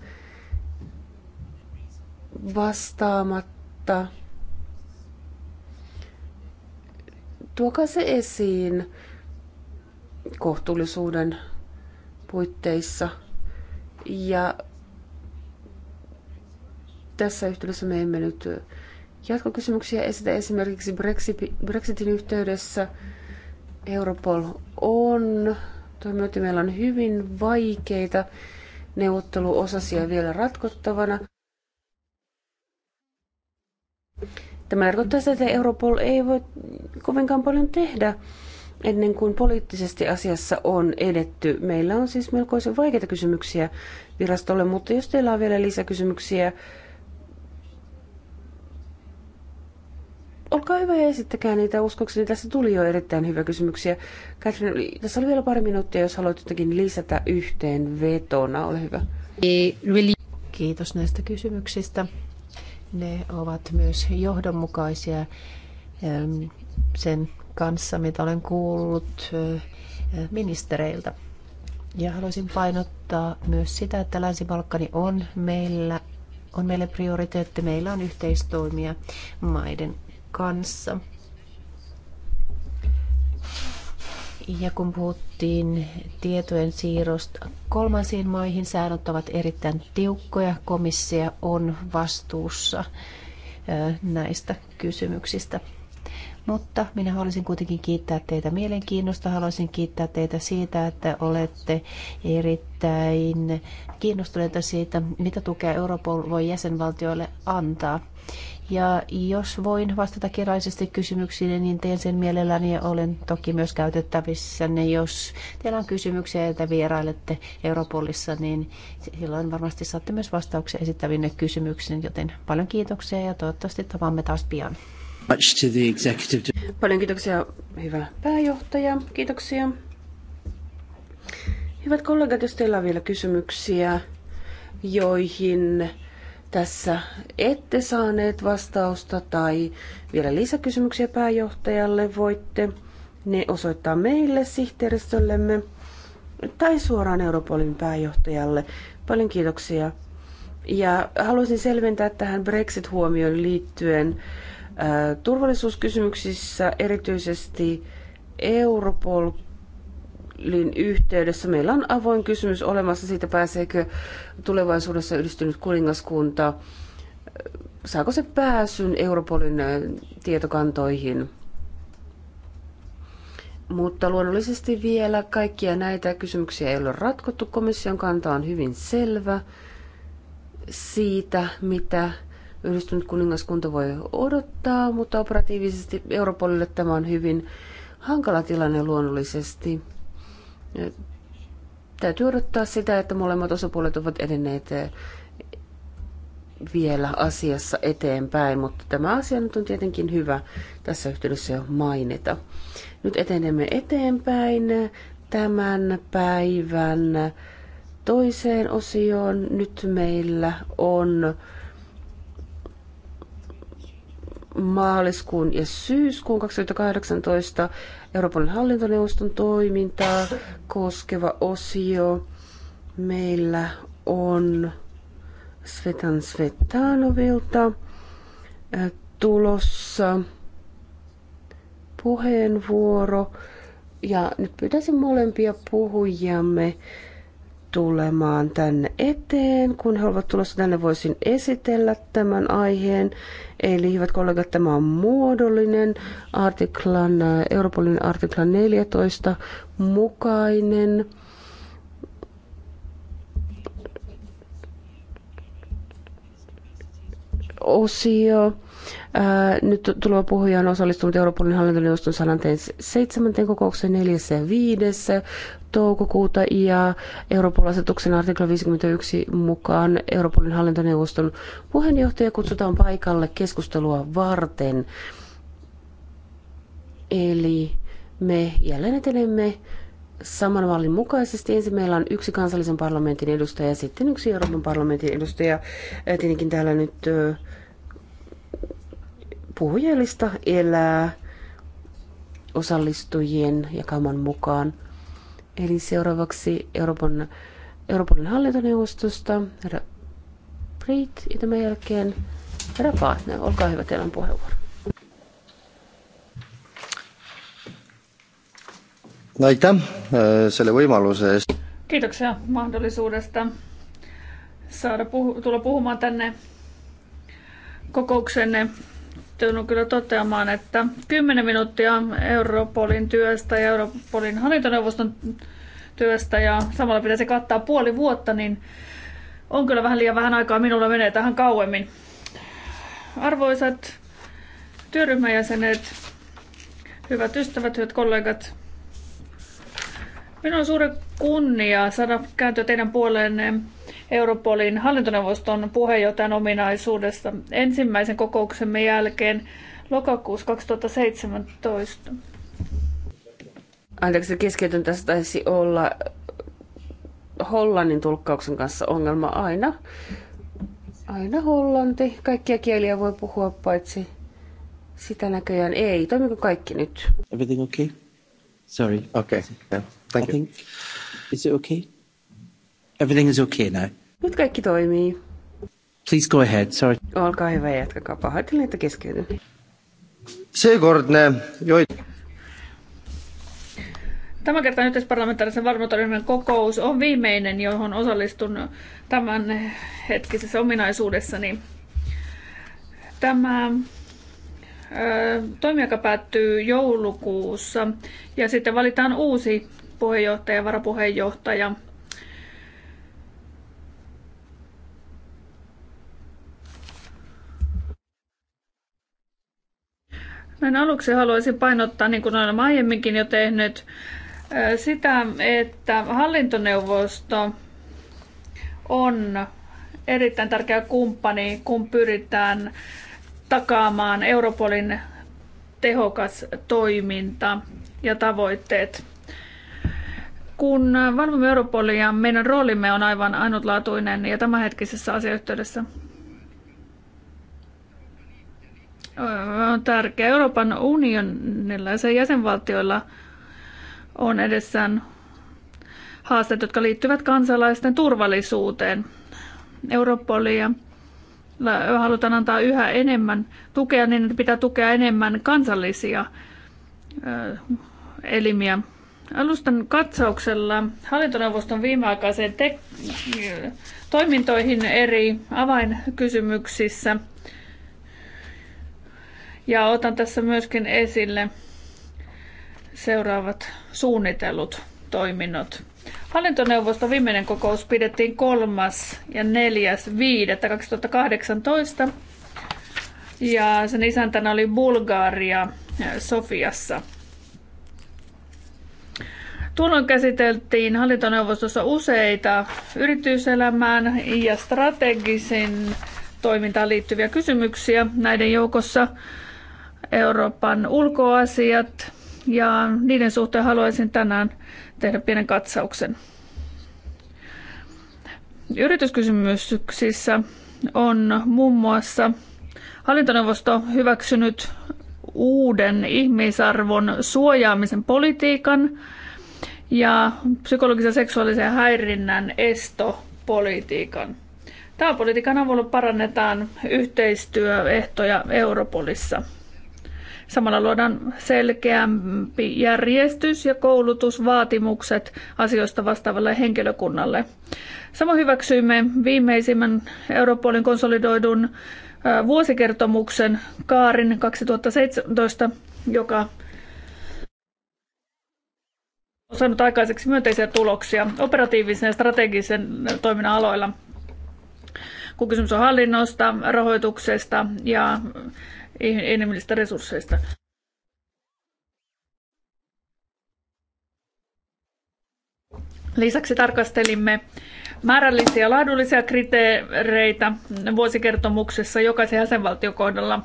vastaamatta, tuokaa se esiin kohtuullisuuden puitteissa. Ja tässä yhteydessä me emme nyt jatkokysymyksiä esitä esimerkiksi Brexitin yhteydessä. Europol on toimijoita. Meillä on hyvin vaikeita neuvotteluosasia vielä ratkottavana. Tämä tarkoittaa sitä, että Europol ei voi kovinkaan paljon tehdä ennen kuin poliittisesti asiassa on edetty. Meillä on siis melkoisen vaikeita kysymyksiä virastolle, mutta jos teillä on vielä lisäkysymyksiä, Olkaa hyvä ja esittäkää niitä. Uskokseni tässä tuli jo erittäin hyviä kysymyksiä. Katrin, tässä oli vielä pari minuuttia, jos haluat jotakin lisätä yhteen vetona. Ole hyvä. Kiitos näistä kysymyksistä. Ne ovat myös johdonmukaisia ehm, sen kanssa, mitä olen kuullut eh, ministereiltä. Ja haluaisin painottaa myös sitä, että Länsi-Balkani on meillä on meille prioriteetti. Meillä on yhteistoimia maiden kanssa. Ja kun puhuttiin tietojen siirrosta kolmansiin maihin, säännöt ovat erittäin tiukkoja. Komissio on vastuussa näistä kysymyksistä. Mutta minä haluaisin kuitenkin kiittää teitä mielenkiinnosta. Haluaisin kiittää teitä siitä, että olette erittäin kiinnostuneita siitä, mitä tukea Europol voi jäsenvaltioille antaa. Ja jos voin vastata kirjallisesti kysymyksiin, niin teen sen mielelläni ja olen toki myös käytettävissä. ne Jos teillä on kysymyksiä, että vierailette Europolissa, niin silloin varmasti saatte myös vastauksia esittäville kysymyksiin. Joten paljon kiitoksia ja toivottavasti tapaamme taas pian. Paljon kiitoksia, hyvä pääjohtaja. Kiitoksia. Hyvät kollegat, jos teillä on vielä kysymyksiä, joihin tässä ette saaneet vastausta tai vielä lisäkysymyksiä pääjohtajalle, voitte ne osoittaa meille, sihteeristöllemme tai suoraan Europolin pääjohtajalle. Paljon kiitoksia. Ja haluaisin selventää tähän Brexit-huomioon liittyen äh, turvallisuuskysymyksissä erityisesti Europol Lyn yhteydessä. Meillä on avoin kysymys olemassa siitä, pääseekö tulevaisuudessa yhdistynyt kuningaskunta, saako se pääsyn Europolin äh, tietokantoihin. Mutta luonnollisesti vielä kaikkia näitä kysymyksiä ei ole ratkottu. Komission kanta on hyvin selvä siitä, mitä yhdistynyt kuningaskunta voi odottaa, mutta operatiivisesti Europolille tämä on hyvin hankala tilanne luonnollisesti. Täytyy odottaa sitä, että molemmat osapuolet ovat edenneet eh, vielä asiassa eteenpäin, mutta tämä asia nyt on tietenkin hyvä tässä yhteydessä jo mainita. Nyt etenemme eteenpäin tämän päivän toiseen osioon. Nyt meillä on maaliskuun ja syyskuun 2018 Euroopan hallintoneuvoston toimintaa koskeva osio. Meillä on Svetan Svetanovilta äh, tulossa puheenvuoro. Ja nyt pyytäisin molempia puhujamme tulemaan tänne eteen. Kun he ovat tulossa tänne, voisin esitellä tämän aiheen. Eli hyvät kollegat, tämä on muodollinen artiklan, äh, Europolin artiklan 14 mukainen. osio. Nyt tuleva puhuja on osallistunut Euroopan hallintoneuvoston 107. kokoukseen 4. ja 5. toukokuuta ja Euroopan asetuksen artikla 51 mukaan Euroopan hallintoneuvoston puheenjohtaja kutsutaan paikalle keskustelua varten. Eli me jälleen etenemme saman mallin mukaisesti. Ensin meillä on yksi kansallisen parlamentin edustaja ja sitten yksi Euroopan parlamentin edustaja. Tietenkin täällä nyt puhujalista elää osallistujien jakaman mukaan. Eli seuraavaksi Euroopan, Euroopan hallintoneuvostosta, herra Breit, ja tämän jälkeen herra Paatne. Olkaa hyvä, teillä on puheenvuoro. aitäh äh, selle võimaluse eest. kiitoksia mahdollisuudesta saada puhu, tulla puhumaan tänne kokouksenne joudun kyllä toteamaan, että 10 minuuttia Europolin työstä ja Europolin hallintoneuvoston työstä ja samalla pitäisi kattaa puoli vuotta, niin on kyllä vähän liian vähän aikaa minulla menee tähän kauemmin. Arvoisat työryhmäjäsenet, hyvät ystävät, hyvät kollegat, minulla on suuri kunnia saada kääntyä teidän puoleenne Europolin hallintoneuvoston puheenjohtajan ominaisuudesta ensimmäisen kokouksemme jälkeen lokakuussa 2017. Anteeksi, keskeytyn. Tässä taisi olla hollannin tulkkauksen kanssa ongelma aina. Aina hollanti. Kaikkia kieliä voi puhua paitsi sitä näköjään ei. Toimiko kaikki nyt? Everything okay? Sorry. Okay. Yeah. Thank I you. Think, is it okay? Everything is okay now. Nyt kaikki toimii. Please go ahead, sorry. Olkaa hyvä, jatkakaa. Pahoittelen, että keskeytyn. Seekordne, joi... Tämän kertaan yhteisparlamentaarisen valvontaryhmän kokous on viimeinen, johon osallistun tämän hetkisessä ominaisuudessani. Tämä toimijaka päättyy joulukuussa ja sitten valitaan uusi puheenjohtaja ja varapuheenjohtaja Näin aluksi haluaisin painottaa, niin kuin olen aiemminkin jo tehnyt, sitä, että hallintoneuvosto on erittäin tärkeä kumppani, kun pyritään takaamaan Europolin tehokas toiminta ja tavoitteet. Kun valvomme Europolia, meidän roolimme on aivan ainutlaatuinen ja tämänhetkisessä asiayhteydessä on tärkeä. Euroopan unionilla ja jäsenvaltioilla on edessään haasteet, jotka liittyvät kansalaisten turvallisuuteen. Europolia halutaan antaa yhä enemmän tukea, niin pitää tukea enemmän kansallisia elimiä. Alustan katsauksella hallintoneuvoston viimeaikaiseen te- toimintoihin eri avainkysymyksissä – ja otan tässä myöskin esille seuraavat suunnitellut toiminnot. Hallintoneuvosto viimeinen kokous pidettiin 3. ja 4.5.2018 ja sen isäntänä oli Bulgaria eh, Sofiassa. Tuolloin käsiteltiin hallintoneuvostossa useita yrityselämään ja strategisen toimintaan liittyviä kysymyksiä näiden joukossa Euroopan ulkoasiat ja niiden suhteen haluaisin tänään tehdä pienen katsauksen. Yrityskysymyksissä on muun muassa hallintoneuvosto hyväksynyt uuden ihmisarvon suojaamisen politiikan ja psykologisen seksuaalisen häirinnän estopolitiikan. Tämä politiikan avulla parannetaan yhteistyöehtoja Europolissa – Samalla luodaan selkeämpi järjestys ja koulutusvaatimukset asioista vastaavalle henkilökunnalle. Samoin hyväksyimme viimeisimmän Europolin konsolidoidun vuosikertomuksen Kaarin 2017, joka on saanut aikaiseksi myönteisiä tuloksia operatiivisen ja strategisen toiminnan aloilla kun kysymys on hallinnosta, rahoituksesta ja ei enemmistä resursseista. Lisäksi tarkastelimme määrällisiä ja laadullisia kriteereitä vuosikertomuksessa jokaisen jäsenvaltion kohdalla.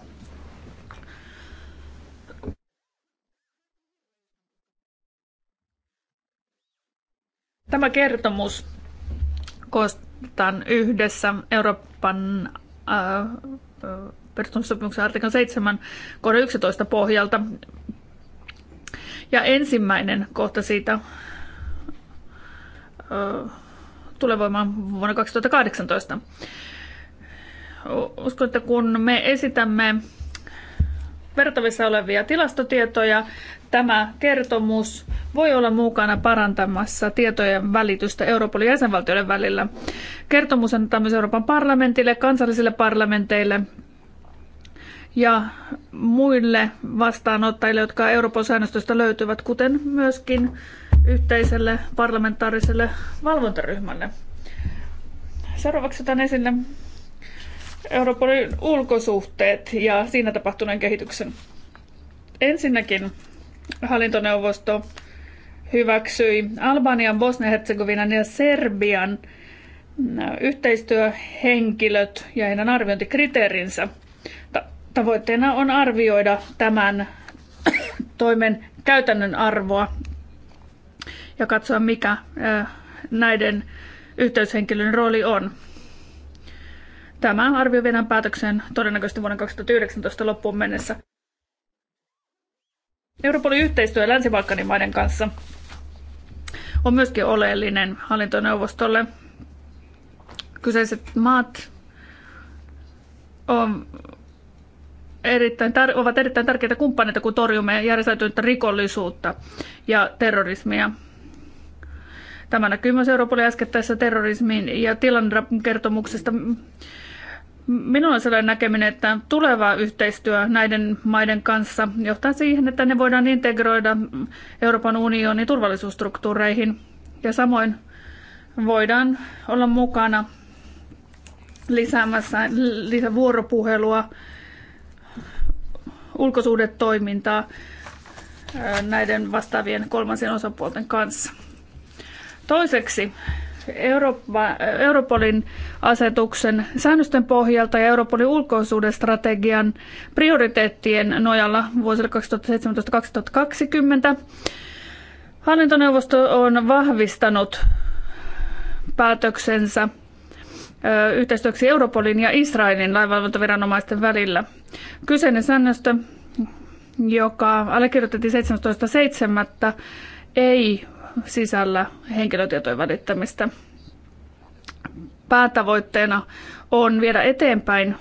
Tämä kertomus koostetaan yhdessä Euroopan äh, perustussopimuksen artikan 7 kohdan 11 pohjalta. Ja ensimmäinen kohta siitä tulee voimaan vuonna 2018. Uskon, että kun me esitämme vertavissa olevia tilastotietoja, tämä kertomus voi olla mukana parantamassa tietojen välitystä Euroopan ja jäsenvaltioiden välillä. Kertomus on myös Euroopan parlamentille, kansallisille parlamenteille ja muille vastaanottajille, jotka Euroopan säännöstöstä löytyvät, kuten myöskin yhteiselle parlamentaariselle valvontaryhmälle. Seuraavaksi otan esille Euroopan ulkosuhteet ja siinä tapahtuneen kehityksen. Ensinnäkin hallintoneuvosto hyväksyi Albanian, Bosnia-Herzegovinan ja Serbian yhteistyöhenkilöt ja heidän arviointikriteerinsä – Tavoitteena on arvioida tämän toimen käytännön arvoa ja katsoa, mikä näiden yhteyshenkilön rooli on. Tämä arvio viedään päätökseen todennäköisesti vuoden 2019 loppuun mennessä. Europolin yhteistyö Länsi-Balkanin maiden kanssa on myöskin oleellinen hallintoneuvostolle. Kyseiset maat on, erittäin tar- ovat erittäin tärkeitä kumppaneita, kun torjumme järjestäytynyttä rikollisuutta ja terrorismia. Tämä näkyy myös Europolin äskettäessä terrorismin ja tilannekertomuksesta. Minulla on sellainen näkeminen, että tuleva yhteistyö näiden maiden kanssa johtaa siihen, että ne voidaan integroida Euroopan unionin turvallisuusstruktuureihin ja samoin voidaan olla mukana lisäämässä lisävuoropuhelua ulkosuhdetoimintaa näiden vastaavien kolmansien osapuolten kanssa. Toiseksi Eurooppa, Europolin asetuksen säännösten pohjalta ja Europolin ulkoisuudestrategian prioriteettien nojalla vuosille 2017-2020 hallintoneuvosto on vahvistanut päätöksensä yhteistyöksi Europolin ja Israelin lainvalvontaviranomaisten välillä. Kyseinen säännöstö, joka allekirjoitettiin 17.7., ei sisällä henkilötietojen välittämistä. Päätavoitteena on viedä eteenpäin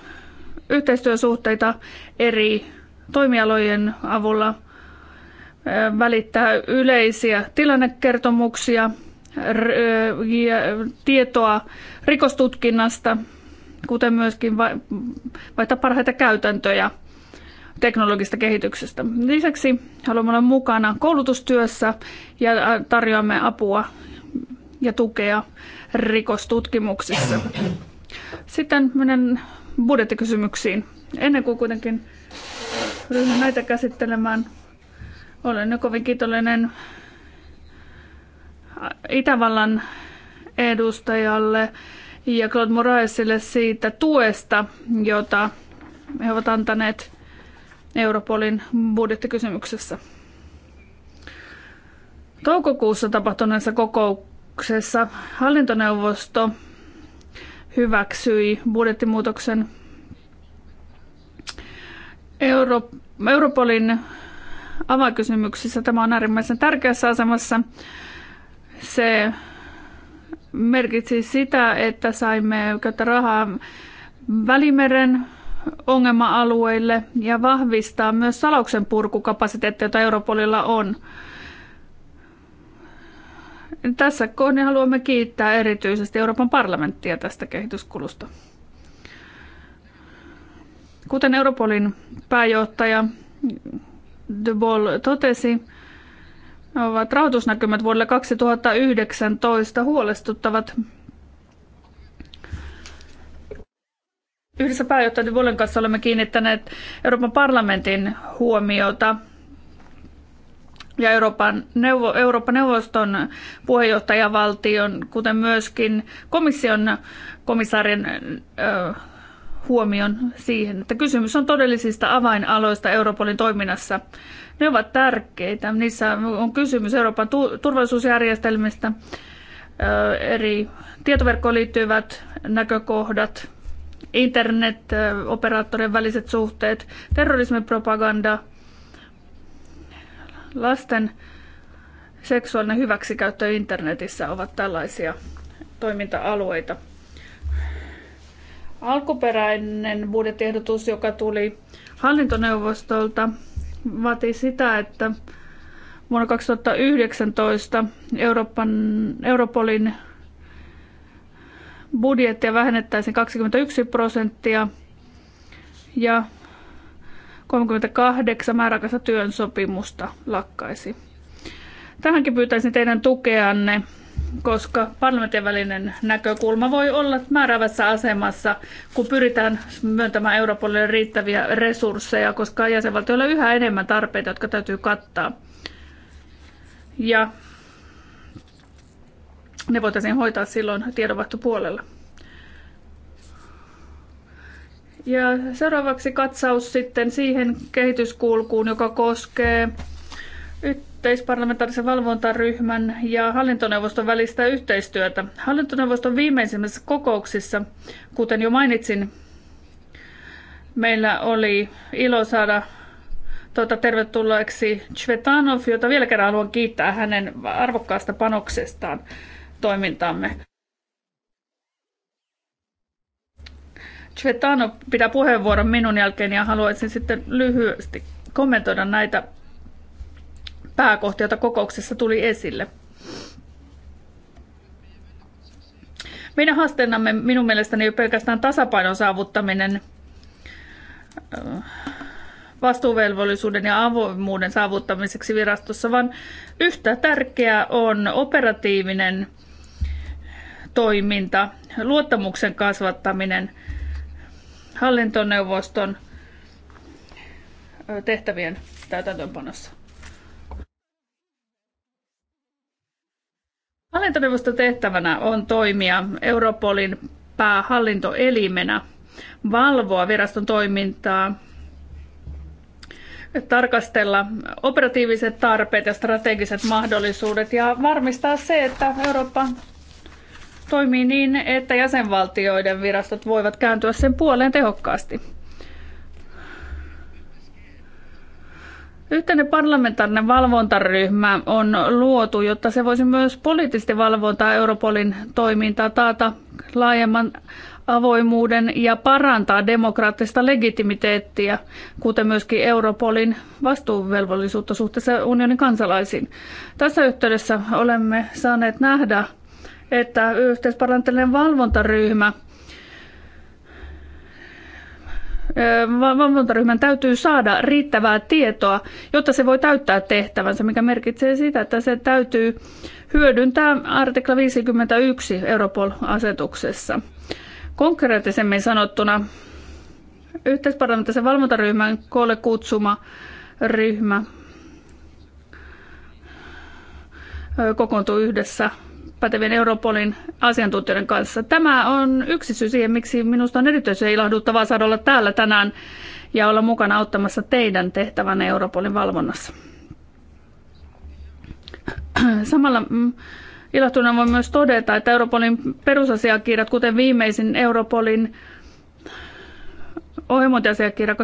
yhteistyösuhteita eri toimialojen avulla, välittää yleisiä tilannekertomuksia – tietoa rikostutkinnasta, kuten myöskin vaihtaa parhaita käytäntöjä teknologista kehityksestä. Lisäksi haluamme olla mukana koulutustyössä ja tarjoamme apua ja tukea rikostutkimuksissa. Sitten menen budjettikysymyksiin. Ennen kuin kuitenkin ryhdyn näitä käsittelemään, olen jo kovin kiitollinen Itävallan edustajalle ja Claude Moraesille siitä tuesta, jota he ovat antaneet Europolin budjettikysymyksessä. Toukokuussa tapahtuneessa kokouksessa hallintoneuvosto hyväksyi budjettimuutoksen Euro- Europolin avainkysymyksissä. Tämä on äärimmäisen tärkeässä asemassa se merkitsi sitä, että saimme käyttää rahaa Välimeren ongelma-alueille ja vahvistaa myös salauksen purkukapasiteettia, jota Europolilla on. Tässä kohdin haluamme kiittää erityisesti Euroopan parlamenttia tästä kehityskulusta. Kuten Europolin pääjohtaja De Boll totesi, ovat rahoitusnäkymät vuodelle 2019 huolestuttavat. Yhdessä pääjohtajan vuoden kanssa olemme kiinnittäneet Euroopan parlamentin huomiota ja Euroopan, neuvo, eurooppa neuvoston puheenjohtajavaltion, kuten myöskin komission komissaarin ö, huomion siihen, että kysymys on todellisista avainaloista Europolin toiminnassa. Ne ovat tärkeitä. Niissä on kysymys Euroopan turvallisuusjärjestelmistä, eri tietoverkkoon liittyvät näkökohdat, internet-operaattorien väliset suhteet, terrorismipropaganda, lasten seksuaalinen hyväksikäyttö internetissä ovat tällaisia toiminta-alueita. Alkuperäinen budjettiehdotus, joka tuli hallintoneuvostolta, vaatii sitä, että vuonna 2019 Euroopan, Europolin budjettia vähennettäisiin 21 prosenttia ja 38 määräaikaista työn sopimusta lakkaisi. Tähänkin pyytäisin teidän tukeanne koska parlamentin välinen näkökulma voi olla määräävässä asemassa, kun pyritään myöntämään Europolille riittäviä resursseja, koska jäsenvaltioilla on yhä enemmän tarpeita, jotka täytyy kattaa. Ja ne voitaisiin hoitaa silloin tiedonvaihtopuolella. Ja seuraavaksi katsaus sitten siihen kehityskulkuun, joka koskee yhteisparlamentaarisen valvontaryhmän ja hallintoneuvoston välistä yhteistyötä. Hallintoneuvoston viimeisimmässä kokouksissa, kuten jo mainitsin, meillä oli ilo saada tuota, tervetulleeksi Chvetanov, jota vielä kerran haluan kiittää hänen arvokkaasta panoksestaan toimintaamme. Chvetanov pitää puheenvuoron minun jälkeen ja haluaisin sitten lyhyesti kommentoida näitä pääkohtia, joita kokouksessa tuli esille. Meidän haasteenamme minun mielestäni ei ole pelkästään tasapainon saavuttaminen äh, vastuuvelvollisuuden ja avoimuuden saavuttamiseksi virastossa, vaan yhtä tärkeää on operatiivinen toiminta, luottamuksen kasvattaminen, hallintoneuvoston äh, tehtävien täytäntöönpanossa. Hallintoneuvoston tehtävänä on toimia Europolin päähallintoelimenä, valvoa viraston toimintaa, tarkastella operatiiviset tarpeet ja strategiset mahdollisuudet ja varmistaa se, että Eurooppa toimii niin, että jäsenvaltioiden virastot voivat kääntyä sen puoleen tehokkaasti. Yhteinen parlamentaarinen valvontaryhmä on luotu, jotta se voisi myös poliittisesti valvontaa Europolin toimintaa taata laajemman avoimuuden ja parantaa demokraattista legitimiteettiä, kuten myöskin Europolin vastuuvelvollisuutta suhteessa unionin kansalaisiin. Tässä yhteydessä olemme saaneet nähdä, että yhteisparlamentaarinen valvontaryhmä – valvontaryhmän täytyy saada riittävää tietoa, jotta se voi täyttää tehtävänsä, mikä merkitsee sitä, että se täytyy hyödyntää artikla 51 Europol-asetuksessa. Konkreettisemmin sanottuna yhteisparlamentaarisen valvontaryhmän koolle kutsuma ryhmä kokoontuu yhdessä pätevien Europolin asiantuntijoiden kanssa. Tämä on yksi syy siihen, miksi minusta on erityisen ilahduttavaa saada olla täällä tänään ja olla mukana auttamassa teidän tehtävänne Europolin valvonnassa. Samalla mm, ilahtuneena voi myös todeta, että Europolin perusasiakirjat, kuten viimeisin Europolin ohjelmointiasiakirja 2018-2020,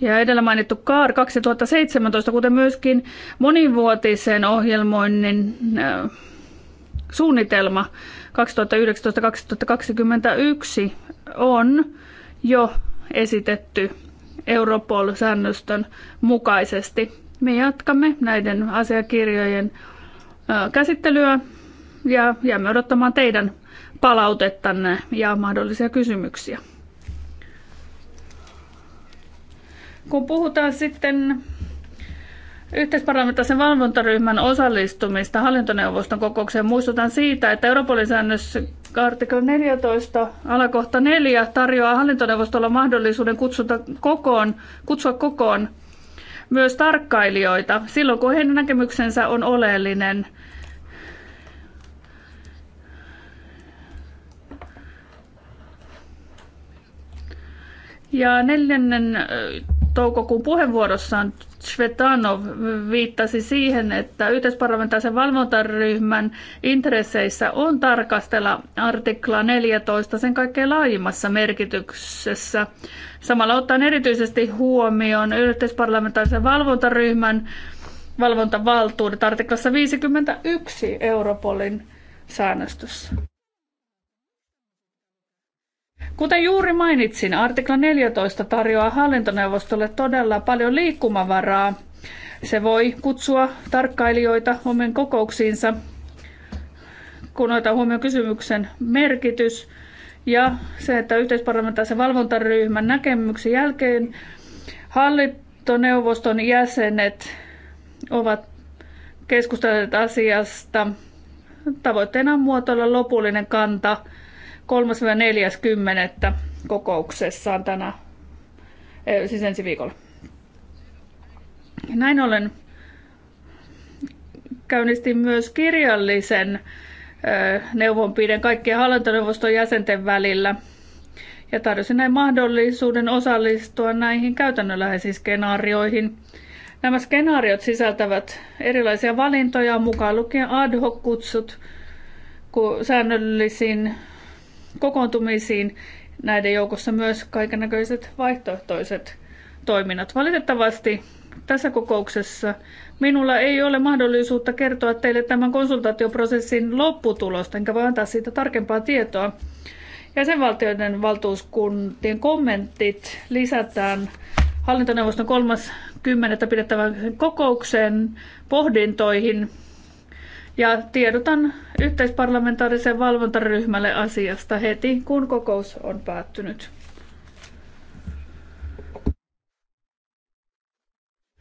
ja edellä mainittu KAAR 2017, kuten myöskin monivuotisen ohjelmoinnin äh, suunnitelma 2019-2021 on jo esitetty Europol-säännöstön mukaisesti. Me jatkamme näiden asiakirjojen äh, käsittelyä ja jäämme odottamaan teidän palautettanne ja mahdollisia kysymyksiä. Kun puhutaan sitten yhteisparlamentaarisen valvontaryhmän osallistumista hallintoneuvoston kokoukseen, muistutan siitä, että Europolin säännös artikla 14 alakohta 4 tarjoaa hallintoneuvostolla mahdollisuuden kutsuta kokoon, kutsua kokoon myös tarkkailijoita silloin, kun heidän näkemyksensä on oleellinen – Ja neljännen toukokuun puheenvuorossaan Svetanov viittasi siihen, että yhteisparlamentaisen valvontaryhmän intresseissä on tarkastella artikla 14 sen kaikkein laajimmassa merkityksessä. Samalla ottaen erityisesti huomioon yhteisparlamentaisen valvontaryhmän valvontavaltuudet artiklassa 51 Europolin säännöstössä. Kuten juuri mainitsin, artikla 14 tarjoaa hallintoneuvostolle todella paljon liikkumavaraa. Se voi kutsua tarkkailijoita omen kokouksiinsa, kun otetaan huomioon kysymyksen merkitys ja se, että yhteisparlamentaarisen valvontaryhmän näkemyksen jälkeen hallintoneuvoston jäsenet ovat keskustelleet asiasta. Tavoitteena on muotoilla lopullinen kanta 3. kokouksessaan tänä, eh, siis ensi viikolla. Näin ollen käynnistin myös kirjallisen eh, neuvonpiden kaikkien hallintoneuvoston jäsenten välillä ja tarjosin näin mahdollisuuden osallistua näihin käytännönläheisiin skenaarioihin. Nämä skenaariot sisältävät erilaisia valintoja, mukaan lukien ad hoc kutsut säännöllisiin kokoontumisiin. Näiden joukossa myös kaikennäköiset vaihtoehtoiset toiminnat. Valitettavasti tässä kokouksessa minulla ei ole mahdollisuutta kertoa teille tämän konsultaatioprosessin lopputulosta, enkä voi antaa siitä tarkempaa tietoa. Jäsenvaltioiden valtuuskuntien kommentit lisätään hallintoneuvoston 30. pidettävän kokouksen pohdintoihin ja tiedotan yhteisparlamentaarisen valvontaryhmälle asiasta heti, kun kokous on päättynyt.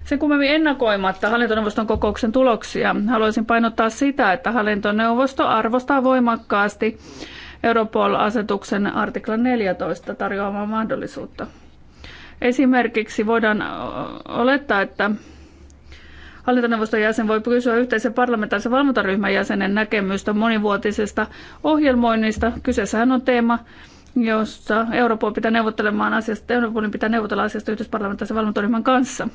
Sen kummemmin ennakoimatta hallintoneuvoston kokouksen tuloksia haluaisin painottaa sitä, että hallintoneuvosto arvostaa voimakkaasti Europol-asetuksen artiklan 14 tarjoamaa mahdollisuutta. Esimerkiksi voidaan olettaa, että hallintoneuvoston jäsen voi kysyä yhteisen parlamentaarisen valvontaryhmän jäsenen näkemystä monivuotisesta ohjelmoinnista. Kyseessähän on teema, jossa Europol pitää neuvottelemaan asiasta, Europolin pitää neuvotella asiasta parlamentaarisen valvontaryhmän kanssa.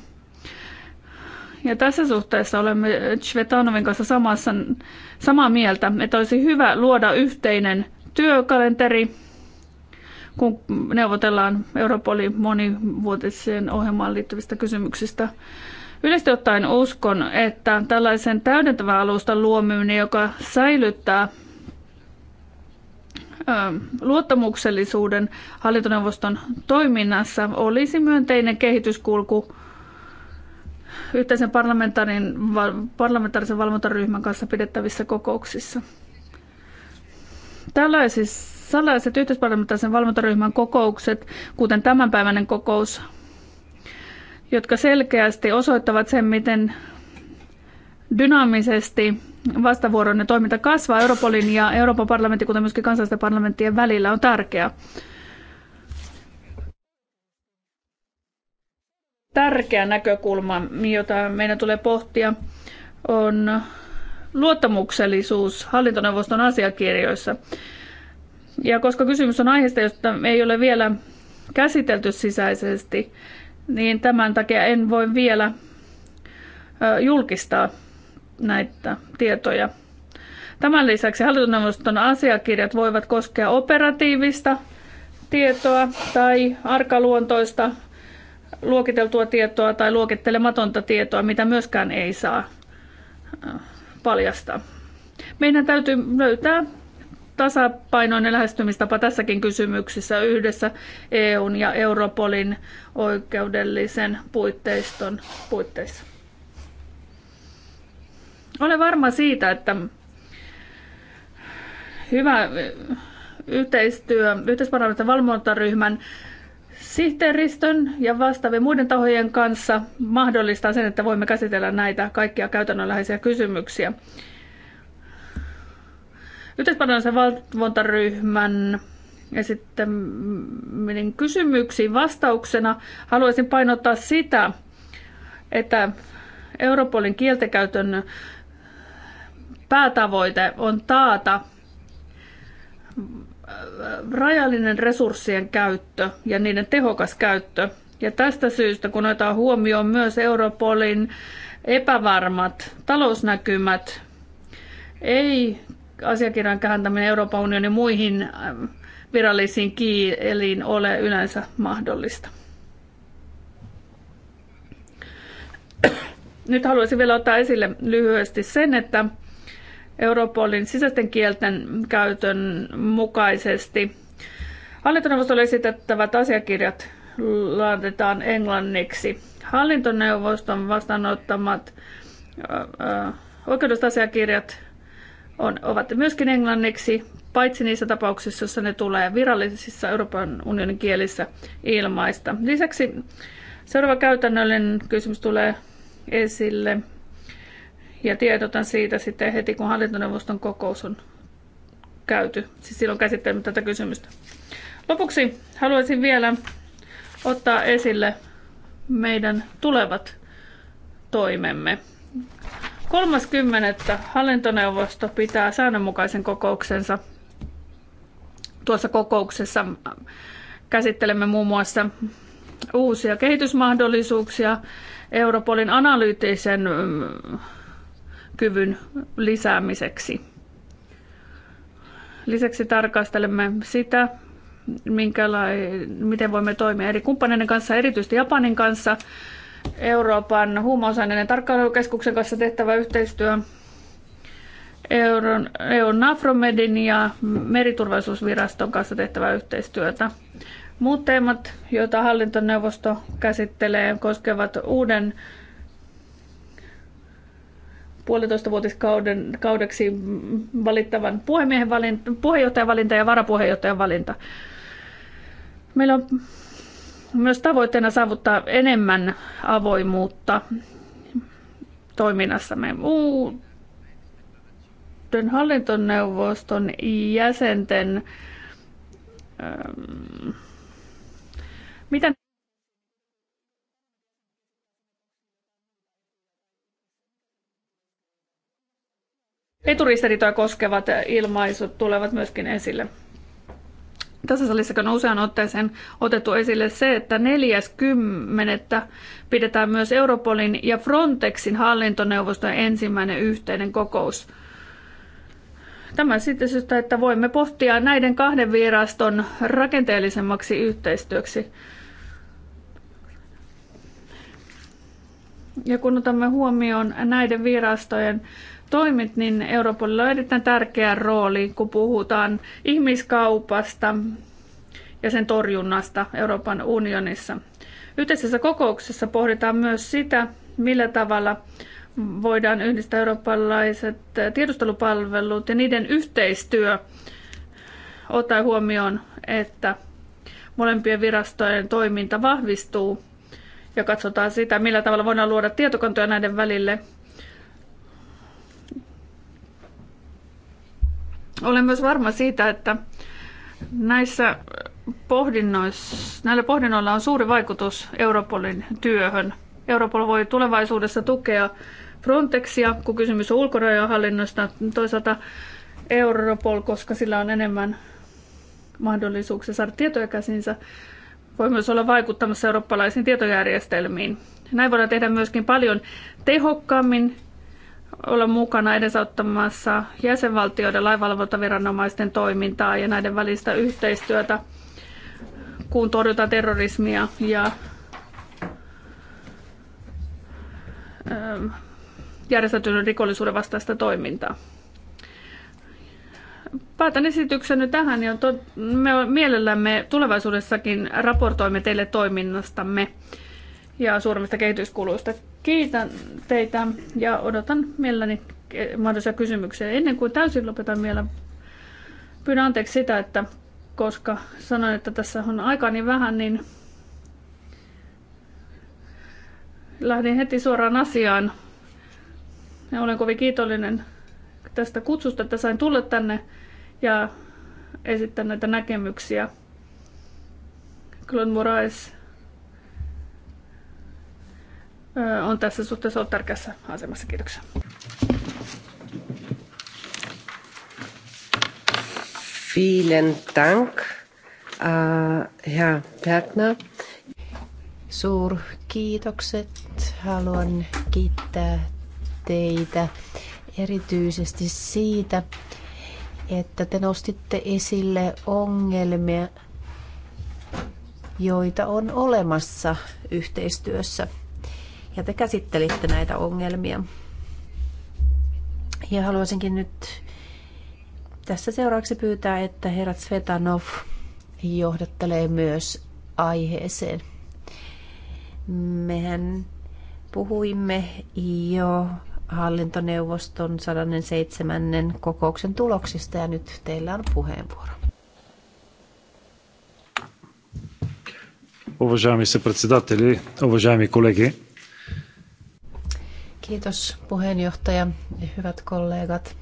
Ja tässä suhteessa olemme Svetanovin kanssa samassa, samaa mieltä, että olisi hyvä luoda yhteinen työkalenteri, kun neuvotellaan Europolin monivuotiseen ohjelmaan liittyvistä kysymyksistä. Yleisesti ottaen uskon, että tällaisen täydentävän alustan luominen, joka säilyttää luottamuksellisuuden hallintoneuvoston toiminnassa, olisi myönteinen kehityskulku yhteisen parlamentaarisen valvontaryhmän kanssa pidettävissä kokouksissa. tällaiset yhteisparlamentaarisen valvontaryhmän kokoukset, kuten tämänpäiväinen kokous, jotka selkeästi osoittavat sen, miten dynaamisesti vastavuoroinen toiminta kasvaa Europolin ja Euroopan parlamentin, kuten myöskin kansallisten parlamenttien välillä, on tärkeää. Tärkeä näkökulma, jota meidän tulee pohtia, on luottamuksellisuus hallintoneuvoston asiakirjoissa. Ja koska kysymys on aiheesta, josta ei ole vielä käsitelty sisäisesti, niin tämän takia en voi vielä julkistaa näitä tietoja. Tämän lisäksi hallintoneuvoston asiakirjat voivat koskea operatiivista tietoa tai arkaluontoista luokiteltua tietoa tai luokittelematonta tietoa, mitä myöskään ei saa paljastaa. Meidän täytyy löytää tasapainoinen lähestymistapa tässäkin kysymyksessä yhdessä EUn ja Europolin oikeudellisen puitteiston puitteissa. Olen varma siitä, että hyvä eh, yhteistyö yhteisparannusten valvontaryhmän sihteeristön ja vastaavien muiden tahojen kanssa mahdollistaa sen, että voimme käsitellä näitä kaikkia käytännönläheisiä kysymyksiä yhteisparlamentaarisen valvontaryhmän esittäminen kysymyksiin vastauksena haluaisin painottaa sitä, että Europolin kieltekäytön päätavoite on taata rajallinen resurssien käyttö ja niiden tehokas käyttö. Ja tästä syystä, kun otetaan huomioon myös Europolin epävarmat talousnäkymät, ei asiakirjan kääntäminen Euroopan unionin muihin äh, virallisiin kieliin ole yleensä mahdollista. Nyt haluaisin vielä ottaa esille lyhyesti sen, että Europolin sisäisten kielten käytön mukaisesti hallintoneuvostolle esitettävät asiakirjat laitetaan englanniksi. Hallintoneuvoston vastaanottamat oikeudesta asiakirjat on, ovat myöskin englanniksi, paitsi niissä tapauksissa, joissa ne tulee virallisissa Euroopan unionin kielissä ilmaista. Lisäksi seuraava käytännöllinen kysymys tulee esille ja tiedotan siitä sitten heti, kun hallintoneuvoston kokous on käyty. Siis silloin käsittelemme tätä kysymystä. Lopuksi haluaisin vielä ottaa esille meidän tulevat toimemme. 30. hallintoneuvosto pitää säännönmukaisen kokouksensa. Tuossa kokouksessa käsittelemme muun muassa uusia kehitysmahdollisuuksia, Europolin analyyttisen mm, kyvyn lisäämiseksi. Lisäksi tarkastelemme sitä, miten voimme toimia eri kumppaneiden kanssa, erityisesti Japanin kanssa, Euroopan huumausaineiden tarkkailukeskuksen kanssa tehtävä yhteistyö, Euron, EUn Nafromedin ja meriturvallisuusviraston kanssa tehtävä yhteistyötä. Muut teemat, joita hallintoneuvosto käsittelee, koskevat uuden puolitoista vuotiskauden kaudeksi valittavan puheenjohtajan valinta ja varapuheenjohtajan valinta. Meillä on myös tavoitteena saavuttaa enemmän avoimuutta toiminnassamme. Uuden hallintoneuvoston jäsenten ähm, mitä eturistiriitoja koskevat ilmaisut tulevat myöskin esille tässä salissa on usean otteeseen otettu esille se, että 40. pidetään myös Europolin ja Frontexin hallintoneuvoston ensimmäinen yhteinen kokous. Tämä siitä syystä, että voimme pohtia näiden kahden viraston rakenteellisemmaksi yhteistyöksi. Ja kun otamme huomioon näiden virastojen toimit, niin Europolilla on erittäin tärkeä rooli, kun puhutaan ihmiskaupasta ja sen torjunnasta Euroopan unionissa. Yhteisessä kokouksessa pohditaan myös sitä, millä tavalla voidaan yhdistää eurooppalaiset tiedustelupalvelut ja niiden yhteistyö ottaen huomioon, että molempien virastojen toiminta vahvistuu ja katsotaan sitä, millä tavalla voidaan luoda tietokantoja näiden välille Olen myös varma siitä, että näissä pohdinnoissa, näillä pohdinnoilla on suuri vaikutus Europolin työhön. Europol voi tulevaisuudessa tukea Frontexia, kun kysymys on ulkorajahallinnosta, toisaalta Europol, koska sillä on enemmän mahdollisuuksia saada tietoja käsinsä, voi myös olla vaikuttamassa eurooppalaisiin tietojärjestelmiin. Näin voidaan tehdä myöskin paljon tehokkaammin olla mukana edesauttamassa jäsenvaltioiden lainvalvontaviranomaisten toimintaa ja näiden välistä yhteistyötä, kun torjutaan terrorismia ja ähm, järjestäytyneen rikollisuuden vastaista toimintaa. Päätän esityksen tähän ja to, me mielellämme tulevaisuudessakin raportoimme teille toiminnastamme ja suuremmista kehityskuluista. Kiitän teitä ja odotan mielelläni mahdollisia kysymyksiä. Ennen kuin täysin lopetan vielä, pyydän anteeksi sitä, että koska sanoin, että tässä on aika niin vähän, niin lähdin heti suoraan asiaan. Ja olen kovin kiitollinen tästä kutsusta, että sain tulla tänne ja esittää näitä näkemyksiä. Claude Moraes on tässä suhteessa ollut tärkeässä asemassa. Kiitoksia. Vielen Dank, äh, Herr Bergner. Suur kiitokset. Haluan kiittää teitä erityisesti siitä, että te nostitte esille ongelmia, joita on olemassa yhteistyössä ja te käsittelitte näitä ongelmia. Ja haluaisinkin nyt tässä seuraavaksi pyytää, että herra Svetanov johdattelee myös aiheeseen. Mehän puhuimme jo hallintoneuvoston 107. kokouksen tuloksista ja nyt teillä on puheenvuoro. Уважаеми съпредседатели, уважаеми колеги, Kiitos puheenjohtaja ja hyvät kollegat.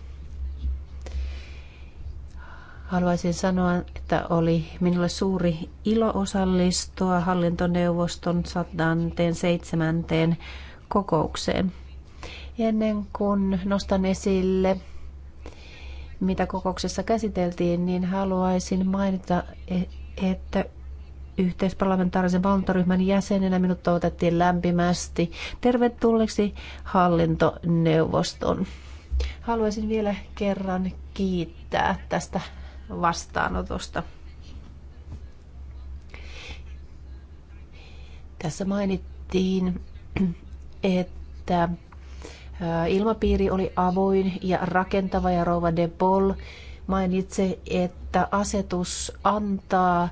Haluaisin sanoa, että oli minulle suuri ilo osallistua hallintoneuvoston 107. kokoukseen. Ennen kuin nostan esille, mitä kokouksessa käsiteltiin, niin haluaisin mainita, e- että yhteisparlamentaarisen valtaryhmän jäsenenä minut toivotettiin lämpimästi tervetulleeksi hallintoneuvoston. Haluaisin vielä kerran kiittää tästä vastaanotosta. Tässä mainittiin, että ilmapiiri oli avoin ja rakentava ja rouva de Paul mainitsi, että asetus antaa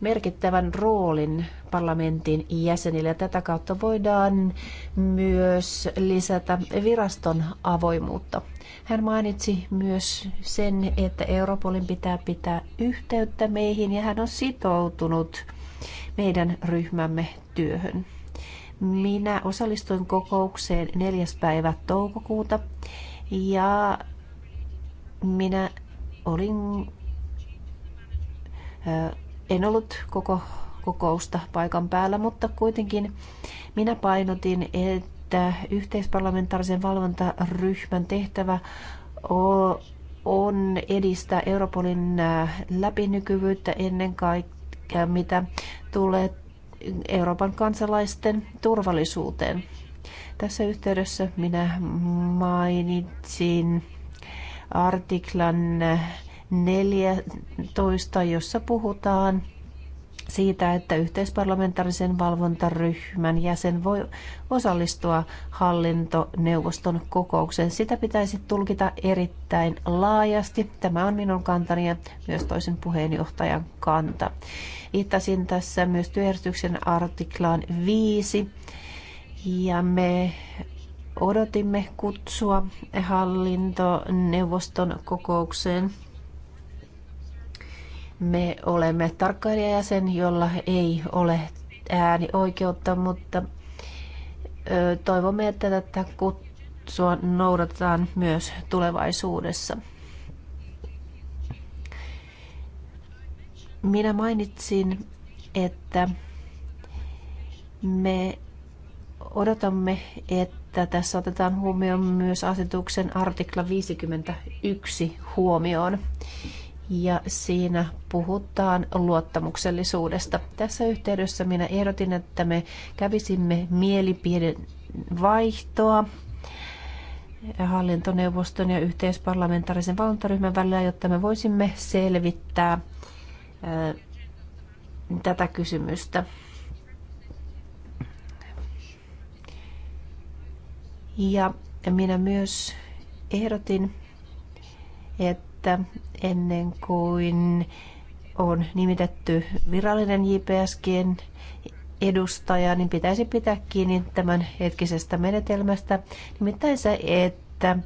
merkittävän roolin parlamentin jäsenille. Tätä kautta voidaan myös lisätä viraston avoimuutta. Hän mainitsi myös sen, että Europolin pitää pitää yhteyttä meihin ja hän on sitoutunut meidän ryhmämme työhön. Minä osallistuin kokoukseen 4. päivä toukokuuta ja minä olin, en ollut koko kokousta paikan päällä, mutta kuitenkin minä painotin, että yhteisparlamentaarisen valvontaryhmän tehtävä on edistää Europolin läpinykyvyyttä ennen kaikkea, mitä tulee Euroopan kansalaisten turvallisuuteen. Tässä yhteydessä minä mainitsin artiklan 14, jossa puhutaan siitä, että yhteisparlamentaarisen valvontaryhmän jäsen voi osallistua hallintoneuvoston kokoukseen. Sitä pitäisi tulkita erittäin laajasti. Tämä on minun kantani ja myös toisen puheenjohtajan kanta. Viittasin tässä myös työjärjestyksen artiklaan 5. Ja me Odotimme kutsua hallintoneuvoston kokoukseen. Me olemme tarkkailijajäsen, jolla ei ole äänioikeutta, mutta toivomme, että tätä kutsua noudatetaan myös tulevaisuudessa. Minä mainitsin, että me odotamme, että että tässä otetaan huomioon myös asetuksen artikla 51 huomioon. Ja siinä puhutaan luottamuksellisuudesta. Tässä yhteydessä minä ehdotin, että me kävisimme mielipiden vaihtoa hallintoneuvoston ja yhteisparlamentaarisen valvontaryhmän välillä, jotta me voisimme selvittää tätä kysymystä. Ja minä myös ehdotin, että ennen kuin on nimitetty virallinen JPSGn edustaja, niin pitäisi pitää kiinni tämän hetkisestä menetelmästä. Nimittäin se, että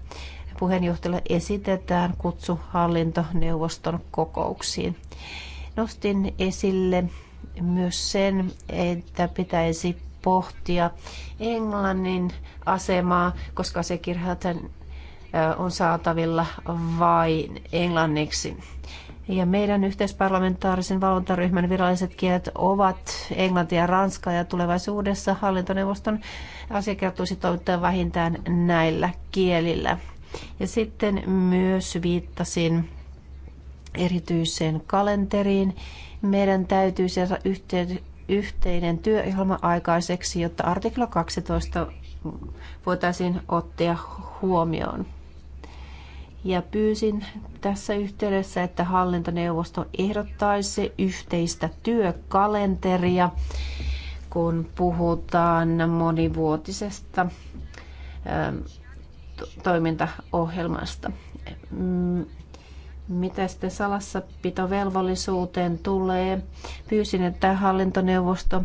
puheenjohtajalle esitetään kutsu hallintoneuvoston kokouksiin. Nostin esille myös sen, että pitäisi pohtia Englannin asemaa, koska se kirjaten on saatavilla vain englanniksi. Ja meidän yhteisparlamentaarisen valvontaryhmän viralliset kielet ovat englanti ja ranska ja tulevaisuudessa hallintoneuvoston asiakirjat tulisi toimittaa vähintään näillä kielillä. Ja sitten myös viittasin erityiseen kalenteriin. Meidän täytyy saada yhteen yhteinen työohjelma aikaiseksi, jotta artikla 12 voitaisiin ottaa huomioon. Ja pyysin tässä yhteydessä, että hallintoneuvosto ehdottaisi yhteistä työkalenteria, kun puhutaan monivuotisesta ähm, toimintaohjelmasta mm, mitä sitten salassapitovelvollisuuteen tulee? Pyysin, että hallintoneuvosto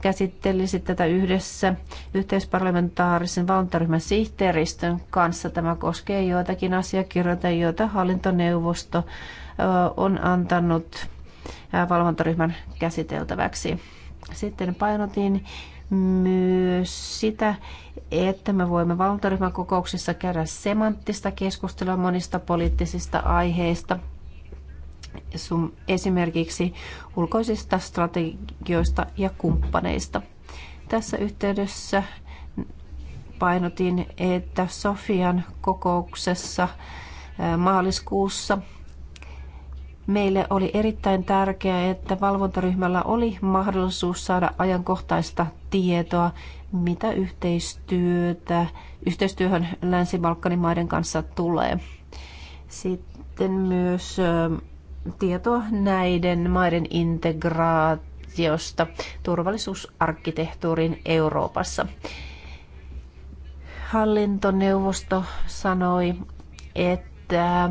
käsittelisi tätä yhdessä yhteisparlamentaarisen valtaryhmän sihteeristön kanssa. Tämä koskee joitakin asiakirjoita, joita hallintoneuvosto on antanut valvontaryhmän käsiteltäväksi. Sitten painotin myös sitä, että me voimme valtoryhmän kokouksissa käydä semanttista keskustelua monista poliittisista aiheista, esimerkiksi ulkoisista strategioista ja kumppaneista. Tässä yhteydessä painotin, että Sofian kokouksessa maaliskuussa Meille oli erittäin tärkeää, että valvontaryhmällä oli mahdollisuus saada ajankohtaista tietoa, mitä yhteistyötä, yhteistyöhön Länsi-Balkanin maiden kanssa tulee. Sitten myös tietoa näiden maiden integraatiosta turvallisuusarkkitehtuurin Euroopassa. Hallintoneuvosto sanoi, että että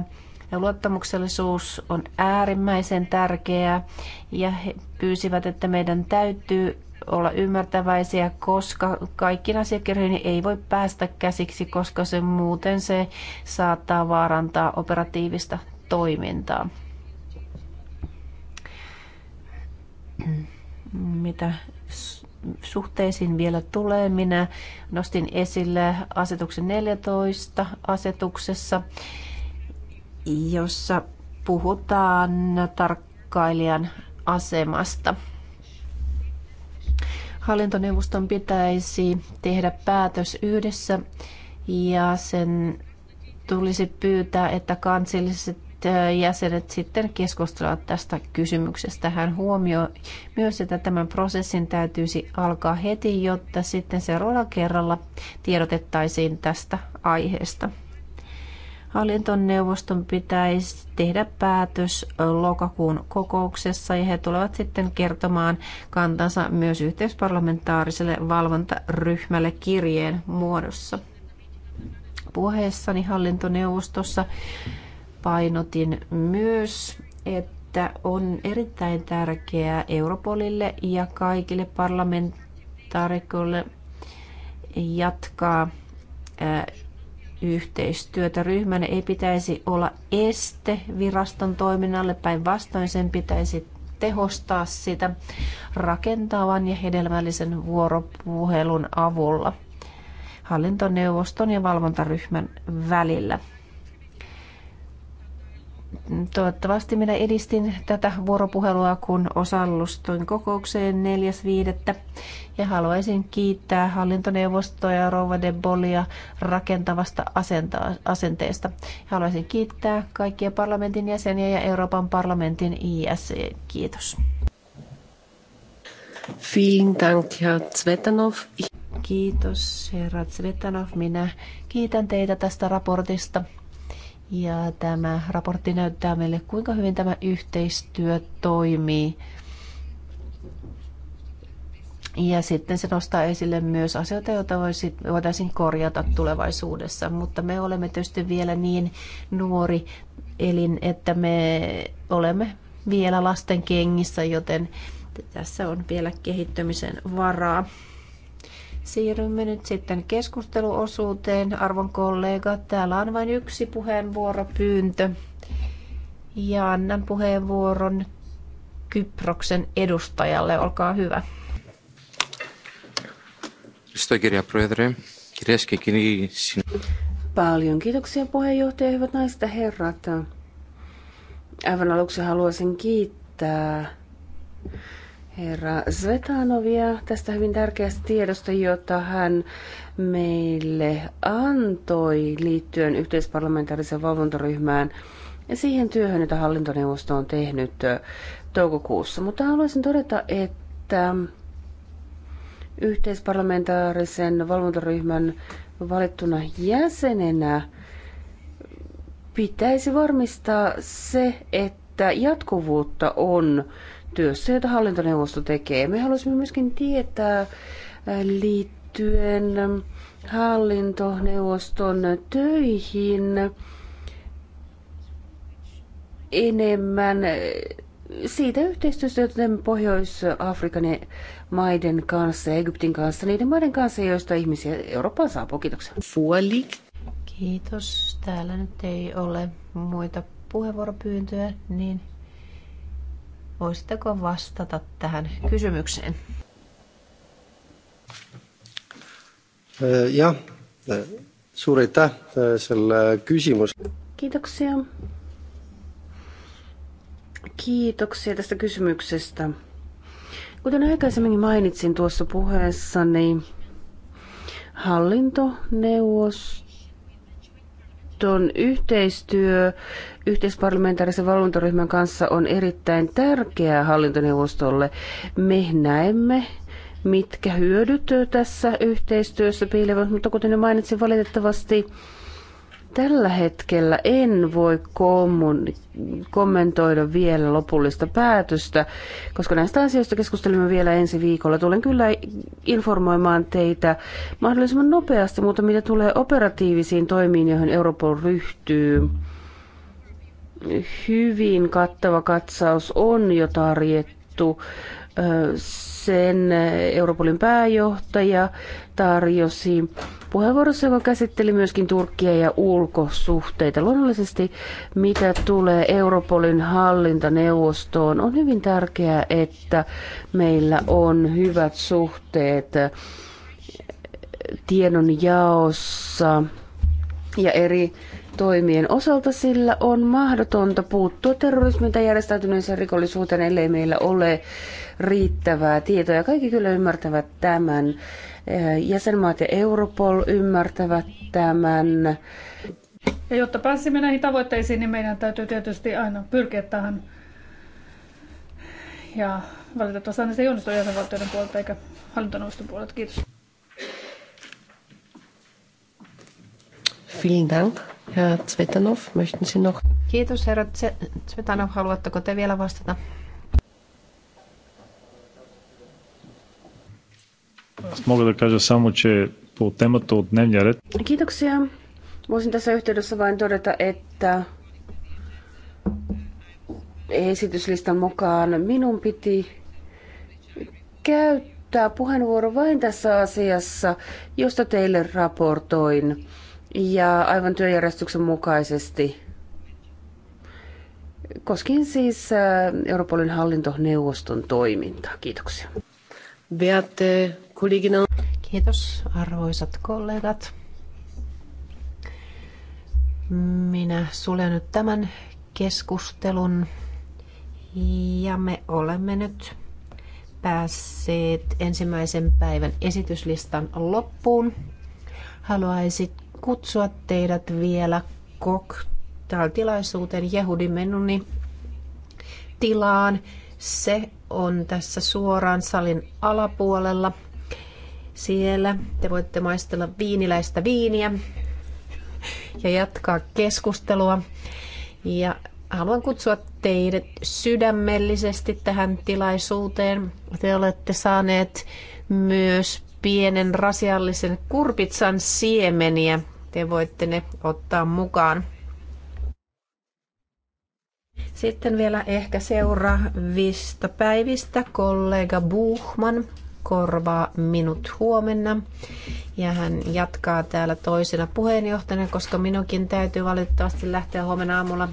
ja luottamuksellisuus on äärimmäisen tärkeää ja he pyysivät, että meidän täytyy olla ymmärtäväisiä, koska kaikkiin asiakirjoihin ei voi päästä käsiksi, koska se muuten se saattaa vaarantaa operatiivista toimintaa. Mitä suhteisiin vielä tulee, minä nostin esille asetuksen 14 asetuksessa jossa puhutaan tarkkailijan asemasta. Hallintoneuvoston pitäisi tehdä päätös yhdessä ja sen tulisi pyytää, että kansalliset jäsenet sitten keskustelevat tästä kysymyksestä. Hän huomioi myös, että tämän prosessin täytyisi alkaa heti, jotta sitten seuraavalla kerralla tiedotettaisiin tästä aiheesta. Hallintoneuvoston pitäisi tehdä päätös lokakuun kokouksessa ja he tulevat sitten kertomaan kantansa myös yhteisparlamentaariselle valvontaryhmälle kirjeen muodossa. Puheessani hallintoneuvostossa painotin myös, että on erittäin tärkeää Europolille ja kaikille parlamentaarikolle jatkaa yhteistyötä. Ryhmän ei pitäisi olla este viraston toiminnalle, päinvastoin sen pitäisi tehostaa sitä rakentavan ja hedelmällisen vuoropuhelun avulla hallintoneuvoston ja valvontaryhmän välillä. Toivottavasti minä edistin tätä vuoropuhelua, kun osallistuin kokoukseen 4.5. Ja haluaisin kiittää hallintoneuvostoa ja Rova de Bolia rakentavasta asenteesta. Haluaisin kiittää kaikkia parlamentin jäseniä ja Euroopan parlamentin IS. E. Kiitos. Dank, Kiitos, herra Zvetanov. Minä kiitän teitä tästä raportista. Ja tämä raportti näyttää meille, kuinka hyvin tämä yhteistyö toimii. Ja sitten se nostaa esille myös asioita, joita voitaisiin korjata tulevaisuudessa. Mutta me olemme tietysti vielä niin nuori elin, että me olemme vielä lasten kengissä, joten tässä on vielä kehittymisen varaa. Siirrymme nyt sitten keskusteluosuuteen. Arvon kollegat, täällä on vain yksi puheenvuoropyyntö. Ja annan puheenvuoron Kyproksen edustajalle. Olkaa hyvä. Paljon kiitoksia puheenjohtaja, hyvät naiset ja herrat. Aivan aluksi haluaisin kiittää herra Svetanovia tästä hyvin tärkeästä tiedosta, jota hän meille antoi liittyen yhteisparlamentaarisen valvontaryhmään ja siihen työhön, jota hallintoneuvosto on tehnyt toukokuussa. Mutta haluaisin todeta, että yhteisparlamentaarisen valvontaryhmän valittuna jäsenenä pitäisi varmistaa se, että jatkuvuutta on työssä, jota hallintoneuvosto tekee. Me haluaisimme myöskin tietää äh, liittyen hallintoneuvoston töihin enemmän äh, siitä yhteistyöstä, jota teemme Pohjois-Afrikan maiden kanssa ja Egyptin kanssa, niiden maiden kanssa, joista ihmisiä Eurooppaan saapuu. Kiitoksia. Fuoli. Kiitos. Täällä nyt ei ole muita puheenvuoropyyntöjä, niin Voisitteko vastata tähän kysymykseen? Äh, ja äh, suuri aitäh selle küsimus. Kiitoksia. Kiitoksia tästä kysymyksestä. Kuten aikaisemmin mainitsin tuossa puheessa, niin hallintoneuvoston yhteistyö yhteisparlamentaarisen valvontaryhmän kanssa on erittäin tärkeää hallintoneuvostolle. Me näemme mitkä hyödyt tässä yhteistyössä piilevät, mutta kuten jo mainitsin, valitettavasti tällä hetkellä en voi kommentoida vielä lopullista päätöstä, koska näistä asioista keskustelemme vielä ensi viikolla. Tulen kyllä informoimaan teitä mahdollisimman nopeasti, mutta mitä tulee operatiivisiin toimiin, joihin Europol ryhtyy – hyvin kattava katsaus on jo tarjettu. Sen Europolin pääjohtaja tarjosi puheenvuorossa, joka käsitteli myöskin Turkkia ja ulkosuhteita. Luonnollisesti, mitä tulee Europolin hallintaneuvostoon, on hyvin tärkeää, että meillä on hyvät suhteet tiedonjaossa ja eri toimien osalta, sillä on mahdotonta puuttua terrorismiin tai järjestäytyneeseen rikollisuuteen, ellei meillä ole riittävää tietoa. Ja kaikki kyllä ymmärtävät tämän. Eh, jäsenmaat ja Europol ymmärtävät tämän. Ja jotta pääsimme näihin tavoitteisiin, niin meidän täytyy tietysti aina pyrkiä tähän. Ja valitettavasti aina se ei onnistu jäsenvaltioiden puolelta eikä hallintoneuvoston puolelta. Kiitos. Vielen Dank. Herr Zvetanov, möchten Sie noch? Kiitos, herra Zvetanov. Haluatteko te vielä vastata? Аз мога да кажа само, че по темата от дневния Kiitoksia. Voisin tässä yhteydessä vain todeta, että esityslistan mukaan minun piti käyttää puheenvuoro vain tässä asiassa, josta teille raportoin ja aivan työjärjestyksen mukaisesti koskien siis äh, Europolin hallintoneuvoston toimintaa. Kiitoksia. Beate, kollegina. Kiitos arvoisat kollegat. Minä suljen nyt tämän keskustelun ja me olemme nyt päässeet ensimmäisen päivän esityslistan loppuun. Haluaisit kutsua teidät vielä koktailtilaisuuteen Jehudi Menuni tilaan. Se on tässä suoraan salin alapuolella. Siellä te voitte maistella viiniläistä viiniä ja jatkaa keskustelua. Ja haluan kutsua teidät sydämellisesti tähän tilaisuuteen. Te olette saaneet myös pienen rasiallisen kurpitsan siemeniä te voitte ne ottaa mukaan. Sitten vielä ehkä seuraavista päivistä kollega Buchman korvaa minut huomenna. Ja hän jatkaa täällä toisena puheenjohtajana, koska minunkin täytyy valitettavasti lähteä huomenna aamulla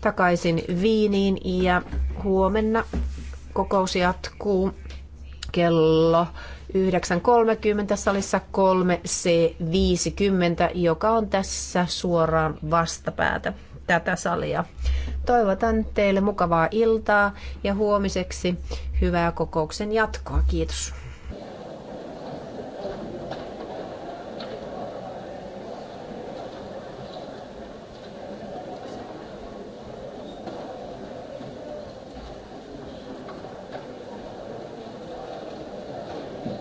takaisin Viiniin. Ja huomenna kokous jatkuu kello 9.30 salissa 3C50, joka on tässä suoraan vastapäätä tätä salia. Toivotan teille mukavaa iltaa ja huomiseksi hyvää kokouksen jatkoa. Kiitos.